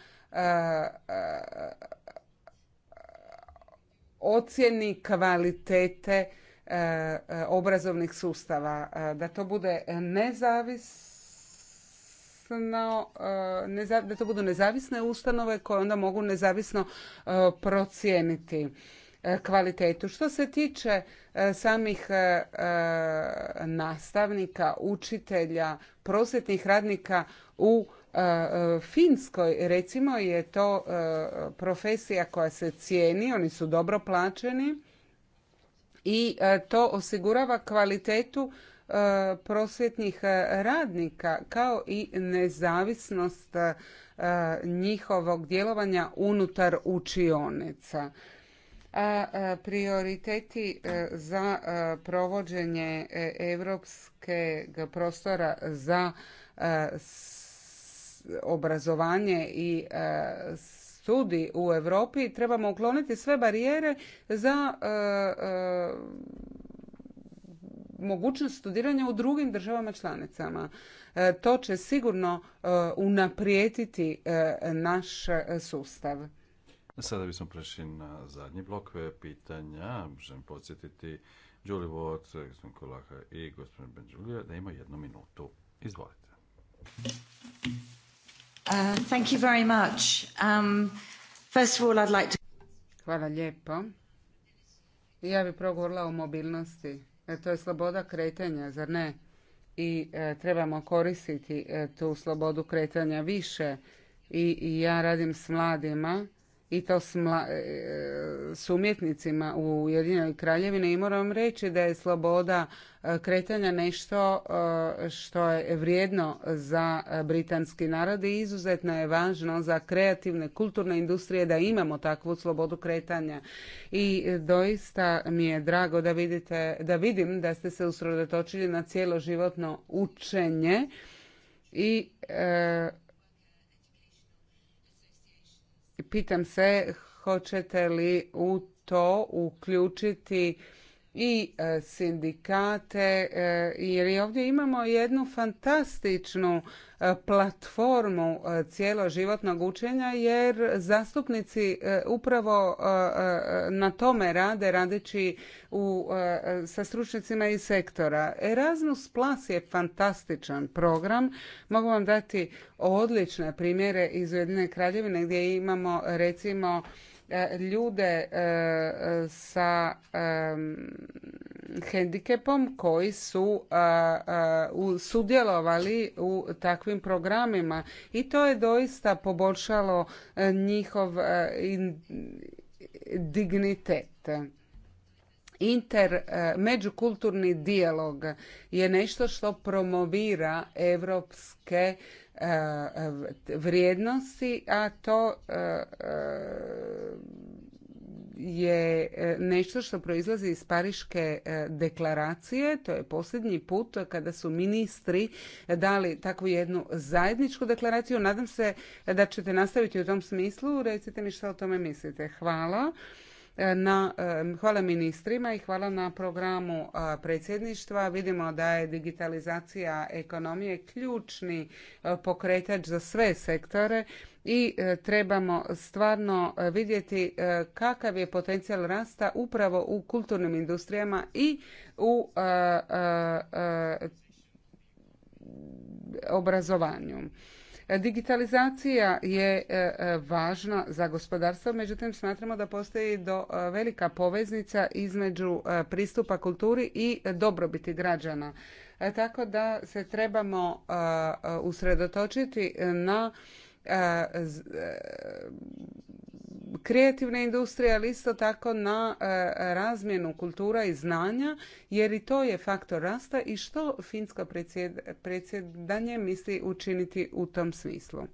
ocjeni kvalitete e, e, obrazovnih sustava. Da to bude nezavisno, da to budu nezavisne ustanove koje onda mogu nezavisno procijeniti E, kvalitetu. Što se tiče e, samih e, nastavnika, učitelja, prosvjetnih radnika u Finskoj recimo je to profesija koja se cijeni, oni su dobro plaćeni i to osigurava kvalitetu prosvjetnih radnika kao i nezavisnost njihovog djelovanja unutar učionica a prioriteti e, za provođenje europskeg prostora za obrazovanje i studij u Europi trebamo ukloniti sve barijere za mogućnost studiranja u drugim državama članicama. E, to će sigurno e, unaprijediti naš sustav. Sada bismo prešli na zadnji blok pitanja. Želim podsjetiti Julie Ward, gospodin Kolaha i gospodin Benđulija da ima jednu minutu. Izvolite. Hvala lijepo. Ja bih progovorila o mobilnosti. E, to je sloboda kretanja, zar ne? I e, trebamo koristiti e, tu slobodu kretanja više. I ja radim s mladima i to s, e, umjetnicima u Jedinoj kraljevini i moram reći da je sloboda e, kretanja nešto e, što je vrijedno za britanski narod i izuzetno je važno za kreativne kulturne industrije da imamo takvu slobodu kretanja i doista mi je drago da vidite da vidim da ste se usredotočili na cjeloživotno učenje i pitam se hoćete li u to uključiti i e, sindikate e, jer ovdje imamo jednu fantastičnu e, platformu cijeloživotnog učenja jer zastupnici upravo na tome rade radeći u, sa stručnjacima iz sektora. Erasmus Plus je fantastičan program. Mogu vam dati odlične primjere iz Ujedine kraljevine gdje imamo recimo E, ljude e, e, sa hendikepom koji su sudjelovali u takvim programima i to je doista poboljšalo njihov dignitet inter međukulturni dijalog je nešto što promovira europske Eh, vrijednosti, a to eh, eh, je nešto što proizlazi iz Pariške deklaracije. To je posljednji put kada su ministri dali takvu jednu zajedničku deklaraciju. Nadam se da ćete nastaviti u tom smislu. Recite mi što o tome mislite. Hvala na, hvala ministrima i hvala na programu predsjedništva. Vidimo da je digitalizacija ekonomije ključni e, pokretač za sve sektore i e, trebamo stvarno e, vidjeti kakav je potencijal rasta upravo u kulturnim industrijama i u obrazovanju. Digitalizacija je e, važna za gospodarstvo, međutim smatramo da postoji do e, velika poveznica između e, pristupa kulturi i dobrobiti građana. Tako da se trebamo usredotočiti na kreativne industrije, ali isto tako na e, razmjenu kultura i znanja, jer i to je faktor rasta i što finsko predsjedanje misli učiniti u tom smislu.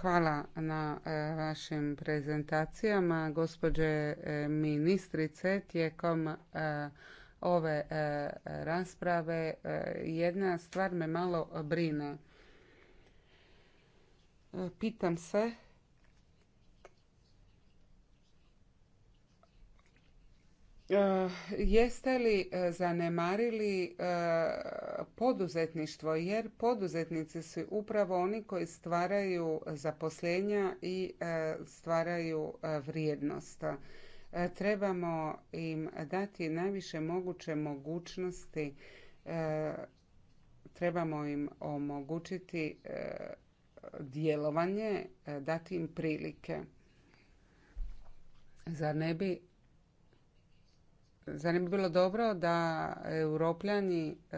Hvala na e, vašim prezentacijama, gospođe e, ministrice, tijekom ove rasprave. Jedna stvar me malo brine E, pitam se e, jeste li e, zanemarili poduzetništvo jer poduzetnici su upravo oni koji stvaraju zaposlenja i stvaraju vrijednost. Trebamo im dati najviše moguće mogućnosti trebamo im omogućiti djelovanje, e, dati im prilike. Zar ne bi ne bi bilo dobro da europljani e,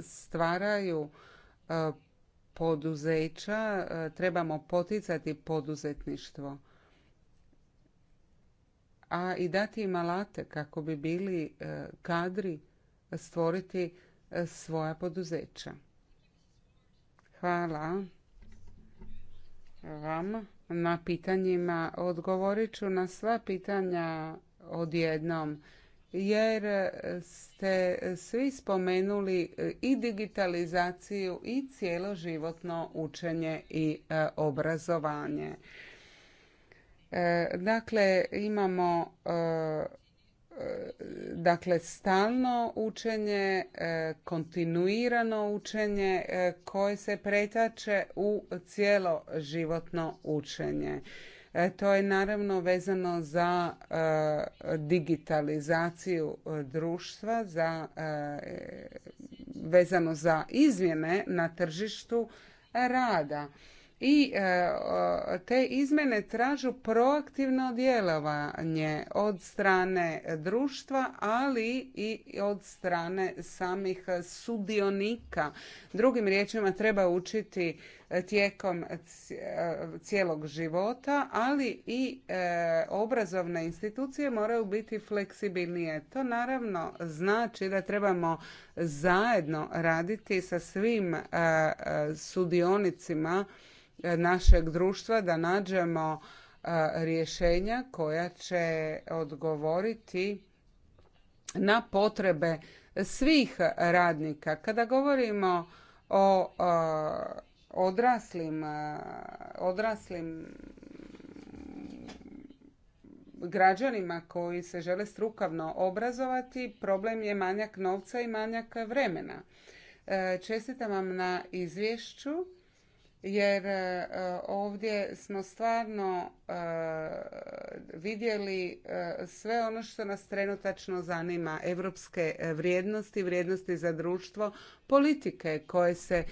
stvaraju e, poduzeća, trebamo poticati poduzetništvo, a i dati im alate kako bi bili kadri stvoriti svoja poduzeća. Hvala vam na pitanjima. Odgovorit ću na sva pitanja odjednom jer ste svi spomenuli i digitalizaciju i životno učenje i e, obrazovanje. E, dakle, imamo e, dakle stalno učenje, e, kontinuirano učenje e, koje se pretače u cijelo životno učenje. E, to je naravno vezano za digitalizaciju društva, za, vezano za izmjene na tržištu rada i e, te izmjene tražu proaktivno djelovanje od strane društva, ali i od strane samih sudionika. Drugim riječima treba učiti e, tijekom e, cijelog života, ali i obrazovne institucije moraju biti fleksibilnije. To naravno znači da trebamo zajedno raditi sa svim sudionicima našeg društva da nađemo e, rješenja koja će odgovoriti na potrebe svih radnika. Kada govorimo o e, odraslim, e, odraslim građanima koji se žele strukovno obrazovati, problem je manjak novca i manjak vremena. Čestitam vam na izvješću jer e, ovdje smo stvarno e, vidjeli e, sve ono što nas trenutačno zanima, evropske vrijednosti, vrijednosti za društvo, politike koje se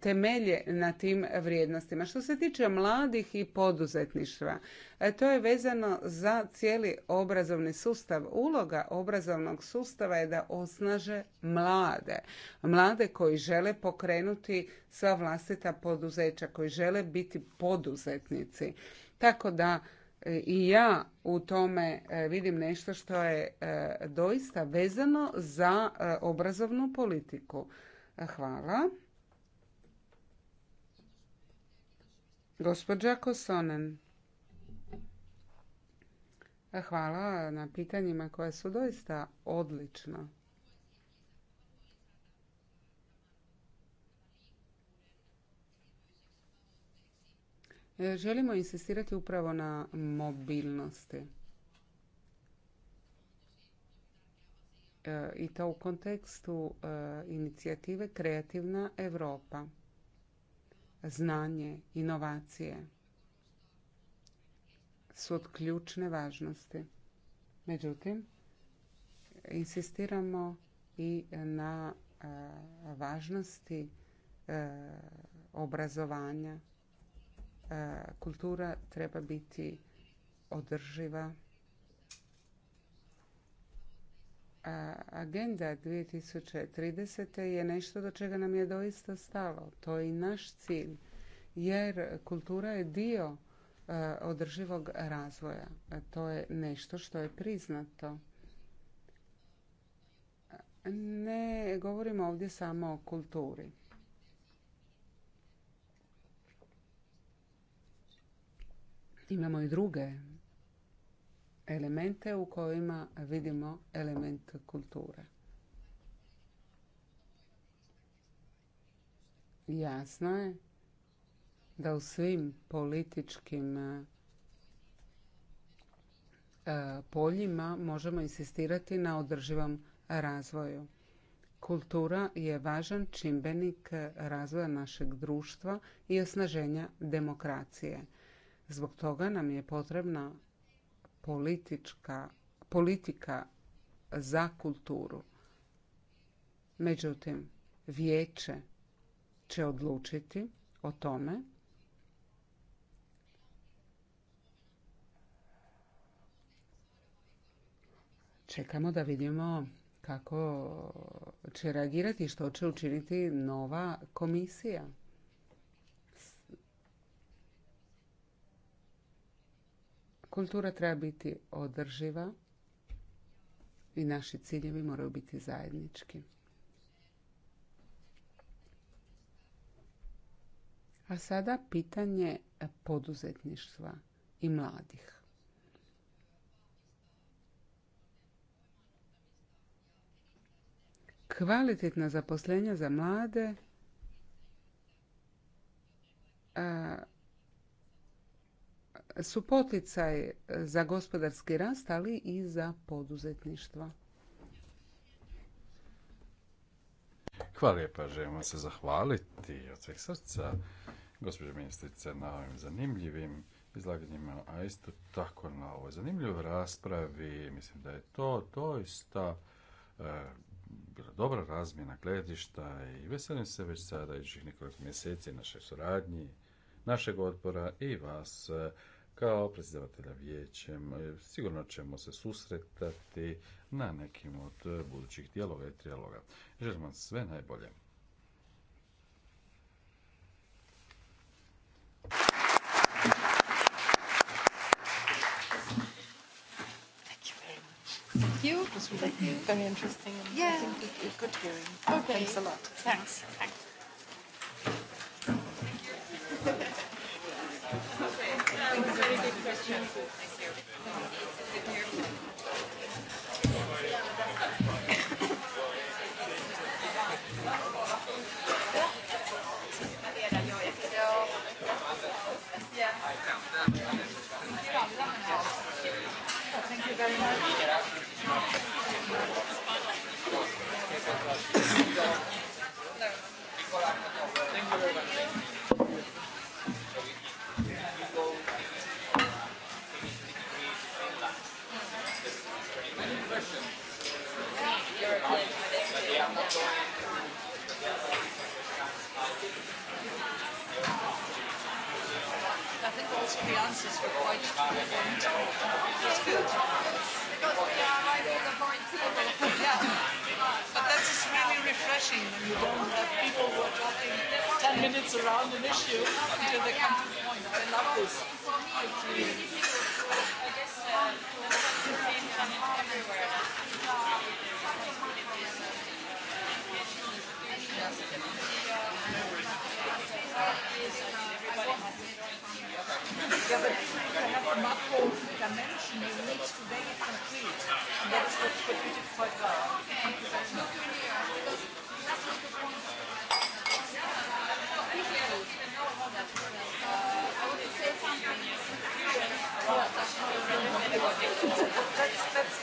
temelje na tim vrijednostima. Što se tiče mladih i poduzetništva, E, to je vezano za cijeli obrazovni sustav. Uloga obrazovnog sustava je da osnaže mlade. Mlade koji žele pokrenuti sva vlastita poduzeća, koji žele biti poduzetnici. Tako da e, i ja u tome e, vidim nešto što je doista vezano za obrazovnu politiku. Hvala. Gospođa Kosonen. Hvala na pitanjima koja su doista odlična. E, želimo insistirati upravo na mobilnosti. E, I to u kontekstu e, inicijative Kreativna Europa. Znanje, inovacije su od ključne važnosti. Međutim, insistiramo i na e, važnosti e, obrazovanja. E, kultura treba biti održiva. Agenda 2030. je nešto do čega nam je doista stalo. To je i naš cilj. Jer kultura je dio E, održivog razvoja. E, to je nešto što je priznato. Ne govorimo ovdje samo o kulturi. Imamo i druge elemente u kojima vidimo element kulture. Jasno je da u svim političkim e, e, poljima možemo insistirati na održivom razvoju. Kultura je važan čimbenik razvoja našeg društva i osnaženja demokracije. Zbog toga nam je potrebna politička, politika za kulturu. Međutim, vijeće će odlučiti o tome čekamo da vidimo kako će reagirati i što će učiniti nova komisija. Kultura treba biti održiva i naši ciljevi moraju biti zajednički. A sada pitanje poduzetništva i mladih. kvalitetna zaposlenja za mlade su poticaj za gospodarski rast, ali i za poduzetništvo. Hvala lijepa, želimo se zahvaliti od srca gospođo ministrice na ovim zanimljivim izlaganjima, a isto tako na ovoj zanimljivoj raspravi. Mislim da je to doista e, bila dobra razmjena gledišta i veselim se već sada idućih nekoliko mjeseci naše suradnji, našeg odbora i vas e, kao predsjedavatelja vijećem. E, sigurno ćemo se susretati na nekim od budućih dijaloga i trijaloga. Želim vam sve najbolje. Thank you. It was really very interesting and yeah. I think it, it good hearing. Okay. Thanks a lot. Thanks. Thanks. is quite It's good. Because we point But that's just really refreshing when you don't have people who 10 minutes around an issue to the point. I love this. Everybody ja, but da dimension that's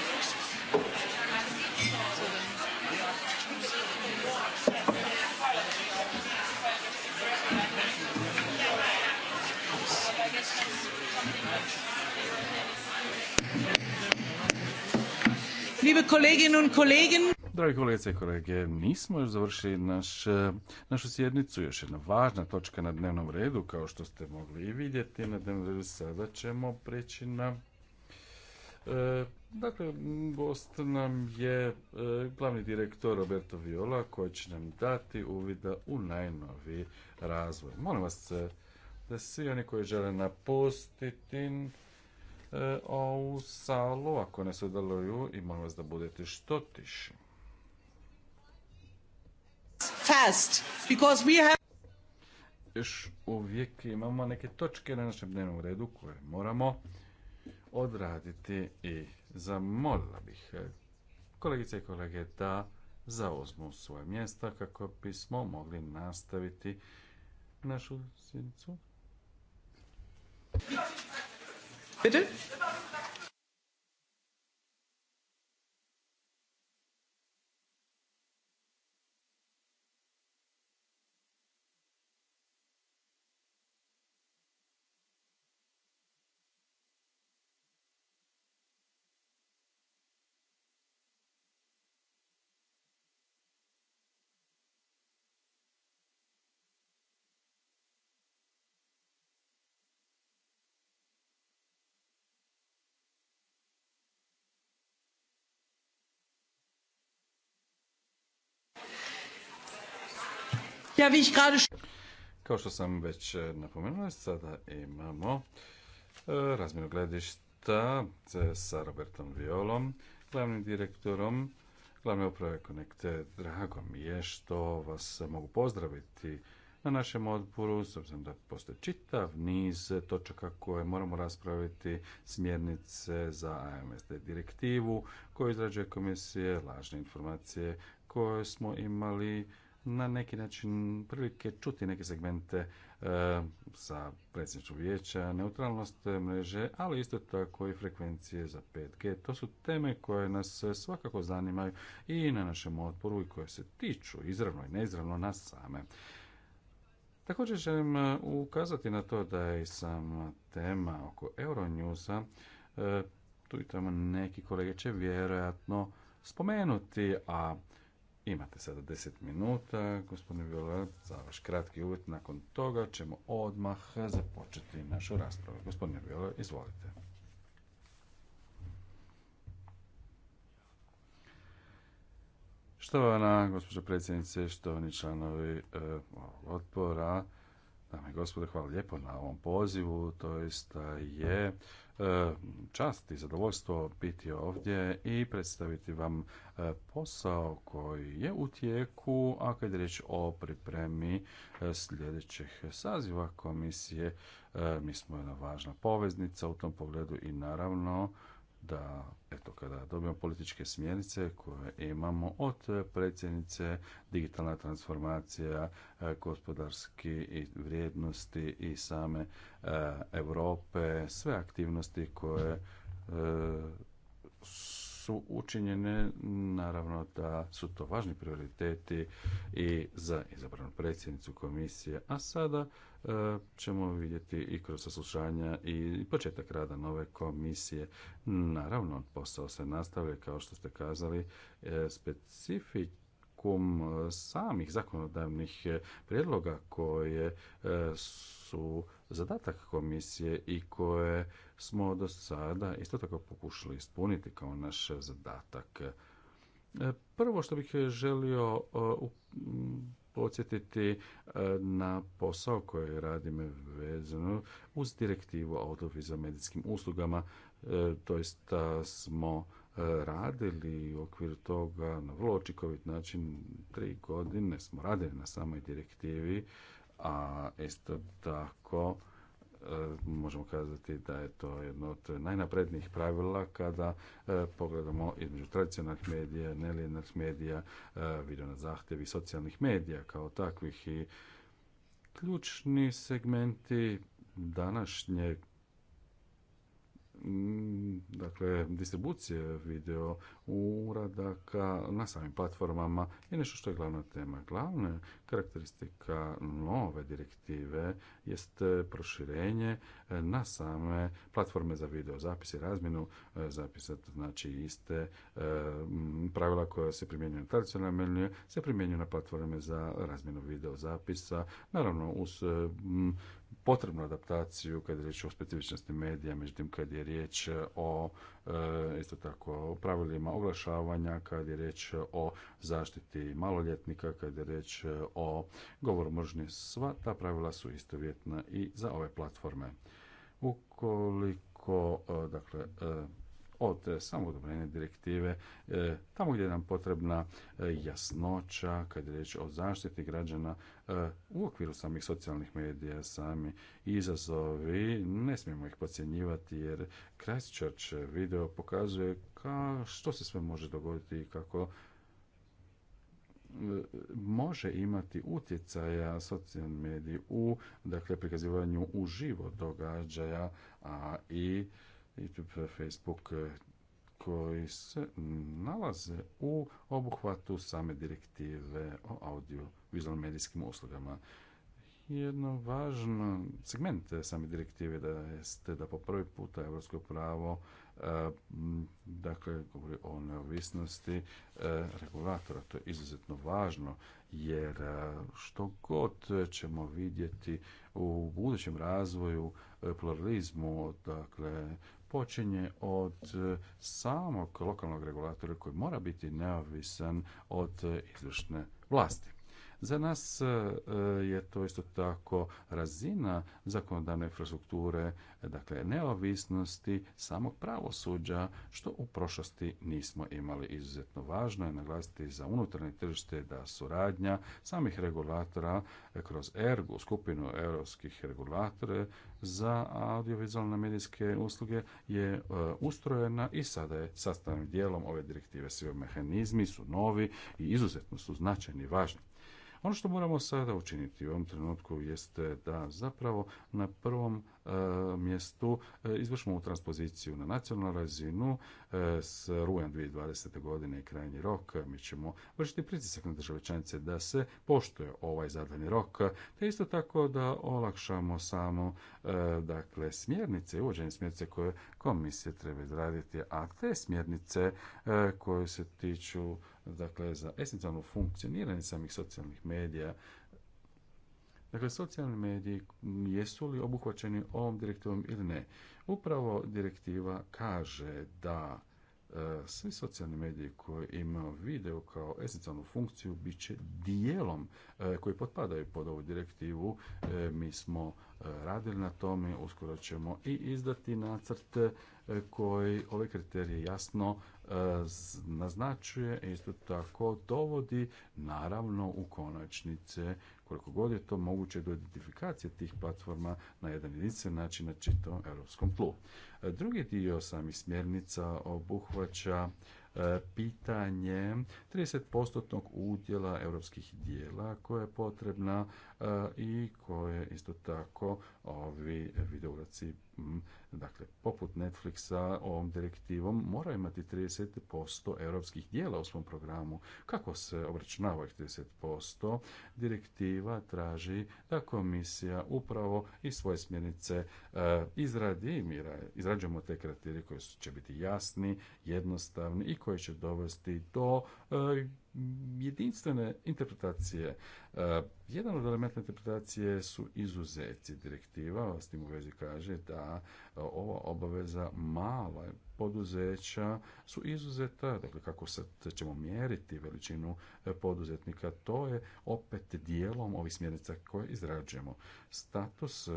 Liebe Kolleginnen und Kollegen, Dragi kolegice i kolege, nismo još završili naš, eh, našu sjednicu, još jedna važna točka na dnevnom redu, kao što ste mogli i vidjeti na dnevnom redu, sada ćemo preći na... E, dakle, gost nam je e, glavni direktor Roberto Viola, koji će nam dati uvida u najnoviji razvoj. Molim vas, da svi oni koji žele napustiti e, ovu salu, ako ne sudjeluju, i molim vas da budete što tiši. Još uvijek imamo neke točke na našem dnevnom redu koje moramo odraditi i zamolila bih e, kolegice i kolege da zauzmu svoje mjesta kako bismo mogli nastaviti našu sjednicu. Bitte? Ja, gerade... Kao što sam već e, napomenula, sada imamo e, razmjenu gledišta sa Robertom Violom, glavnim direktorom glavne uprave Konekte. Drago mi je što vas mogu pozdraviti na našem odboru, s obzirom da postoji čitav niz točaka koje moramo raspraviti, smjernice za AMSD direktivu koju izrađuje komisije, lažne informacije koje smo imali na neki način prilike čuti neke segmente e, sa predsjedničkog vijeća, neutralnost mreže, ali isto tako i frekvencije za 5G. To su teme koje nas svakako zanimaju i na našem otporu i koje se tiču izravno i neizravno nas same. Također želim e, ukazati na to da je sam tema oko Euronewsa, e, tu i tamo neki kolege će vjerojatno spomenuti, a Imate sada 10 minuta, gospodine Viola, za vaš kratki uvjet. Nakon toga ćemo odmah započeti našu raspravu. Gospodine Viola, izvolite. Štovana gospođo predsjednice, štovani članovi e, odbora, dame i gospode, hvala lijepo na ovom pozivu. To je E, čast i zadovoljstvo biti ovdje i predstaviti vam e, posao koji je u tijeku, a kad je riječ o pripremi e, sljedećih saziva komisije, mi smo jedna važna poveznica u tom pogledu i naravno da eto kada dobijemo političke smjernice koje imamo od predsjednice digitalna transformacija e, gospodarski i vrijednosti i same e, Europe sve aktivnosti koje su e, učinjene, naravno da su to važni prioriteti i za izabranu predsjednicu komisije, a sada e, ćemo vidjeti i kroz saslušanja i početak rada nove komisije. Naravno, posao se nastavlja, kao što ste kazali, e, specifikum e, samih zakonodavnih prijedloga koje su zadatak komisije i koje smo do sada isto tako pokušali ispuniti kao naš zadatak. E, prvo što bih želio e, podsjetiti e, na posao koji radim vezano uz direktivu autovi za medijskim uslugama. Doista smo radili u okviru toga na vrlo očikovit način. Tri godine smo radili na samoj direktivi a isto tako e, možemo kazati da je to jedno od najnaprednijih pravila kada e, pogledamo između tradicionalnih medija, nelijednih medija, e, video na zahtjevi socijalnih medija kao takvih i ključni segmenti današnjeg Mm, dakle, distribucije video uradaka na samim platformama je nešto što je glavna tema. Glavna karakteristika nove direktive jest e, proširenje e, na same platforme za video zapis i razminu e, zapisa, znači iste pravila koja se primjenjuju na tradicionalne se primjenjuju na platforme za razmjenu video zapisa, naravno uz potrebnu adaptaciju kad je riječ o specifičnosti medija, međutim kad je riječ e, o e, isto tako o pravilima oglašavanja, kad je riječ o zaštiti maloljetnika, kad je riječ e, o govor mržnje, sva ta pravila su istovjetna i za ove platforme. Ukoliko dakle od e, samodobrene direktive, e, tamo gdje je nam potrebna e, jasnoća, kad je riječ o zaštiti građana u okviru samih socijalnih medija, sami izazovi, ne smijemo ih podcjenjivati jer Christchurch video pokazuje ka što se sve može dogoditi i kako može imati utjecaja socijalni mediji u dakle prikazivanju uživo događaja a i YouTube, Facebook e, koji se nalaze u obuhvatu same direktive o audio-vizualnim medijskim uslugama jedno važno segment same direktive da jeste da po prvi puta evropsko pravo e, dakle govori o neovisnosti e, regulatora. To je izuzetno važno jer što god ćemo vidjeti u budućem razvoju pluralizmu, dakle počinje od e, samog lokalnog regulatora koji mora biti neovisan od e, izvršne vlasti. Za nas e, je to isto tako razina zakonodavne infrastrukture, dakle neovisnosti samog pravosuđa, što u prošlosti nismo imali. Izuzetno važno je naglasiti za unutarnje tržište da suradnja samih regulatora kroz ERGU, skupinu europskih regulatora za audiovizualne medijske usluge je e, ustrojena i sada je sastavnim dijelom ove direktive. Svi mehanizmi su novi i izuzetno su značajni i važni. Ono što moramo sada učiniti u ovom trenutku jeste da zapravo na prvom e, mjestu e, izvršimo u transpoziciju na nacionalnu razinu e, s rujan 2020. godine i krajnji rok. Mi ćemo vršiti pritisak na države članice da se poštuje ovaj zadani rok, te isto tako da olakšamo samo dakle smjernice, uvođenje smjernice koje komisije treba izraditi, a te smjernice koje se tiču dakle, za esencijalno funkcioniranje samih socijalnih medija, Dakle, socijalni mediji jesu li obuhvaćeni ovom direktivom ili ne? Upravo direktiva kaže da e, svi socijalni mediji koji imaju video kao esencijalnu funkciju bit će dijelom e, koji potpadaju pod ovu direktivu. E, mi smo radili na tome, uskoro ćemo i izdati nacrt koji ove kriterije jasno naznačuje isto tako dovodi naravno u konačnice koliko god je to moguće do identifikacije tih platforma na jedan jedinstven način na čitom europskom tlu. Drugi dio samih smjernica obuhvaća e, pitanje 30% udjela europskih dijela koja je potrebna e, i koje isto tako ovi videograci Mm, dakle, poput Netflixa ovom direktivom mora imati 30% europskih dijela u svom programu. Kako se obračunava 30%? Direktiva traži da komisija upravo i svoje smjernice e, izradi i izrađujemo te kriterije koji će biti jasni, jednostavni i koje će dovesti do e, jedinstvene interpretacije. E, jedan od elementa interpretacije su izuzeci direktiva, s tim u vezi kaže da e, ova obaveza mala poduzeća su izuzeta, dakle kako sad ćemo mjeriti veličinu e, poduzetnika, to je opet dijelom ovih smjernica koje izrađujemo. Status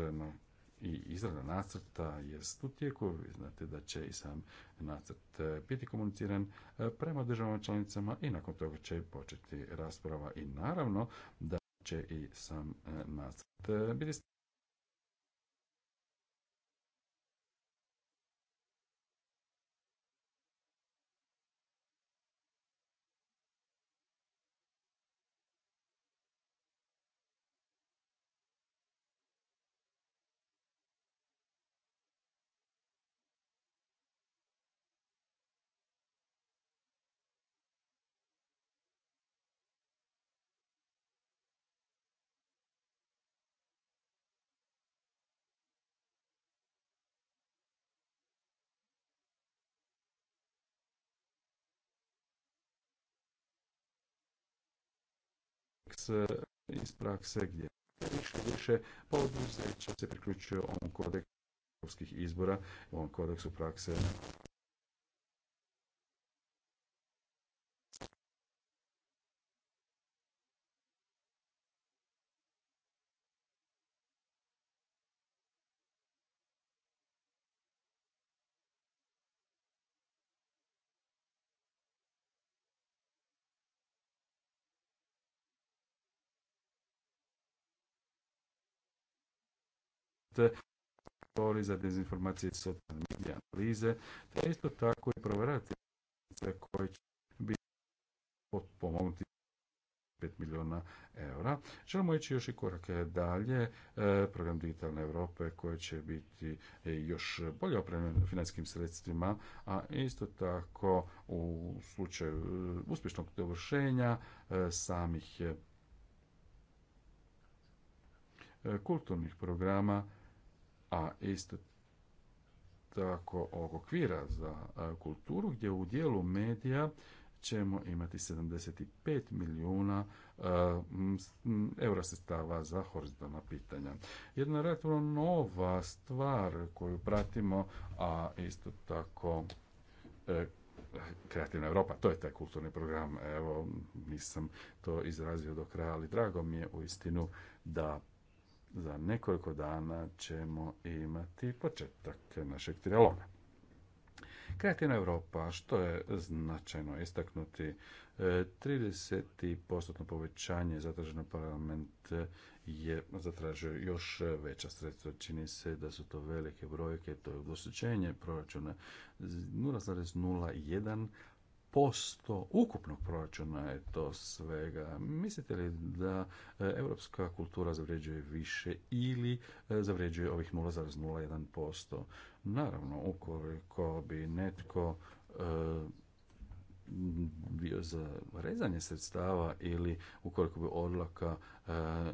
i izrada nacrta jest u tijeku. Vi znate da će i sam nacrt e, biti komuniciran e, prema državama članicama i nakon toga će početi rasprava i naravno da će i sam e, nacrt biti prakse, iz prakse gdje više više poduzeća se priključuje ovom kodeksu izbora u ovom kodeksu prakse za dezinformacije i socijalne medije analize, te isto tako i provjerati koje će biti potpomognuti 5 milijuna eura. Želimo ići još i korake dalje. E, program Digitalne Europe koji će biti još bolje opremljen financijskim sredstvima, a isto tako u slučaju e, uspješnog dovršenja e, samih kulturnih programa a isto tako ovog okvira za e, kulturu gdje u dijelu medija ćemo imati 75 milijuna e, eura sredstava za horizontalna pitanja. Jedna relativno nova stvar koju pratimo, a isto tako e, Kreativna Europa, to je taj kulturni program. Evo, nisam to izrazio do kraja, ali drago mi je u istinu da za nekoliko dana ćemo imati početak našeg trijaloga. Kreativna Europa, što je značajno istaknuti, 30% e, povećanje zatraženo parlament je zatražio još veća sredstva. Čini se da su to velike brojke, to je udvostručenje proračuna 0,01 posto ukupnog proračuna je to svega. Mislite li da europska kultura zavređuje više ili e, zavređuje ovih 0,01%? Naravno, ukoliko bi netko e, bio za rezanje sredstava ili ukoliko bi odlaka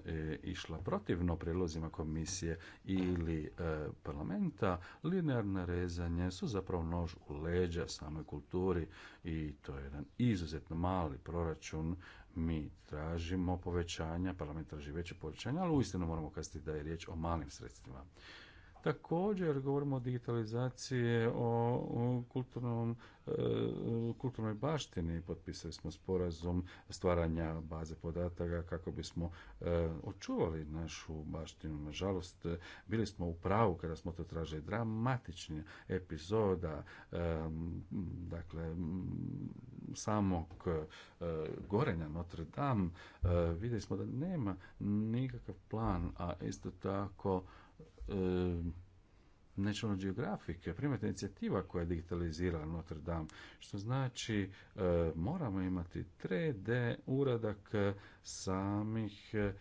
e, išla protivno prilozima komisije ili e, parlamenta, linearne rezanje su zapravo nož u leđa samoj kulturi i to je jedan izuzetno mali proračun mi tražimo povećanja, parlament traži veće povećanja, ali uistinu moramo kazati da je riječ o malim sredstvima. Također govorimo o digitalizaciji, o, e, kulturnoj baštini. Potpisali smo sporazum stvaranja baze podataka kako bismo e, očuvali našu baštinu. Nažalost, bili smo u pravu kada smo to tražili. Dramatični epizoda, e, dakle, samog gorenja Notre Dame, vidjeli smo da nema nikakav plan, a isto tako National Geographic, primate inicijativa koja je digitalizira Notre Dame, što znači moramo imati 3D uradak samih e,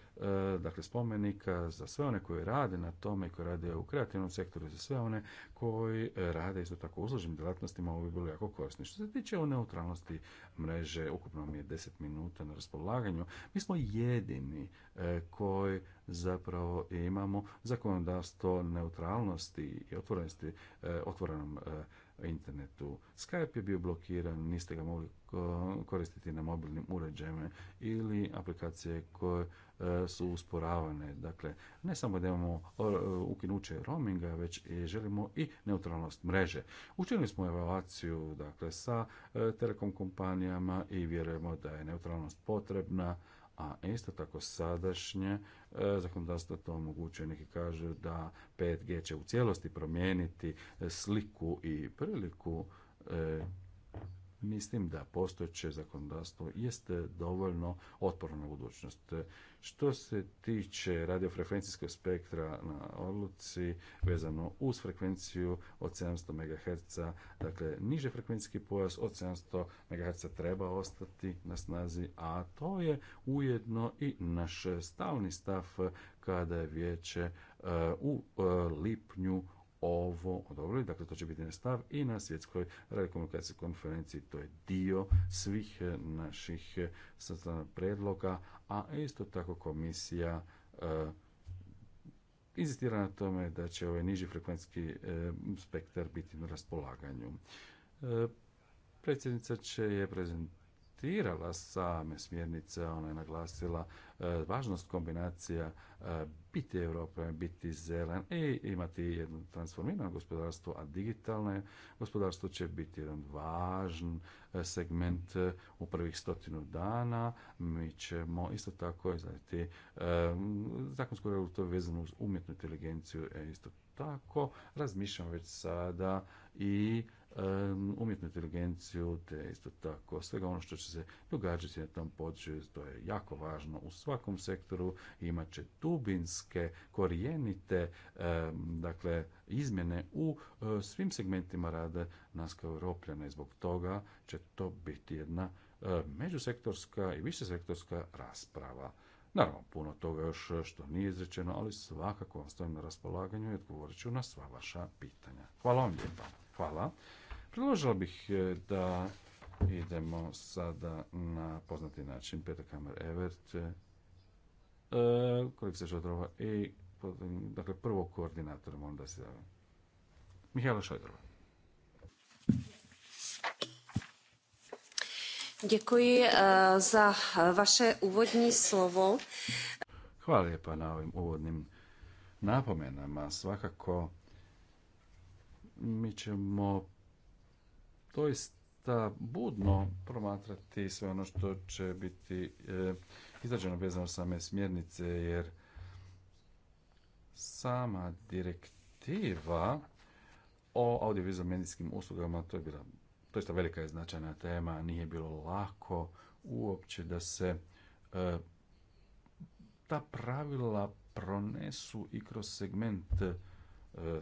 dakle, spomenika za sve one koji rade na tome, i koji rade u kreativnom sektoru, za sve one koji e, rade isto tako uzloženim djelatnostima, ovo bi bilo jako korisno. Što se tiče o neutralnosti mreže, ukupno mi je 10 minuta na raspolaganju. Mi smo jedini e, koji zapravo imamo zakonodavstvo neutralnosti i otvorenosti otvorenom internetu. Skype je bio blokiran, niste ga mogli koristiti na mobilnim uređajima ili aplikacije koje e, su usporavane. Dakle, ne samo da imamo ukinuće roaminga, već i želimo i neutralnost mreže. Učinili smo evaluaciju dakle, sa e, telekom kompanijama i vjerujemo da je neutralnost potrebna a isto tako sadašnje e, zakonodavstvo to omogućuje. Neki kažu da 5G će u cijelosti promijeniti e, sliku i priliku e, Mislim da postojeće zakonodavstvo jest dovoljno otporno na budućnost. Što se tiče radiofrekvencijskog spektra na odluci vezano uz frekvenciju od 700 MHz, dakle niže frekvencijski pojas od 700 MHz treba ostati na snazi, a to je ujedno i naš stalni stav kada je vijeće e, u e, lipnju ovo odobrili, dakle to će biti na stav i na svjetskoj radiokomunikacijskoj konferenciji, to je dio svih eh, naših eh, predloga, a isto tako komisija eh, inzistira na tome da će ovaj niži frekvencijski spektar biti na raspolaganju. predsjednica će je prezentirati citirala same smjernice, ona je naglasila e, važnost kombinacija e, biti Europe, biti zelen i imati jedno transformirano gospodarstvo, a digitalno gospodarstvo će biti jedan važan e, segment u prvih stotinu dana. Mi ćemo isto tako izraditi zakonsku regulativu vezanu uz umjetnu inteligenciju, isto tako razmišljam već sada i umjetnu inteligenciju, te isto tako svega ono što će se događati na tom području, to je jako važno u svakom sektoru, imat će dubinske, korijenite, dakle, izmjene u e, svim segmentima rada nas kao Europljana i zbog toga će to biti jedna e, međusektorska i višesektorska rasprava. Naravno, puno toga još što nije izrečeno, ali svakako vam stojim na raspolaganju i odgovorit ću na sva vaša pitanja. Hvala vam lijepa. Hvala. Priložila bih e, da idemo sada na poznati način Peter Kamer Evert, se e, i dakle, prvo koordinator, molim da se javim. Mihajla Šodrova. Děkuji e, za vaše úvodní slovo. Hvala lijepa na ovim uvodnim napomenama. Svakako mi ćemo doista budno promatrati sve ono što će biti e, izrađeno vezano same smjernice, jer sama direktiva o audiovizualnim medijskim uslugama, to je bila doista velika i značajna tema, nije bilo lako uopće da se e, ta pravila pronesu i kroz segment e,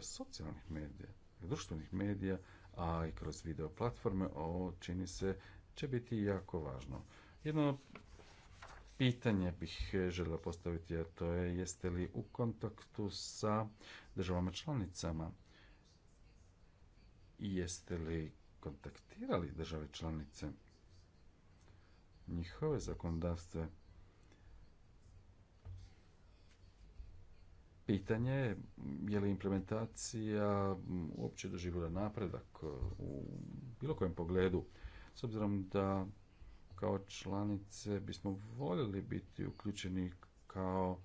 socijalnih medija, društvenih medija, a i kroz video platforme, ovo čini se će biti jako važno. Jedno pitanje bih e, želio postaviti, a to je jeste li u kontaktu sa državama članicama? Jeste li kontaktirali države članice? Njihove zakonodavstve Pitanje je li implementacija uopće doživjela napredak u bilo kojem pogledu, s obzirom da kao članice bismo voljeli biti uključeni kao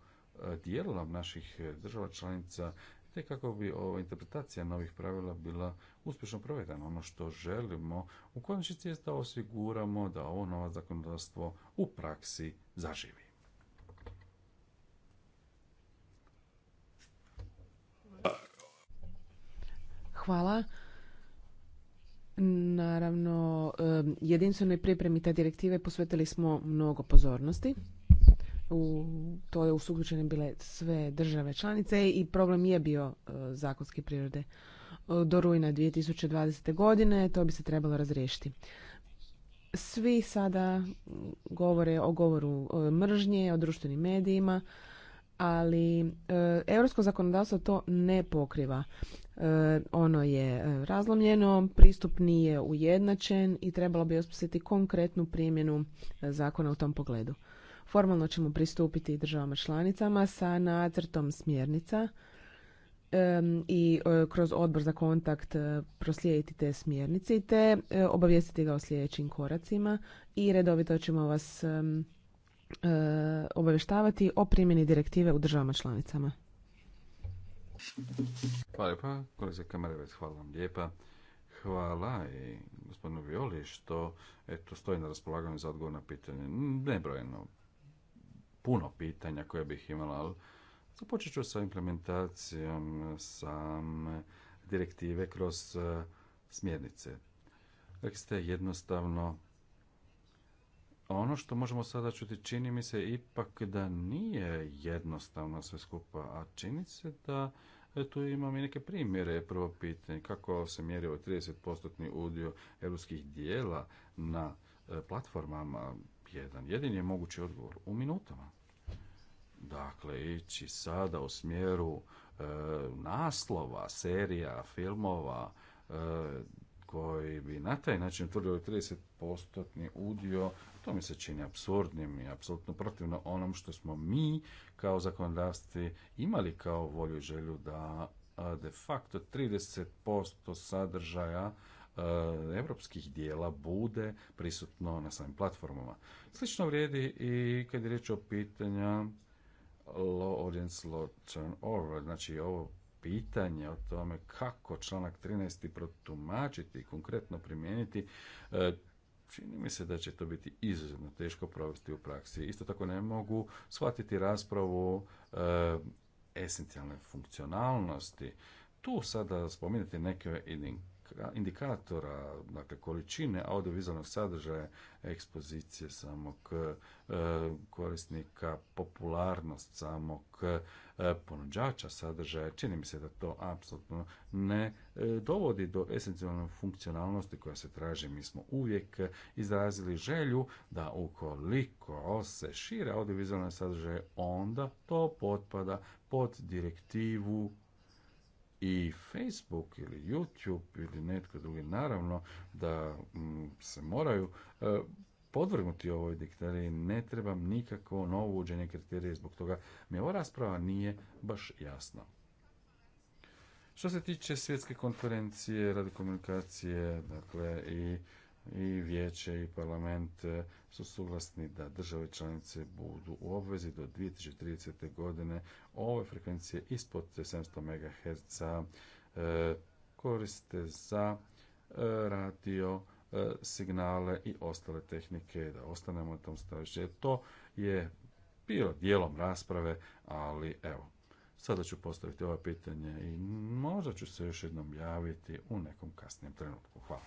e, dijelom naših država članica te kako bi ova interpretacija novih pravila bila uspješno provedena. Ono što želimo u konačnici je da osiguramo da ovo novo zakonodavstvo u praksi zaživi. Hvala. Naravno, jedinstvenoj pripremi te direktive posvetili smo mnogo pozornosti. U, to je usuključene bile sve države članice i problem je bio e, zakonske prirode. E, do rujna 2020. godine to bi se trebalo razriješiti. Svi sada govore o govoru e, mržnje, o društvenim medijima ali europsko zakonodavstvo to ne pokriva E, ono je e, razlomljeno, pristup nije ujednačen i trebalo bi osmisliti konkretnu primjenu e, zakona u tom pogledu. Formalno ćemo pristupiti državama članicama sa nacrtom smjernica i kroz odbor za kontakt proslijediti te smjernice te obavijestiti ga o sljedećim koracima i redovito ćemo vas obavještavati o primjeni direktive u državama članicama. Hvala lijepa, kolega Kamarevec, hvala vam lijepa. Hvala i gospodinu Violi što eto, stoji na raspolaganju za odgovor na pitanje. Nebrojeno puno pitanja koje bih imala, ali započet ću sa implementacijom sam direktive kroz eh, smjernice. Rekli ste jednostavno ono što možemo sada čuti čini mi se ipak da nije jednostavno sve skupa, a čini se da tu imam i neke primjere. Prvo pitanje, kako se mjeri ovaj 30% udio europskih dijela na e, platformama? Jedan, jedini je mogući odgovor u minutama. Dakle, ići sada u smjeru e, naslova, serija, filmova, e, koji bi na taj način utvrdio 30-postotni udio, to mi se čini absurdnim i apsolutno protivno onom što smo mi kao zakonodavstvi imali kao volju i želju da de facto 30% sadržaja evropskih dijela bude prisutno na samim platformama. Slično vrijedi i kad je riječ o pitanja low audience, low turnover, znači ovo pitanje o tome kako članak 13. protumačiti i konkretno primijeniti, e, čini mi se da će to biti izuzetno teško provesti u praksi. Isto tako ne mogu shvatiti raspravu e, esencijalne funkcionalnosti. Tu sada spominjati neke indikatora, dakle količine audiovizualnog sadržaja, ekspozicije samog e, korisnika, popularnost samog e, ponuđača sadržaja, čini mi se da to apsolutno ne e, dovodi do esencijalne funkcionalnosti koja se traži. Mi smo uvijek izrazili želju da ukoliko se šire audiovizualne sadržaje, onda to potpada pod direktivu i Facebook ili YouTube ili netko drugi, naravno da mm, se moraju e, podvrgnuti ovoj diktari ne trebam nikakvo novo uđenje kriterije, zbog toga mi ova rasprava nije baš jasna. Što se tiče svjetske konferencije, komunikacije, dakle i i vijeće i parlament e, su suglasni da države članice budu u obvezi do 2030. godine ove frekvencije ispod 700 MHz e, koriste za e, radio signale i ostale tehnike da ostanemo na tom jer To je bilo dijelom rasprave, ali evo, sada ću postaviti ova pitanje i možda ću se još jednom javiti u nekom kasnijem trenutku. Hvala.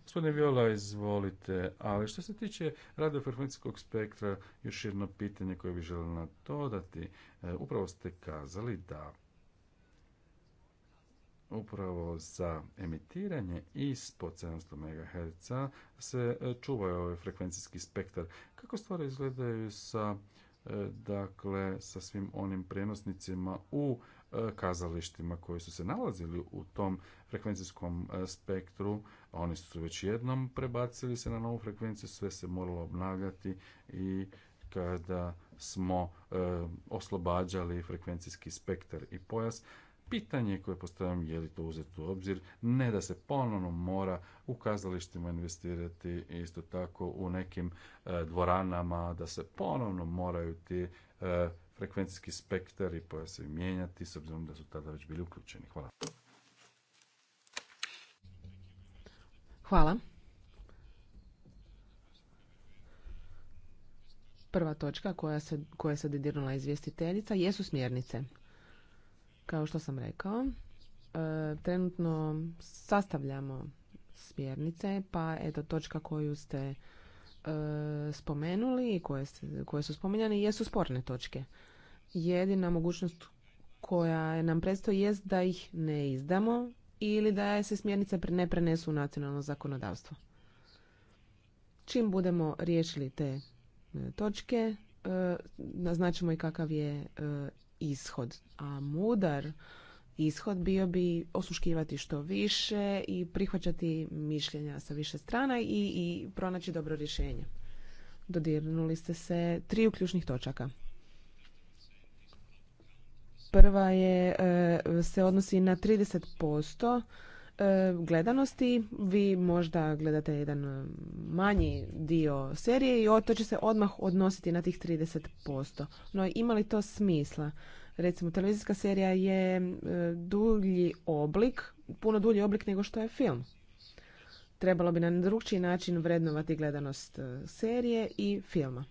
Gospodine Viola, izvolite, ali što se tiče radiofrekvencijskog spektra, još jedno pitanje koje bih želio na to dati. E, upravo ste kazali da upravo za emitiranje ispod 700 MHz se e, čuvaju ovaj frekvencijski spektar. Kako stvari izgledaju sa e, dakle svim onim prenosnicima u E, kazalištima koji su se nalazili u tom frekvencijskom e, spektru, oni su već jednom prebacili se na novu frekvenciju, sve se moralo obnavljati i kada smo e, oslobađali frekvencijski spektar i pojas, pitanje koje postavljam je li to uzeti u obzir, ne da se ponovno mora u kazalištima investirati, isto tako u nekim dvoranama, da se ponovno moraju ti frekvencijski spektar i se mijenjati s obzirom da su tada već bili uključeni. Hvala. Hvala. Prva točka koja se, koja se izvjestiteljica jesu smjernice. Kao što sam rekao, e, trenutno sastavljamo smjernice, pa eto točka koju ste e, spomenuli i koje, koje su spominjane jesu sporne točke jedina mogućnost koja nam predstoji jest da ih ne izdamo ili da se smjernice ne prenesu u nacionalno zakonodavstvo. Čim budemo riješili te e, točke, e, naznačimo i kakav je e, ishod. A mudar ishod bio bi osuškivati što više i prihvaćati mišljenja sa više strana i, i pronaći dobro rješenje. Dodirnuli ste se tri ključnih točaka. Prva je, e, se odnosi na 30% e, gledanosti. Vi možda gledate jedan manji dio serije i to će se odmah odnositi na tih 30%. No ima li to smisla? Recimo, televizijska serija je e, dulji oblik, puno dulji oblik nego što je film. Trebalo bi na drugčiji način vrednovati gledanost serije i filma.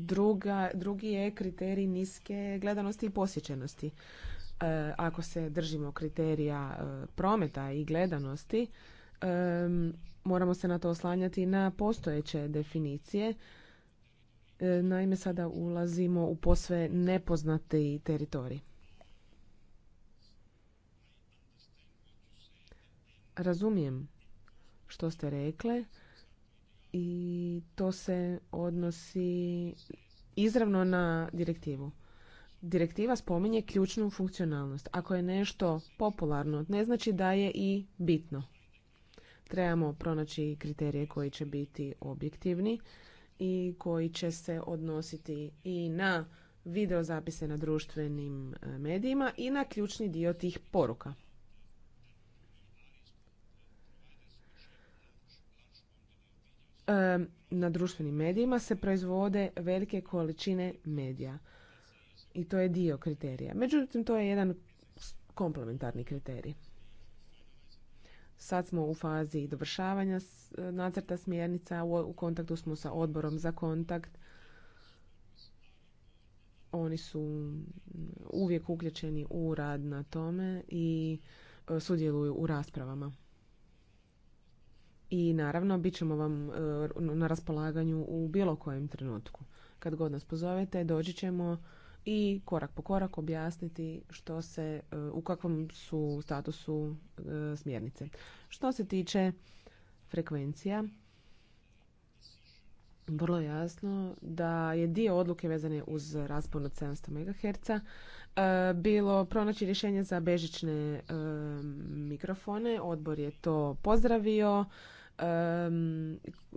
Druga, drugi je kriterij niske gledanosti i posjećenosti. E, ako se držimo kriterija e, prometa i gledanosti, e, moramo se na to oslanjati na postojeće definicije. naime, sada ulazimo u posve nepoznati teritorij. Razumijem što ste rekle i to se odnosi izravno na direktivu. Direktiva spominje ključnu funkcionalnost. Ako je nešto popularno, ne znači da je i bitno. Trebamo pronaći kriterije koji će biti objektivni i koji će se odnositi i na videozapise na društvenim eh, medijima i na ključni dio tih poruka. na društvenim medijima se proizvode velike količine medija. I to je dio kriterija. Međutim, to je jedan komplementarni kriterij. Sad smo u fazi dovršavanja nacrta smjernica, u kontaktu smo sa odborom za kontakt. Oni su mm, uvijek uključeni u rad na tome i e, sudjeluju u raspravama i naravno bit ćemo vam e, na raspolaganju u bilo kojem trenutku. Kad god nas pozovete doći ćemo i korak po korak objasniti što se, e, u kakvom su statusu e, smjernice. Što se tiče frekvencija, vrlo jasno da je dio odluke vezane uz raspon od 700 MHz bilo pronaći rješenje za bežične mikrofone. Odbor je to pozdravio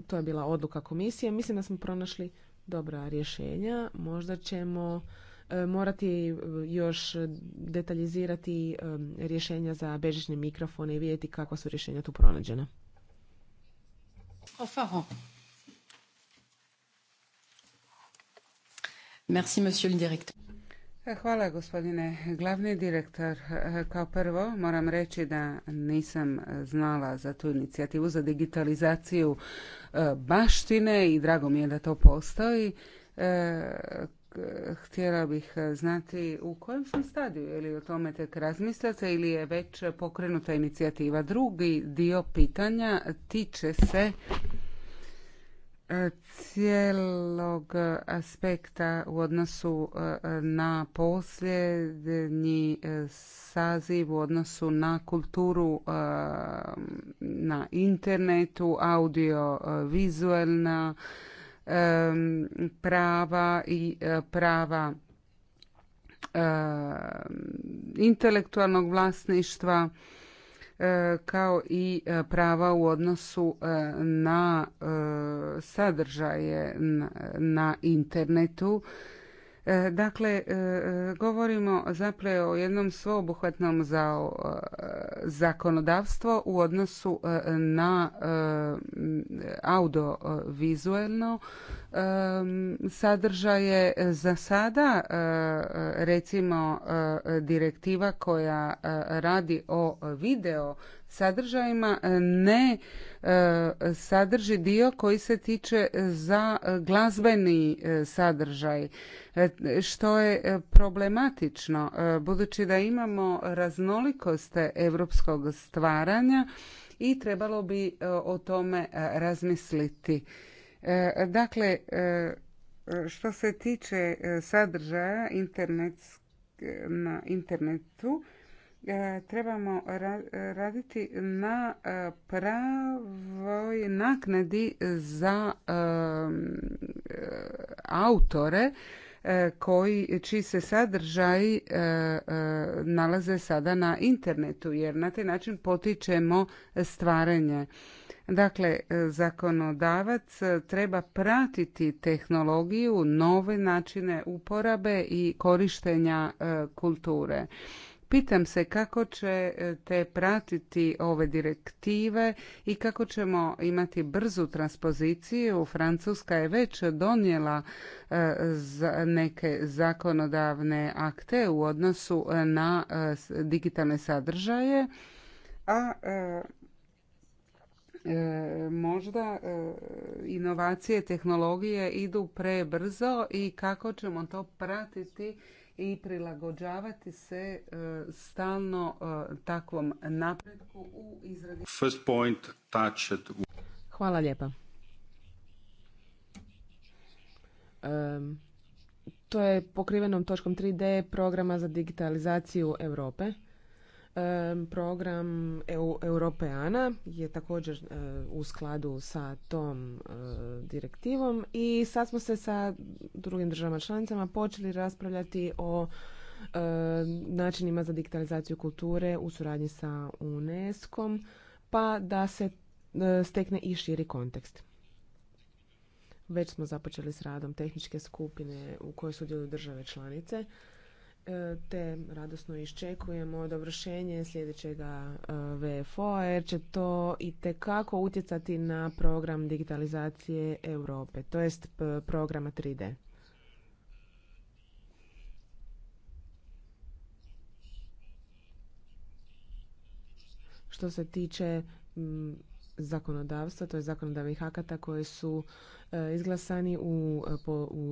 to je bila odluka komisije. Mislim da smo pronašli dobra rješenja. Možda ćemo e, morati e, još detaljizirati e, rješenja za bežične mikrofone i vidjeti kakva su rješenja tu pronađena. Merci, monsieur le directeur. Hvala gospodine glavni direktor. E, kao prvo moram reći da nisam znala za tu inicijativu za digitalizaciju e, baštine i drago mi je da to postoji. E, htjela bih znati u kojem sam stadiju ili o tome tek razmislite ili je već pokrenuta inicijativa. Drugi dio pitanja tiče se cijelog aspekta u odnosu e, na posljednji e, saziv u odnosu na kulturu e, na internetu, audio-vizualna prava i prava intelektualnog vlasništva E, kao i e, prava u odnosu e, na sadržaje na internetu E, dakle, e, e, govorimo zapravo o jednom sveobuhvatnom zakonodavstvo u odnosu na audiovizualno sadržaje za sada recimo direktiva koja radi o video sadržajima e, ne e, sadrži dio koji se tiče za glazbeni e, sadržaj, što je problematično budući da imamo raznolikost europskog stvaranja i trebalo bi o tome razmisliti. Dakle, što se tiče sadržaja na internetu, E, trebamo raditi na e, pravoj naknadi za e, autore koji čiji se sadržaj nalaze sada na internetu jer na taj način potičemo stvaranje. Dakle, zakonodavac treba pratiti tehnologiju, nove načine uporabe i korištenja kulture. Pitam se kako će e, te pratiti ove direktive i kako ćemo imati brzu transpoziciju. Francuska je već donijela e, neke zakonodavne akte u odnosu e, na digitalne sadržaje, a možda inovacije, tehnologije idu prebrzo i kako ćemo to pratiti i prilagođavati se e, stalno e, takvom napretku u izradi. First point, touched. Hvala lijepa. to je pokrivenom točkom 3D programa za digitalizaciju Europe. Program Europeana je također e, u skladu sa tom e, direktivom i sad smo se sa drugim državama članicama počeli raspravljati o e, načinima za digitalizaciju kulture u suradnji sa unesco pa da se stekne i širi kontekst. Već smo započeli s radom tehničke skupine u kojoj sudjeluju države članice E, te radosno iščekujemo dovršenje sljedećeg e, VFO-a jer će to i tekako utjecati na program digitalizacije Europe, to jest programa 3D. Što se tiče zakonodavstva, to je zakonodavnih akata koji su e, izglasani e, u,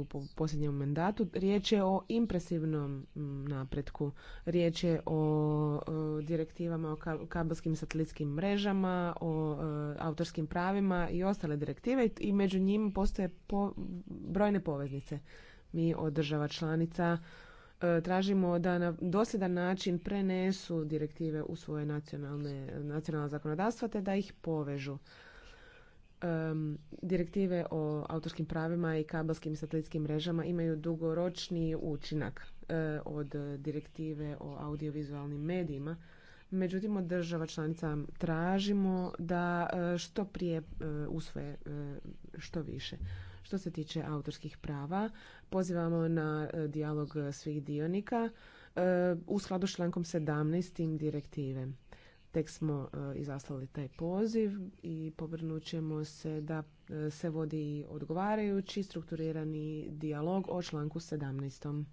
po, posljednjem mandatu. Riječ je o impresivnom napretku. Riječ je o, e, direktivama o kabelskim satelitskim mrežama, o, autorskim pravima i ostale direktive i među njima postoje brojne poveznice. Mi od država članica E, tražimo da na dosljedan način prenesu direktive u svoje nacionalne, nacionalna zakonodavstva te da ih povežu. direktive o autorskim pravima i kabelskim satelitskim mrežama imaju dugoročni učinak e, od direktive o audiovizualnim medijima. Međutim, od država članica tražimo da e, što prije usvoje što više. Što se tiče autorskih prava, pozivamo na e, dijalog e, svih dionika e, u skladu s člankom 17. direktive. Tek smo izaslali taj poziv i povrnut ćemo se da se vodi odgovarajući strukturirani dijalog o članku 17.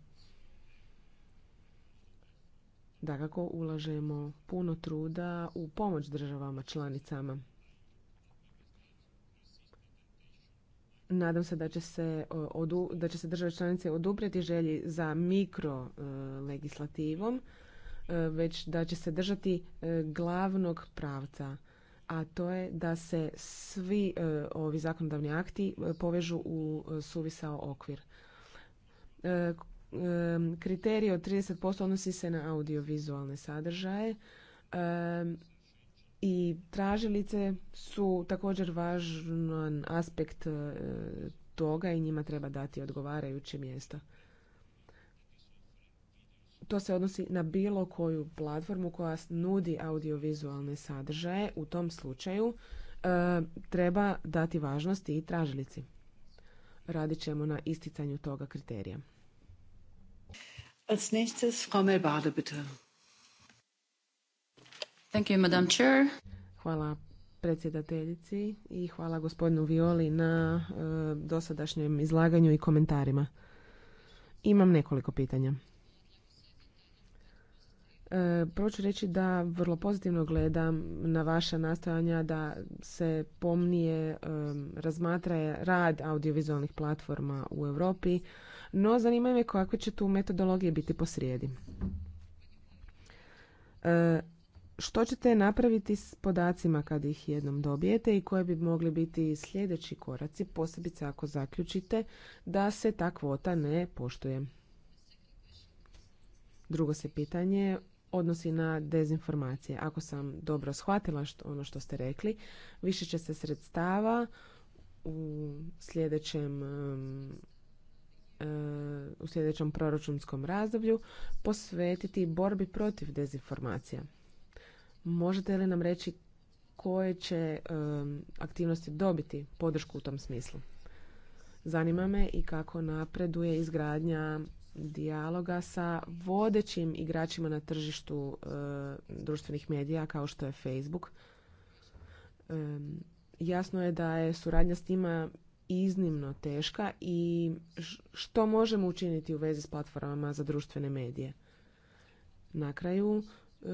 Dakako, ulažemo puno truda u pomoć državama članicama. Nadam se da će se, odu, da će se države članice oduprijeti želji za mikro e, legislativom, e, već da će se držati e, glavnog pravca, a to je da se svi ovi zakonodavni akti povežu u suvisao okvir. Kriterij od 30% odnosi se na audiovizualne sadržaje i tražilice su također važan aspekt e, toga i njima treba dati odgovarajuće mjesto. To se odnosi na bilo koju platformu koja nudi audiovizualne sadržaje. U tom slučaju e, treba dati važnosti i tražilici. Radit ćemo na isticanju toga kriterija. Als nächstes Frau Melbade, bitte. Hvala predsjedateljici i hvala gospodinu Violi na e, dosadašnjem izlaganju i komentarima. Imam nekoliko pitanja. E, prvo ću reći da vrlo pozitivno gledam na vaša nastojanja da se pomnije e, razmatraje rad audiovizualnih platforma u Europi, no zanima me kakve će tu metodologije biti posrijedi. E, što ćete napraviti s podacima kad ih jednom dobijete i koje bi mogli biti sljedeći koraci, posebice ako zaključite da se ta kvota ne poštuje? Drugo se pitanje odnosi na dezinformacije. Ako sam dobro shvatila što, ono što ste rekli, više će se sredstava u sljedećem u sljedećem proračunskom razdoblju posvetiti borbi protiv dezinformacija. Možete li nam reći koje će aktivnosti dobiti podršku u tom smislu? Zanima me i kako napreduje izgradnja dijaloga sa vodećim igračima na tržištu društvenih medija kao što je Facebook. jasno je da je suradnja s njima iznimno teška i što možemo učiniti u vezi s platformama za društvene medije. Na kraju, E,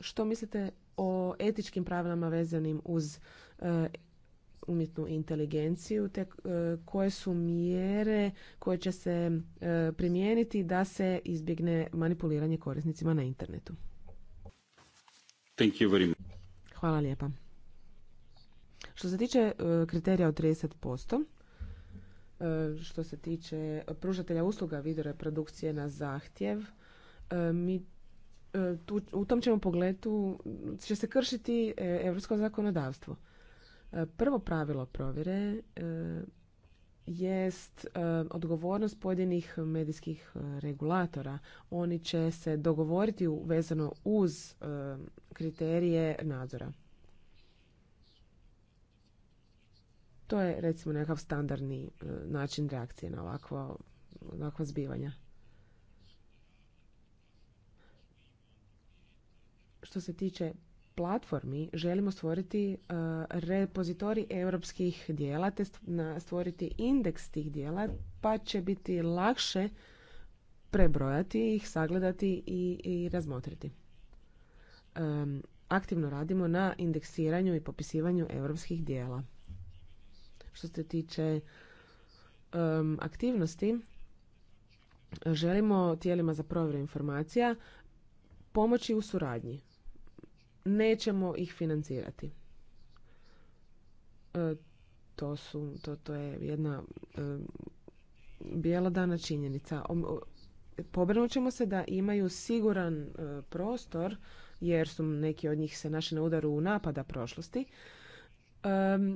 što mislite o etičkim pravilama vezanim uz e, umjetnu inteligenciju te e, koje su mjere koje će se primijeniti da se izbjegne manipuliranje korisnicima na internetu. Thank you very much. Hvala lijepa. Što se tiče kriterija od 30%, što se tiče pružatelja usluga videoreprodukcije na zahtjev, mi E, u tom ćemo pogledu će se kršiti europsko zakonodavstvo. E, prvo pravilo provjere e, jest odgovornost pojedinih medijskih regulatora. Oni će se dogovoriti vezano uz kriterije nadzora. To je recimo nekakav standardni način reakcije na ovakva zbivanja. što se tiče platformi želimo stvoriti e, repozitori europskih dijela te stvoriti indeks tih dijela pa će biti lakše prebrojati ih, sagledati i, i razmotriti. aktivno radimo na indeksiranju i popisivanju europskih dijela. Što se tiče aktivnosti, želimo tijelima za provjeru informacija pomoći u suradnji nećemo ih financirati. E, to, su, to, to je jedna e, bijelodana činjenica. Pobrinut ćemo se da imaju siguran e, prostor, jer su neki od njih se našli na udaru u napada prošlosti, e,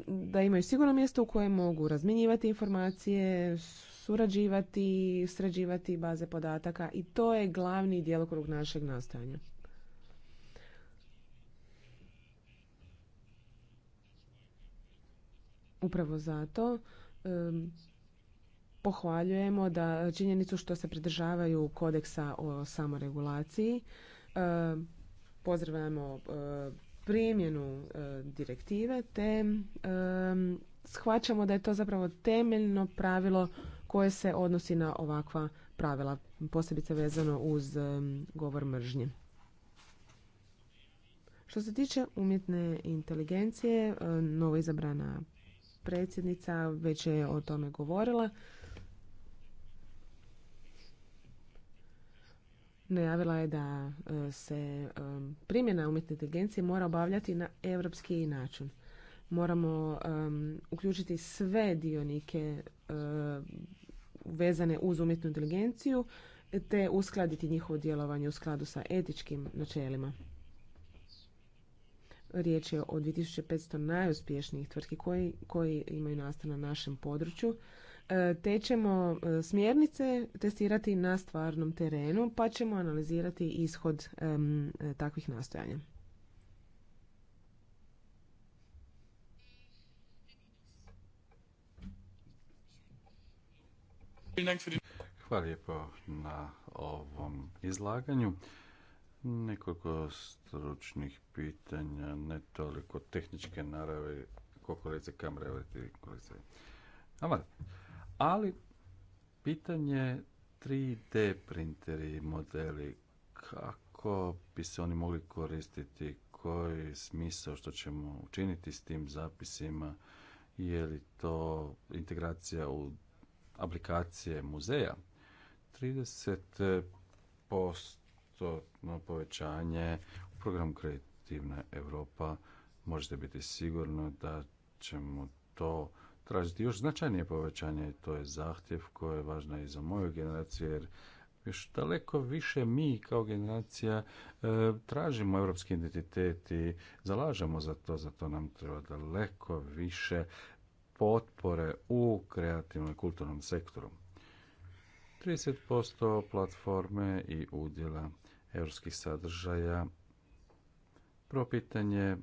da imaju sigurno mjesto u kojem mogu razmjenjivati informacije, surađivati, sređivati baze podataka i to je glavni djelokrug našeg nastojanja. Upravo zato pohvaljujemo da činjenicu što se pridržavaju kodeksa o samoregulaciji. Pozdravljamo primjenu direktive te shvaćamo da je to zapravo temeljno pravilo koje se odnosi na ovakva pravila, posebice vezano uz govor mržnje. Što se tiče umjetne inteligencije, novo izabrana predsjednica već je o tome govorila. Najavila je da e, se e, primjena umjetne inteligencije mora obavljati na europski način. Moramo e, uključiti sve dionike vezane uz umjetnu inteligenciju te uskladiti njihovo djelovanje u skladu sa etičkim načelima. Riječ je o 2500 najuspješnijih tvrtki koji, koji imaju nastav na našem području e, te ćemo e, smjernice testirati na stvarnom terenu pa ćemo analizirati ishod e, takvih nastojanja. Hvala lijepo na ovom izlaganju. Nekoliko stručnih pitanja, ne toliko tehničke narave, koliko rece kamera, koliko Ali, pitanje 3D printeri modeli, kako bi se oni mogli koristiti, koji smisao što ćemo učiniti s tim zapisima, je li to integracija u aplikacije muzeja. 30% na povećanje u programu Kreativna Europa. Možete biti sigurno da ćemo to tražiti još značajnije povećanje. i To je zahtjev koji je važna i za moju generaciju jer još daleko više mi kao generacija e, tražimo europski identitet i zalažemo za to, Za to nam treba daleko više potpore u kreativnom i kulturnom sektoru. 30% platforme i udjela europskih sadržaja. Prvo pitanje,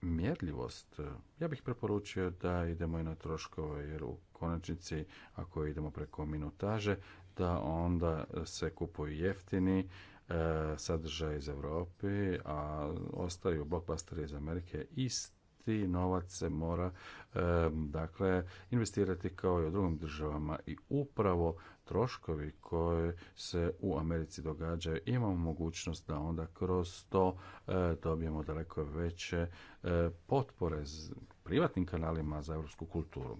mjerljivost. Ja bih preporučio da idemo i na troškove, jer u konačnici, ako idemo preko minutaže, da onda se kupuju jeftini e, sadržaj iz Europe, a ostaju blockbusteri iz Amerike i ti novac se mora dakle investirati kao i u drugim državama i upravo troškovi koje se u Americi događaju imamo mogućnost da onda kroz to e, dobijemo daleko veće e, potpore s privatnim kanalima za europsku kulturu.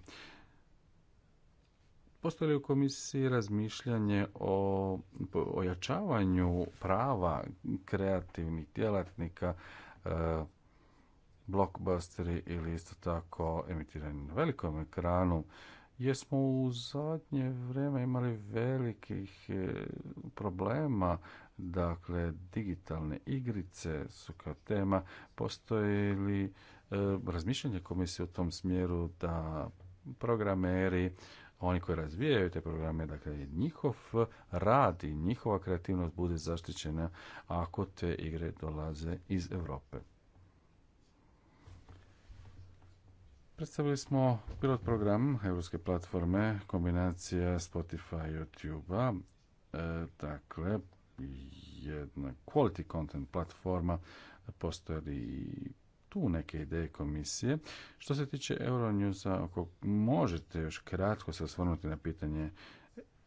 Postoji li u komisiji razmišljanje o ojačavanju prava kreativnih djelatnika e, blockbusteri ili isto tako emitirani na velikom ekranu, jer smo u zadnje vrijeme imali velikih e, problema dakle digitalne igrice su kao tema postoji li e, razmišljanje komisije u tom smjeru da programeri oni koji razvijaju te programe, dakle njihov rad i njihova kreativnost bude zaštićena ako te igre dolaze iz Europe. Predstavili smo pilot program Europske platforme, kombinacija Spotify i youtube e, dakle, jedna quality content platforma, postoje li tu neke ideje komisije. Što se tiče Euronewsa, ako možete još kratko se osvrnuti na pitanje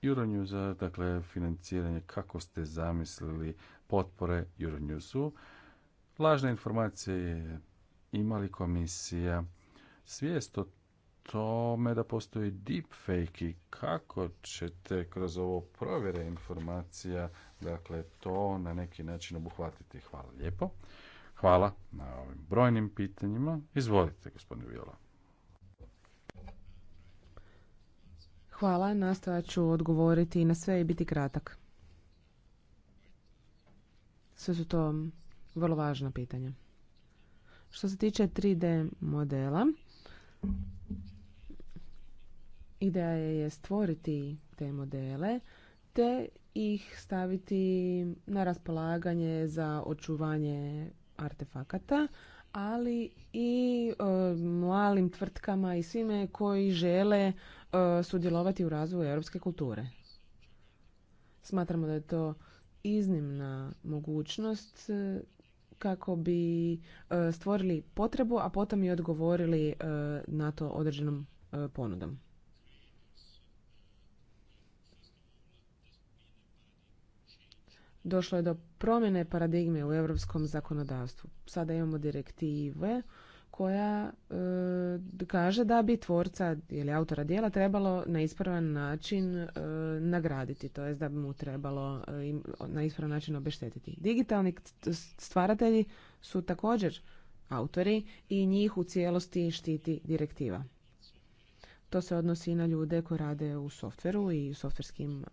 Euronewsa, dakle financiranje, kako ste zamislili potpore Euronewsu, lažne informacije imali komisija svijest o tome da postoji deepfake i kako ćete kroz ovo provjere informacija dakle to na neki način obuhvatiti. Hvala lijepo. Hvala na ovim brojnim pitanjima. Izvolite, gospodine Vila. Hvala, nastojat ću odgovoriti na sve i biti kratak. Sve su to vrlo važna pitanja. Što se tiče 3D modela, Ideja je stvoriti te modele te ih staviti na raspolaganje za očuvanje artefakata, ali i e, malim tvrtkama i svime koji žele e, sudjelovati u razvoju europske kulture. Smatramo da je to iznimna mogućnost kako bi e, stvorili potrebu, a potom i odgovorili e, na to određenom e, ponudom. Došlo je do promjene paradigme u europskom zakonodavstvu. Sada imamo direktive koja e, kaže da bi tvorca ili autora dijela trebalo na ispravan način e, nagraditi, to jest da bi mu trebalo e, na ispravan način obeštetiti. Digitalni stvaratelji su također autori i njih u cijelosti štiti direktiva. To se odnosi i na ljude koji rade u softveru i u softverskim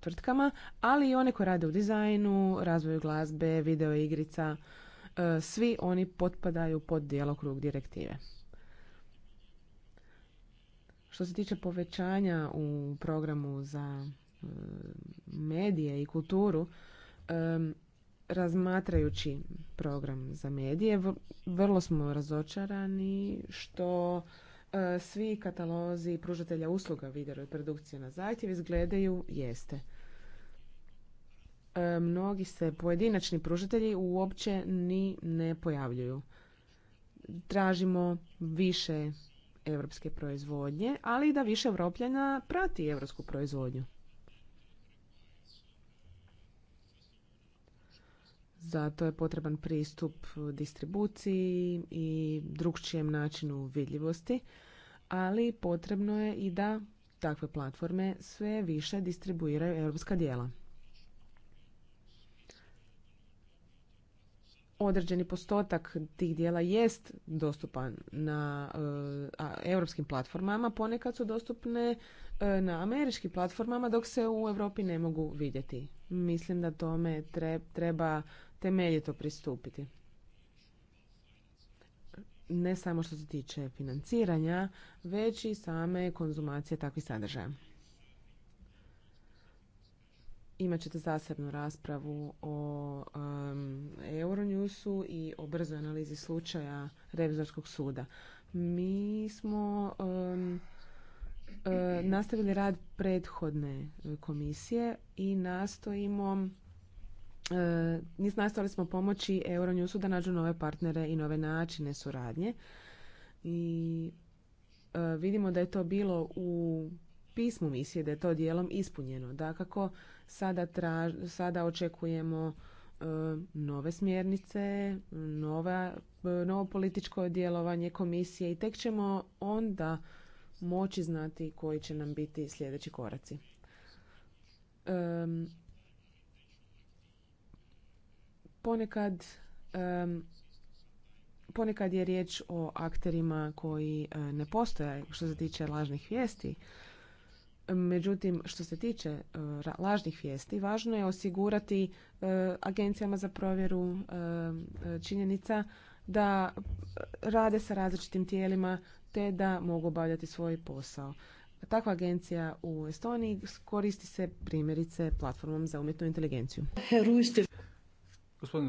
tvrtkama, ali i one koji rade u dizajnu, razvoju glazbe, videoigrica, igrica E, svi oni potpadaju pod djelokrug direktive. Što se tiče povećanja u programu za e, medije i kulturu, e, razmatrajući program za medije, vrlo smo razočarani što svi katalozi pružatelja usluga video produkcije na zahtjev izgledaju jeste. E, mnogi se pojedinačni pružatelji uopće ni ne pojavljuju. Tražimo više europske proizvodnje, ali i da više Evropljana prati europsku proizvodnju. Zato je potreban pristup distribuciji i drugčijem načinu vidljivosti, ali potrebno je i da takve platforme sve više distribuiraju europska djela. određeni postotak tih dijela jest dostupan na e, europskim platformama, ponekad su dostupne e, na američkim platformama dok se u Europi ne mogu vidjeti. Mislim da tome treba temeljito pristupiti. Ne samo što se tiče financiranja, već i same konzumacije takvih sadržaja imat ćete zasebnu raspravu o um, Euronewsu i o brzoj analizi slučaja Revizorskog suda. Mi smo e, nastavili rad prethodne komisije i nastojimo e, smo pomoći Euronewsu da nađu nove partnere i nove načine suradnje. I e, vidimo da je to bilo u pismu misije da je to dijelom ispunjeno. Dakako, sada, sada očekujemo e, nove smjernice, nova, e, novo političko djelovanje komisije i tek ćemo onda moći znati koji će nam biti sljedeći koraci. ponekad ponekad je riječ o akterima koji e, ne postoje što se tiče lažnih vijesti Međutim, što se tiče e, lažnih vijesti, važno je osigurati e, agencijama za provjeru e, činjenica da rade sa različitim tijelima te da mogu obavljati svoj posao. Takva agencija u Estoniji koristi se primjerice platformom za umjetnu inteligenciju. Gospodin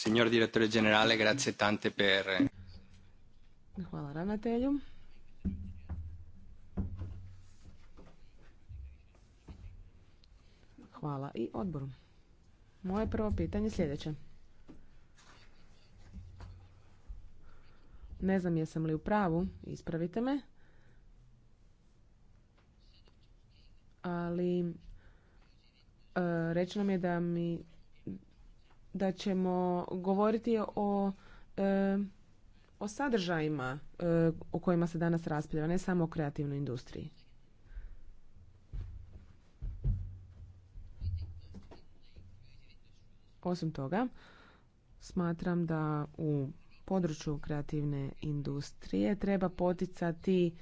Signor direttore generale, grazie tante per... Eh. Hvala ravnatelju. Hvala i odboru. Moje prvo pitanje sljedeće. Ne znam jesam li u pravu, ispravite me. Ali e, rečeno mi je da mi da ćemo govoriti o, e, o sadržajima e, o kojima se danas raspravlja, ne samo o kreativnoj industriji. Osim toga, smatram da u području kreativne industrije treba poticati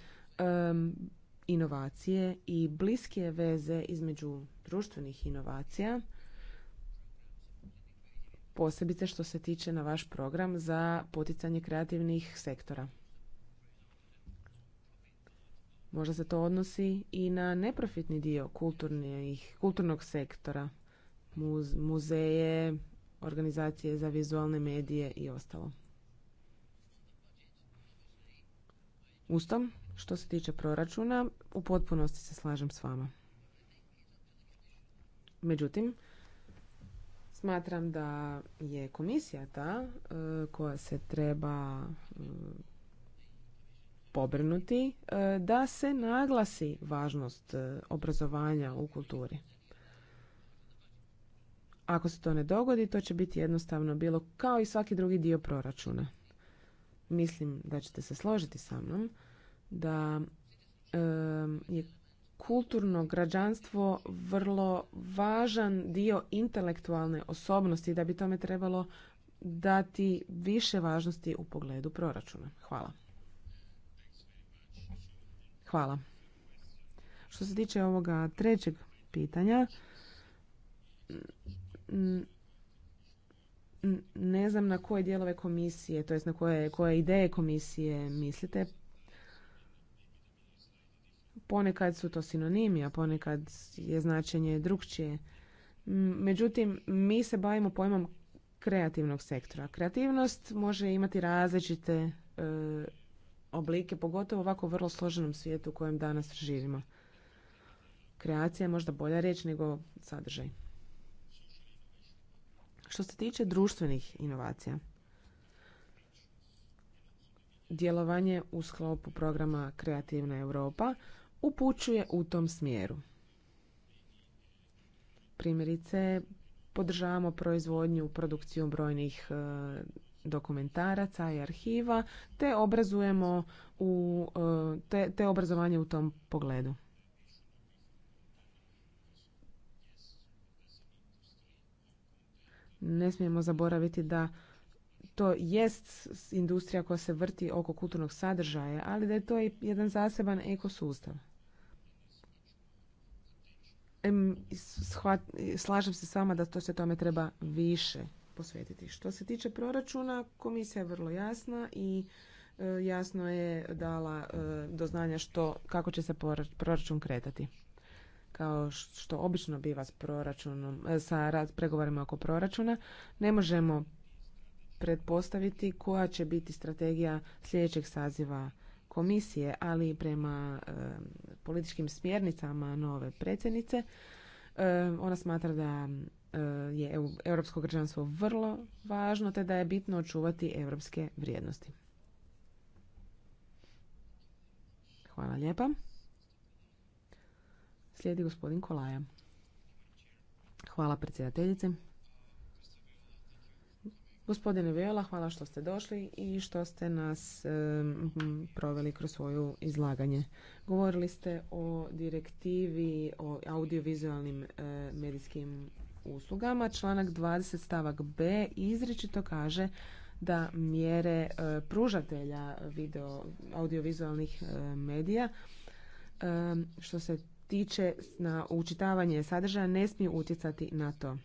inovacije i bliske veze između društvenih inovacija posebice što se tiče na vaš program za poticanje kreativnih sektora. Možda se to odnosi i na neprofitni dio kulturnih, kulturnog sektora, muzeje, organizacije za vizualne medije i ostalo. Ustom, što se tiče proračuna, u potpunosti se slažem s vama. Međutim, Smatram da je komisija ta e, koja se treba e, pobrinuti e, da se naglasi važnost obrazovanja u kulturi. Ako se to ne dogodi, to će biti jednostavno bilo kao i svaki drugi dio proračuna. Mislim da ćete se složiti sa mnom da je kulturno građanstvo vrlo važan dio intelektualne osobnosti da bi tome trebalo dati više važnosti u pogledu proračuna. Hvala. Hvala. Što se tiče ovoga trećeg pitanja, ne znam na koje dijelove komisije, to jest na koje ideje komisije mislite ponekad su to sinonimi, a ponekad je značenje drugčije. Međutim, mi se bavimo pojmom kreativnog sektora. Kreativnost može imati različite e, oblike, pogotovo u ovako vrlo složenom svijetu u kojem danas živimo. Kreacija je možda bolja riječ nego sadržaj. Što se tiče društvenih inovacija, djelovanje u sklopu programa Kreativna Europa – upućuje u tom smjeru. Primjerice, podržavamo proizvodnju, produkciju brojnih e, dokumentaraca i arhiva, te obrazujemo u, e, te, te obrazovanje u tom pogledu. Ne smijemo zaboraviti da to jest industrija koja se vrti oko kulturnog sadržaja, ali da je to jedan zaseban ekosustav. Slažem se sama da to se tome treba više posvetiti. Što se tiče proračuna, komisija je vrlo jasna i e, jasno je dala e, do znanja što, kako će se proračun kretati. Kao što obično biva s proračunom, e, sa pregovorima oko proračuna, ne možemo pretpostaviti koja će biti strategija sljedećeg saziva komisije, ali prema e, političkim smjernicama nove predsjednice, e, ona smatra da e, je europsko građanstvo vrlo važno te da je bitno očuvati europske vrijednosti. Hvala lijepa. Slijedi gospodin Kolaja. Hvala predsjedateljice. Gospodine Viola, hvala što ste došli i što ste nas proveli kroz svoje izlaganje. Govorili ste o direktivi o audiovizualnim e, medijskim uslugama. Članak 20 stavak B izričito kaže da mjere e, pružatelja video audiovizualnih e, medija što se tiče na učitavanje sadržaja ne smiju utjecati na to.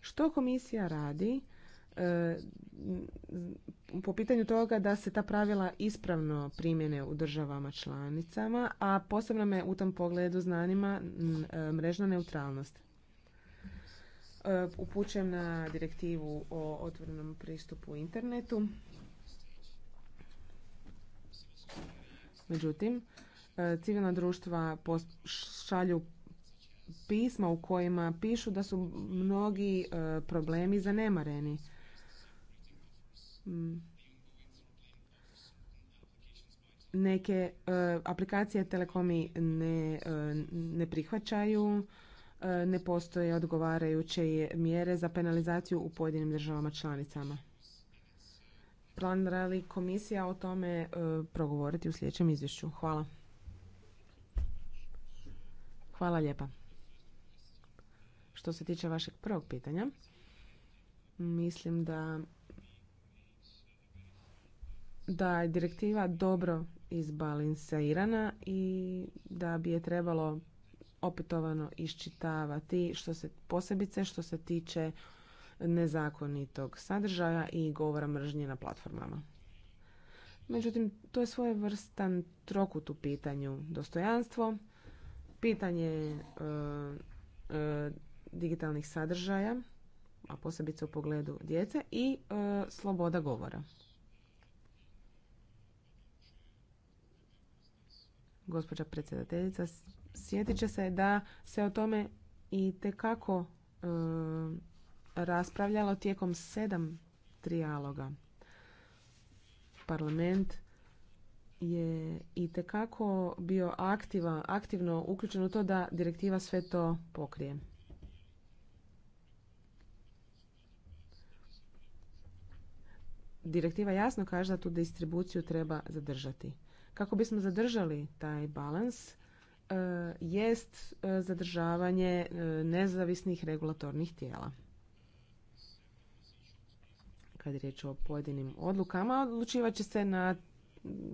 Što komisija radi? E, po pitanju toga da se ta pravila ispravno primjene u državama članicama, a posebno me u tom pogledu zanima e, mrežna neutralnost. E, upućujem na direktivu o otvorenom pristupu internetu. Međutim, civilna društva šalju pisma u kojima pišu da su mnogi problemi zanemareni Mm. neke e, aplikacije telekomi ne, e, prihvaćaju e, ne postoje odgovarajuće mjere za penalizaciju u pojedinim državama članicama planira li komisija o tome progovoriti u sljedećem izvješću hvala hvala lijepa što se tiče vašeg prvog pitanja mislim da da je direktiva dobro izbalansirana i da bi je trebalo opetovano iščitavati što se posebice što se tiče nezakonitog sadržaja i govora mržnje na platformama. Međutim, to je svojevrstan trokut u pitanju dostojanstvo, pitanje e, e, digitalnih sadržaja, a posebice u pogledu djece i e, sloboda govora. gospođa predsjedateljica, sjetit će se da se o tome i tekako e, raspravljalo tijekom sedam trialoga. Parlament je i tekako bio aktiva, aktivno uključen u to da direktiva sve to pokrije. Direktiva jasno kaže da tu distribuciju treba zadržati kako bismo zadržali taj balans e, jest e, zadržavanje e, nezavisnih regulatornih tijela. Kad je riječ o pojedinim odlukama, odlučivat će se na,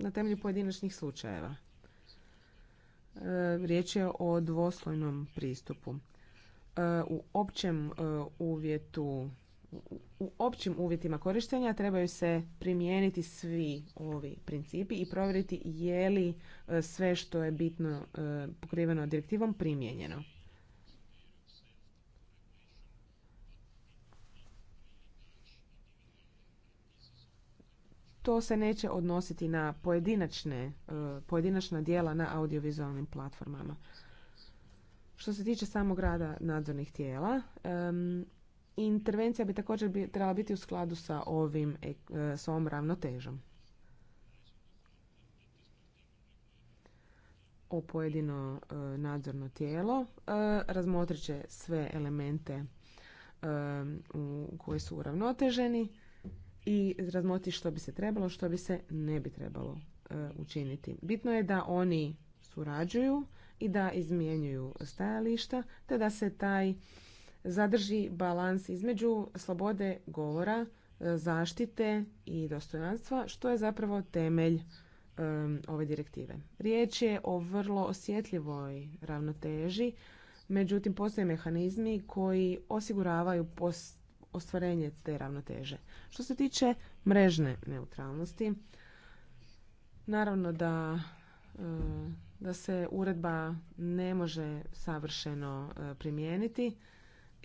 na temelju pojedinačnih slučajeva. Riječ je o dvoslojnom pristupu. U općem uvjetu u općim uvjetima korištenja trebaju se primijeniti svi ovi principi i provjeriti je li e, sve što je bitno e, pokriveno direktivom primijenjeno. To se neće odnositi na pojedinačne, e, pojedinačna dijela na audiovizualnim platformama. Što se tiče samog rada nadzornih tijela, intervencija bi također bi trebala biti u skladu sa ovim, e, s ovom ravnotežom. O pojedino e, nadzorno tijelo e, razmotrit će sve elemente koje su uravnoteženi i razmotri što bi se trebalo, što bi se ne bi trebalo učiniti. Bitno je da oni surađuju i da izmjenjuju stajališta, te da se taj zadrži balans između slobode govora, e, zaštite i dostojanstva, što je zapravo temelj ove direktive. Riječ je o vrlo osjetljivoj ravnoteži, međutim postoje mehanizmi koji osiguravaju ostvarenje te ravnoteže. Što se tiče mrežne neutralnosti, naravno da e, da se uredba ne može savršeno e, primijeniti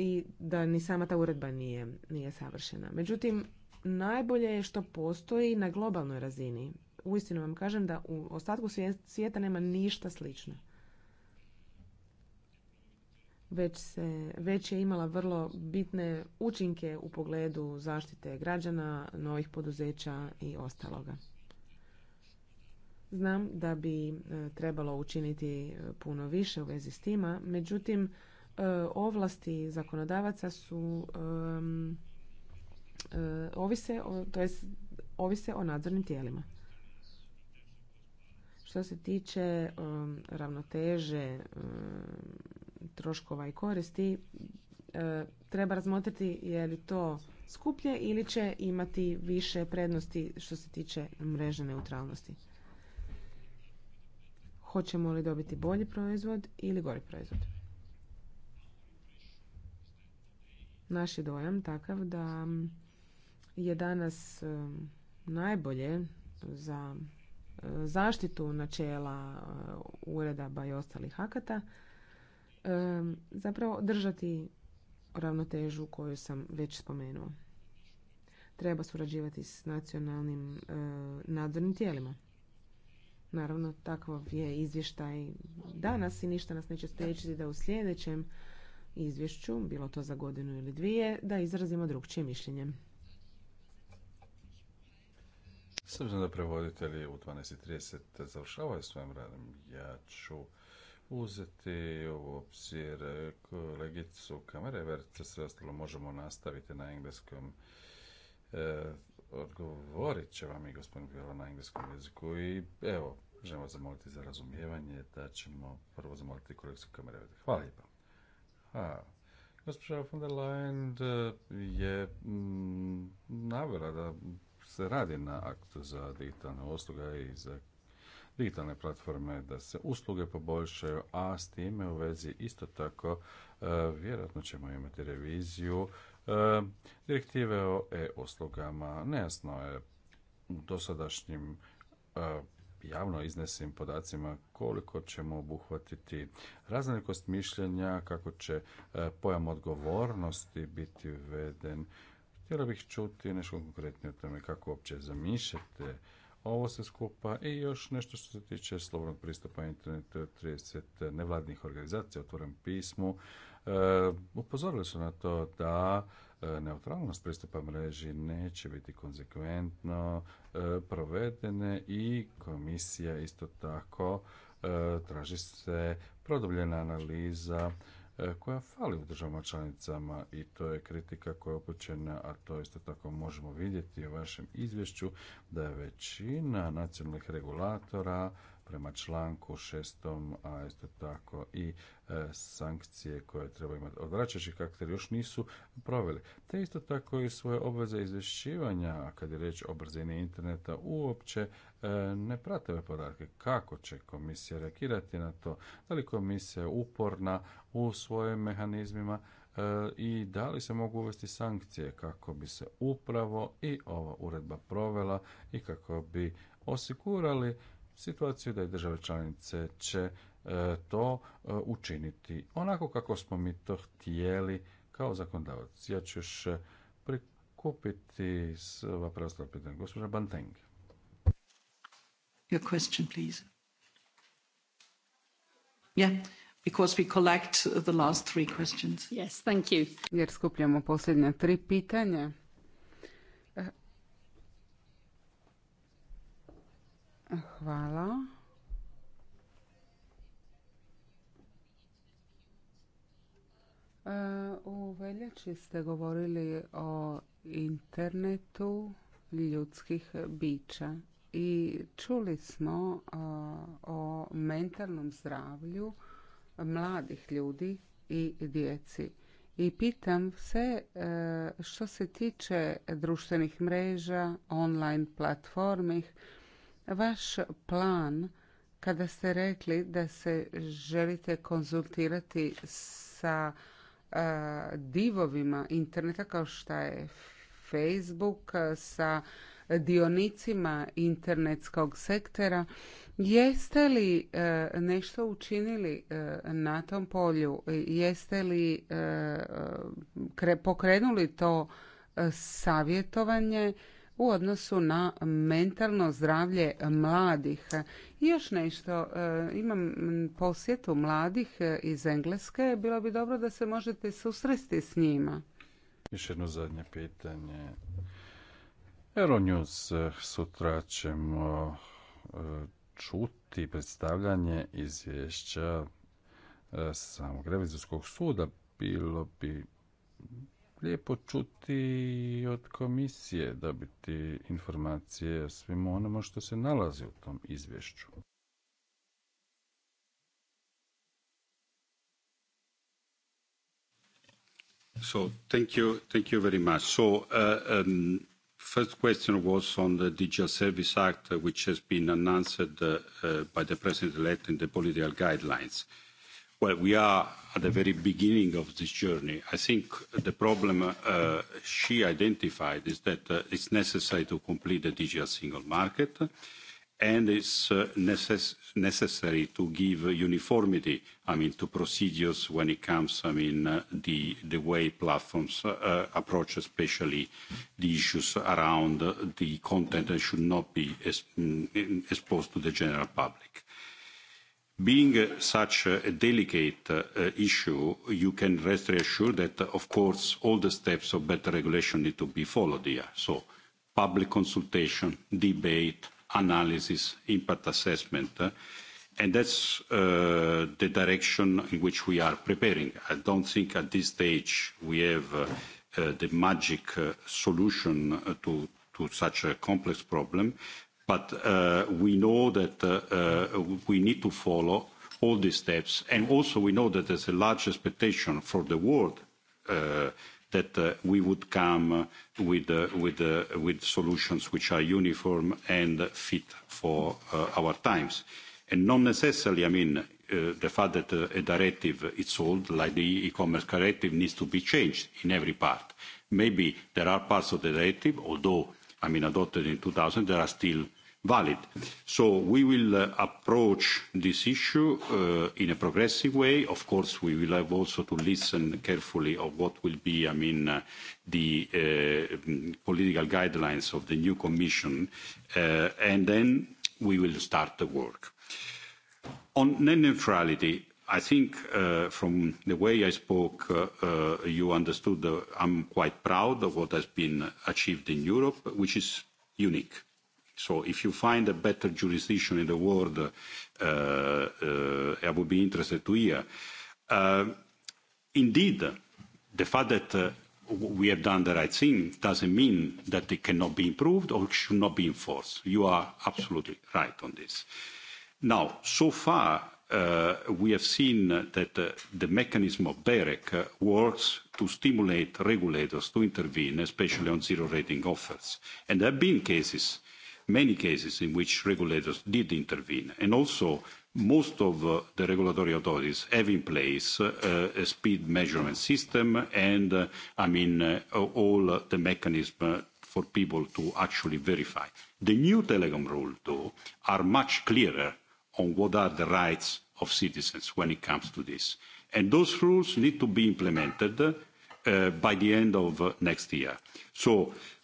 i da ni sama ta uredba nije, nije savršena. Međutim, najbolje je što postoji na globalnoj razini. Uistinu vam kažem da u ostatku svijeta nema ništa slično. Već, se, već je imala vrlo bitne učinke u pogledu zaštite građana, novih poduzeća i ostaloga. Znam da bi e, trebalo učiniti e, puno više u vezi s tima, međutim, E, ovlasti zakonodavaca su e, ovise o, to jest, ovise o nadzornim tijelima. Što se tiče ravnoteže troškova i koristi, e, treba razmotriti je li to skuplje ili će imati više prednosti što se tiče mreže neutralnosti. Hoćemo li dobiti bolji proizvod ili gori proizvod? Naš je dojam takav da je danas um, najbolje za uh, zaštitu načela uh, uredaba i ostalih akata um, zapravo držati ravnotežu koju sam već spomenuo. Treba surađivati s nacionalnim uh, nadzornim tijelima. Naravno, takav je izvještaj danas i ništa nas neće spriječiti da u sljedećem izvješću, bilo to za godinu ili dvije, da izrazimo drugčije mišljenje. S obzirom da prevoditelji u 12.30 završavaju svojim radom, ja ću uzeti u obzir kolegicu Kamerevert, sve ostalo možemo nastaviti na engleskom. E, odgovorit će vam i gospodin na engleskom jeziku i evo, želimo zamoliti za razumijevanje da ćemo prvo zamoliti kolegicu kamere Hvala lijepa. Ha. Gospođa von der Leyen e, je mm, navela da se radi na aktu za digitalne usluge i za digitalne platforme, da se usluge poboljšaju, a s time u vezi isto tako e, vjerojatno ćemo imati reviziju e, direktive o e-uslugama. Nejasno je dosadašnjim javno iznesim podacima koliko ćemo obuhvatiti raznolikost mišljenja, kako će e, pojam odgovornosti biti uveden. Htjela bih čuti nešto konkretnije o tome kako uopće zamišljate ovo se skupa i još nešto što se tiče slobodnog pristupa internetu 30 nevladnih organizacija otvoren pismu. E, upozorili su na to da E, neutralnost pristupa mreži neće biti konsekventno e, provedene i komisija isto tako e, traži se produbljena analiza koja fali u državama članicama i to je kritika koja je upućena, a to isto tako možemo vidjeti u vašem izvješću da je većina nacionalnih regulatora prema članku šestom, a isto tako i e, sankcije koje treba imati odvraćajući karakter još nisu proveli. Te isto tako i svoje obveze izvješćivanja, kad je riječ o brzini interneta, uopće e, ne prate ove podatke. Kako će komisija reagirati na to? Da li komisija je uporna u svojim mehanizmima? E, i da li se mogu uvesti sankcije kako bi se upravo i ova uredba provela i kako bi osigurali situaciju da i države članice će e, to e, učiniti onako kako smo mi to htjeli kao zakonodavac. Ja ću još e, prikupiti sva preostala pitanja. Gospođa Banteng. Your question, please. Yeah, because we collect the last three questions. Yes, thank you. Jer skupljamo posljednja tri pitanja. Hvala. E, u veljači ste govorili o internetu ljudskih bića i čuli smo e, o mentalnom zdravlju mladih ljudi i djeci. I pitam se e, što se tiče društvenih mreža, online platformih, Vaš plan kada ste rekli da se želite konzultirati sa divovima interneta kao što je Facebook, sa dionicima internetskog sektora. Jeste li e, nešto učinili e, na tom polju? Jeste li e, pokrenuli to savjetovanje? u odnosu na mentalno zdravlje mladih. I još nešto, e, imam posjetu mladih e, iz Engleske, bilo bi dobro da se možete susresti s njima. Još jedno zadnje pitanje. Euronews e, sutra ćemo čuti predstavljanje izvješća samog revizorskog suda. Bilo bi lijepo čuti od komisije, dobiti informacije o svim onome što se nalazi u tom izvješću. So, thank you, thank you very much. So, uh, um, first question was on the Digital Service Act, uh, which has been announced uh, uh, by the President-elect in the political guidelines. Uh, well we are at the very beginning of this journey. i think the problem uh, she identified is that uh, it's necessary to complete the digital single market and it's uh, necessary to give uniformity i mean to procedures when it comes i mean the the way platforms approach especially the issues around the content that should not be mm, exposed to the general public being such a delicate uh, issue you can rest reassured that uh, of course all the steps of better regulation need to be followed here so public consultation debate analysis impact assessment uh, and that's the direction in which we are preparing. i don't think at this stage we have the magic solution to, to such a complex problem but uh, we know that uh, uh, we need to follow all these steps and also we know that there's a large expectation for the world that we would come with, with solutions which are uniform and fit for our times. And not necessarily, I mean, the fact that a directive is old, like the e-commerce directive, needs to be changed in every part. Maybe there are parts of the directive, although, I mean, adopted in 2000, there are still valid. So we will uh, approach this issue uh, in a progressive way. Of course, we will have also to listen carefully of what will be, I mean, uh, the political guidelines of the new commission, and then we will start the work. On net neutrality, I think uh, from the way I spoke, uh, you understood that I'm quite proud of what has been achieved in Europe, which is unique So if you find a better jurisdiction in the world, uh, uh, I would be interested to hear. Uh, indeed, the fact that uh, we have done the right thing doesn't mean that it cannot be improved or should not be enforced. You are absolutely right on this. Now, so far, uh, we have seen that uh, the mechanism of BEREC works to stimulate regulators to intervene, especially on zero rating offers. And there have been cases many cases in which regulators did intervene and also most of uh, the regulatory authorities have in place uh, a speed measurement system and uh, i mean all the mechanisms for people to actually verify. the new telecom rules though are much clearer on what are the rights of citizens when it comes to this and those rules need to be implemented by the end of next year. so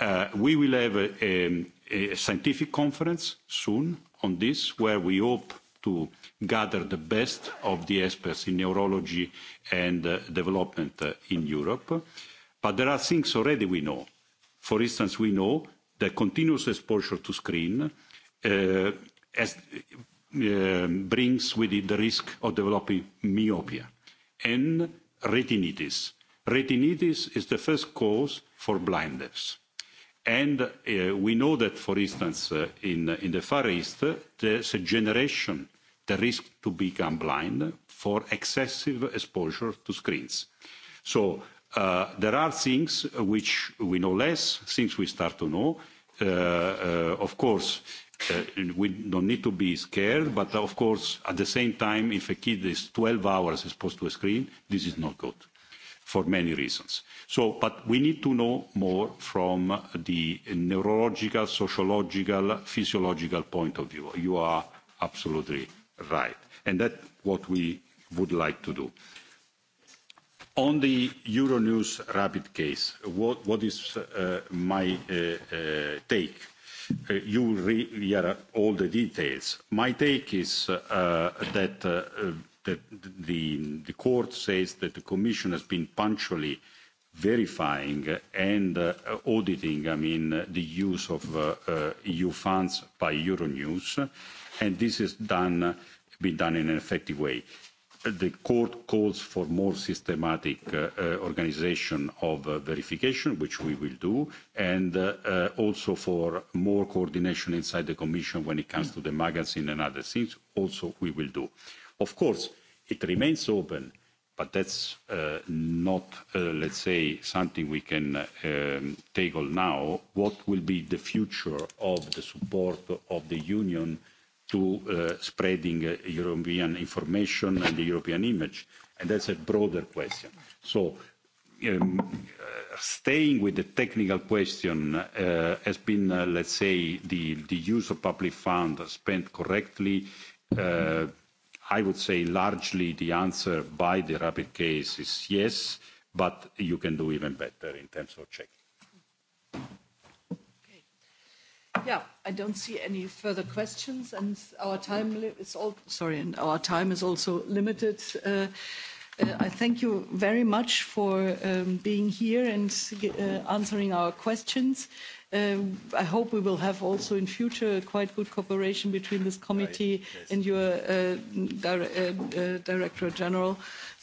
Uh, we will have um, a, scientific conference soon on this where we hope to gather the best of the experts in neurology and uh, development uh, in Europe. But there are things already we know. For instance, we know that continuous exposure to screen as, um, brings with it the risk of developing myopia and retinitis. Retinitis is the first cause for blindness and uh, we know that for instance uh, in, uh, in the far east uh, there's a generation the risk to become blind for excessive exposure to screens so there are things which we know less things we start to know of course we don't need to be scared but of course at the same time if a kid is 12 hours exposed to a screen this is not good for many reasons So, but we need to know more from the neurological, sociological, physiological point of view. You are absolutely right. And that's what we would like to do. On the Euronews Rapid case, what, what is uh, my uh, uh, take? Uh, you hear all the details. My take is uh, that, uh, that the, the court says that the Commission has been punctually verifying and uh, auditing I mean, the use of uh, uh, EU funds by Euronews, and this is done, been done in an effective way. The court calls for more systematic organization of verification, which we will do, and also for more coordination inside the Commission when it comes to the magazine and other things, also we will do. Of course, it remains open but that's uh, not, uh, let's say, something we can um, tackle now. What will be the future of the support of the Union to uh, spreading European information and the European image? And that's a broader question. So um, staying with the technical question has been, let's say, the, use of public funds spent correctly, i would say largely the answer by the rapid case is yes but you can do even better in terms of checking. Okay. Yeah, I don't see any further questions, and our time is all sorry, and our time is also limited. Uh, uh, I thank you very much for um, being here and uh, answering our questions. Um, I hope we will have also in future quite good cooperation between this committee and your uh, uh, uh Director General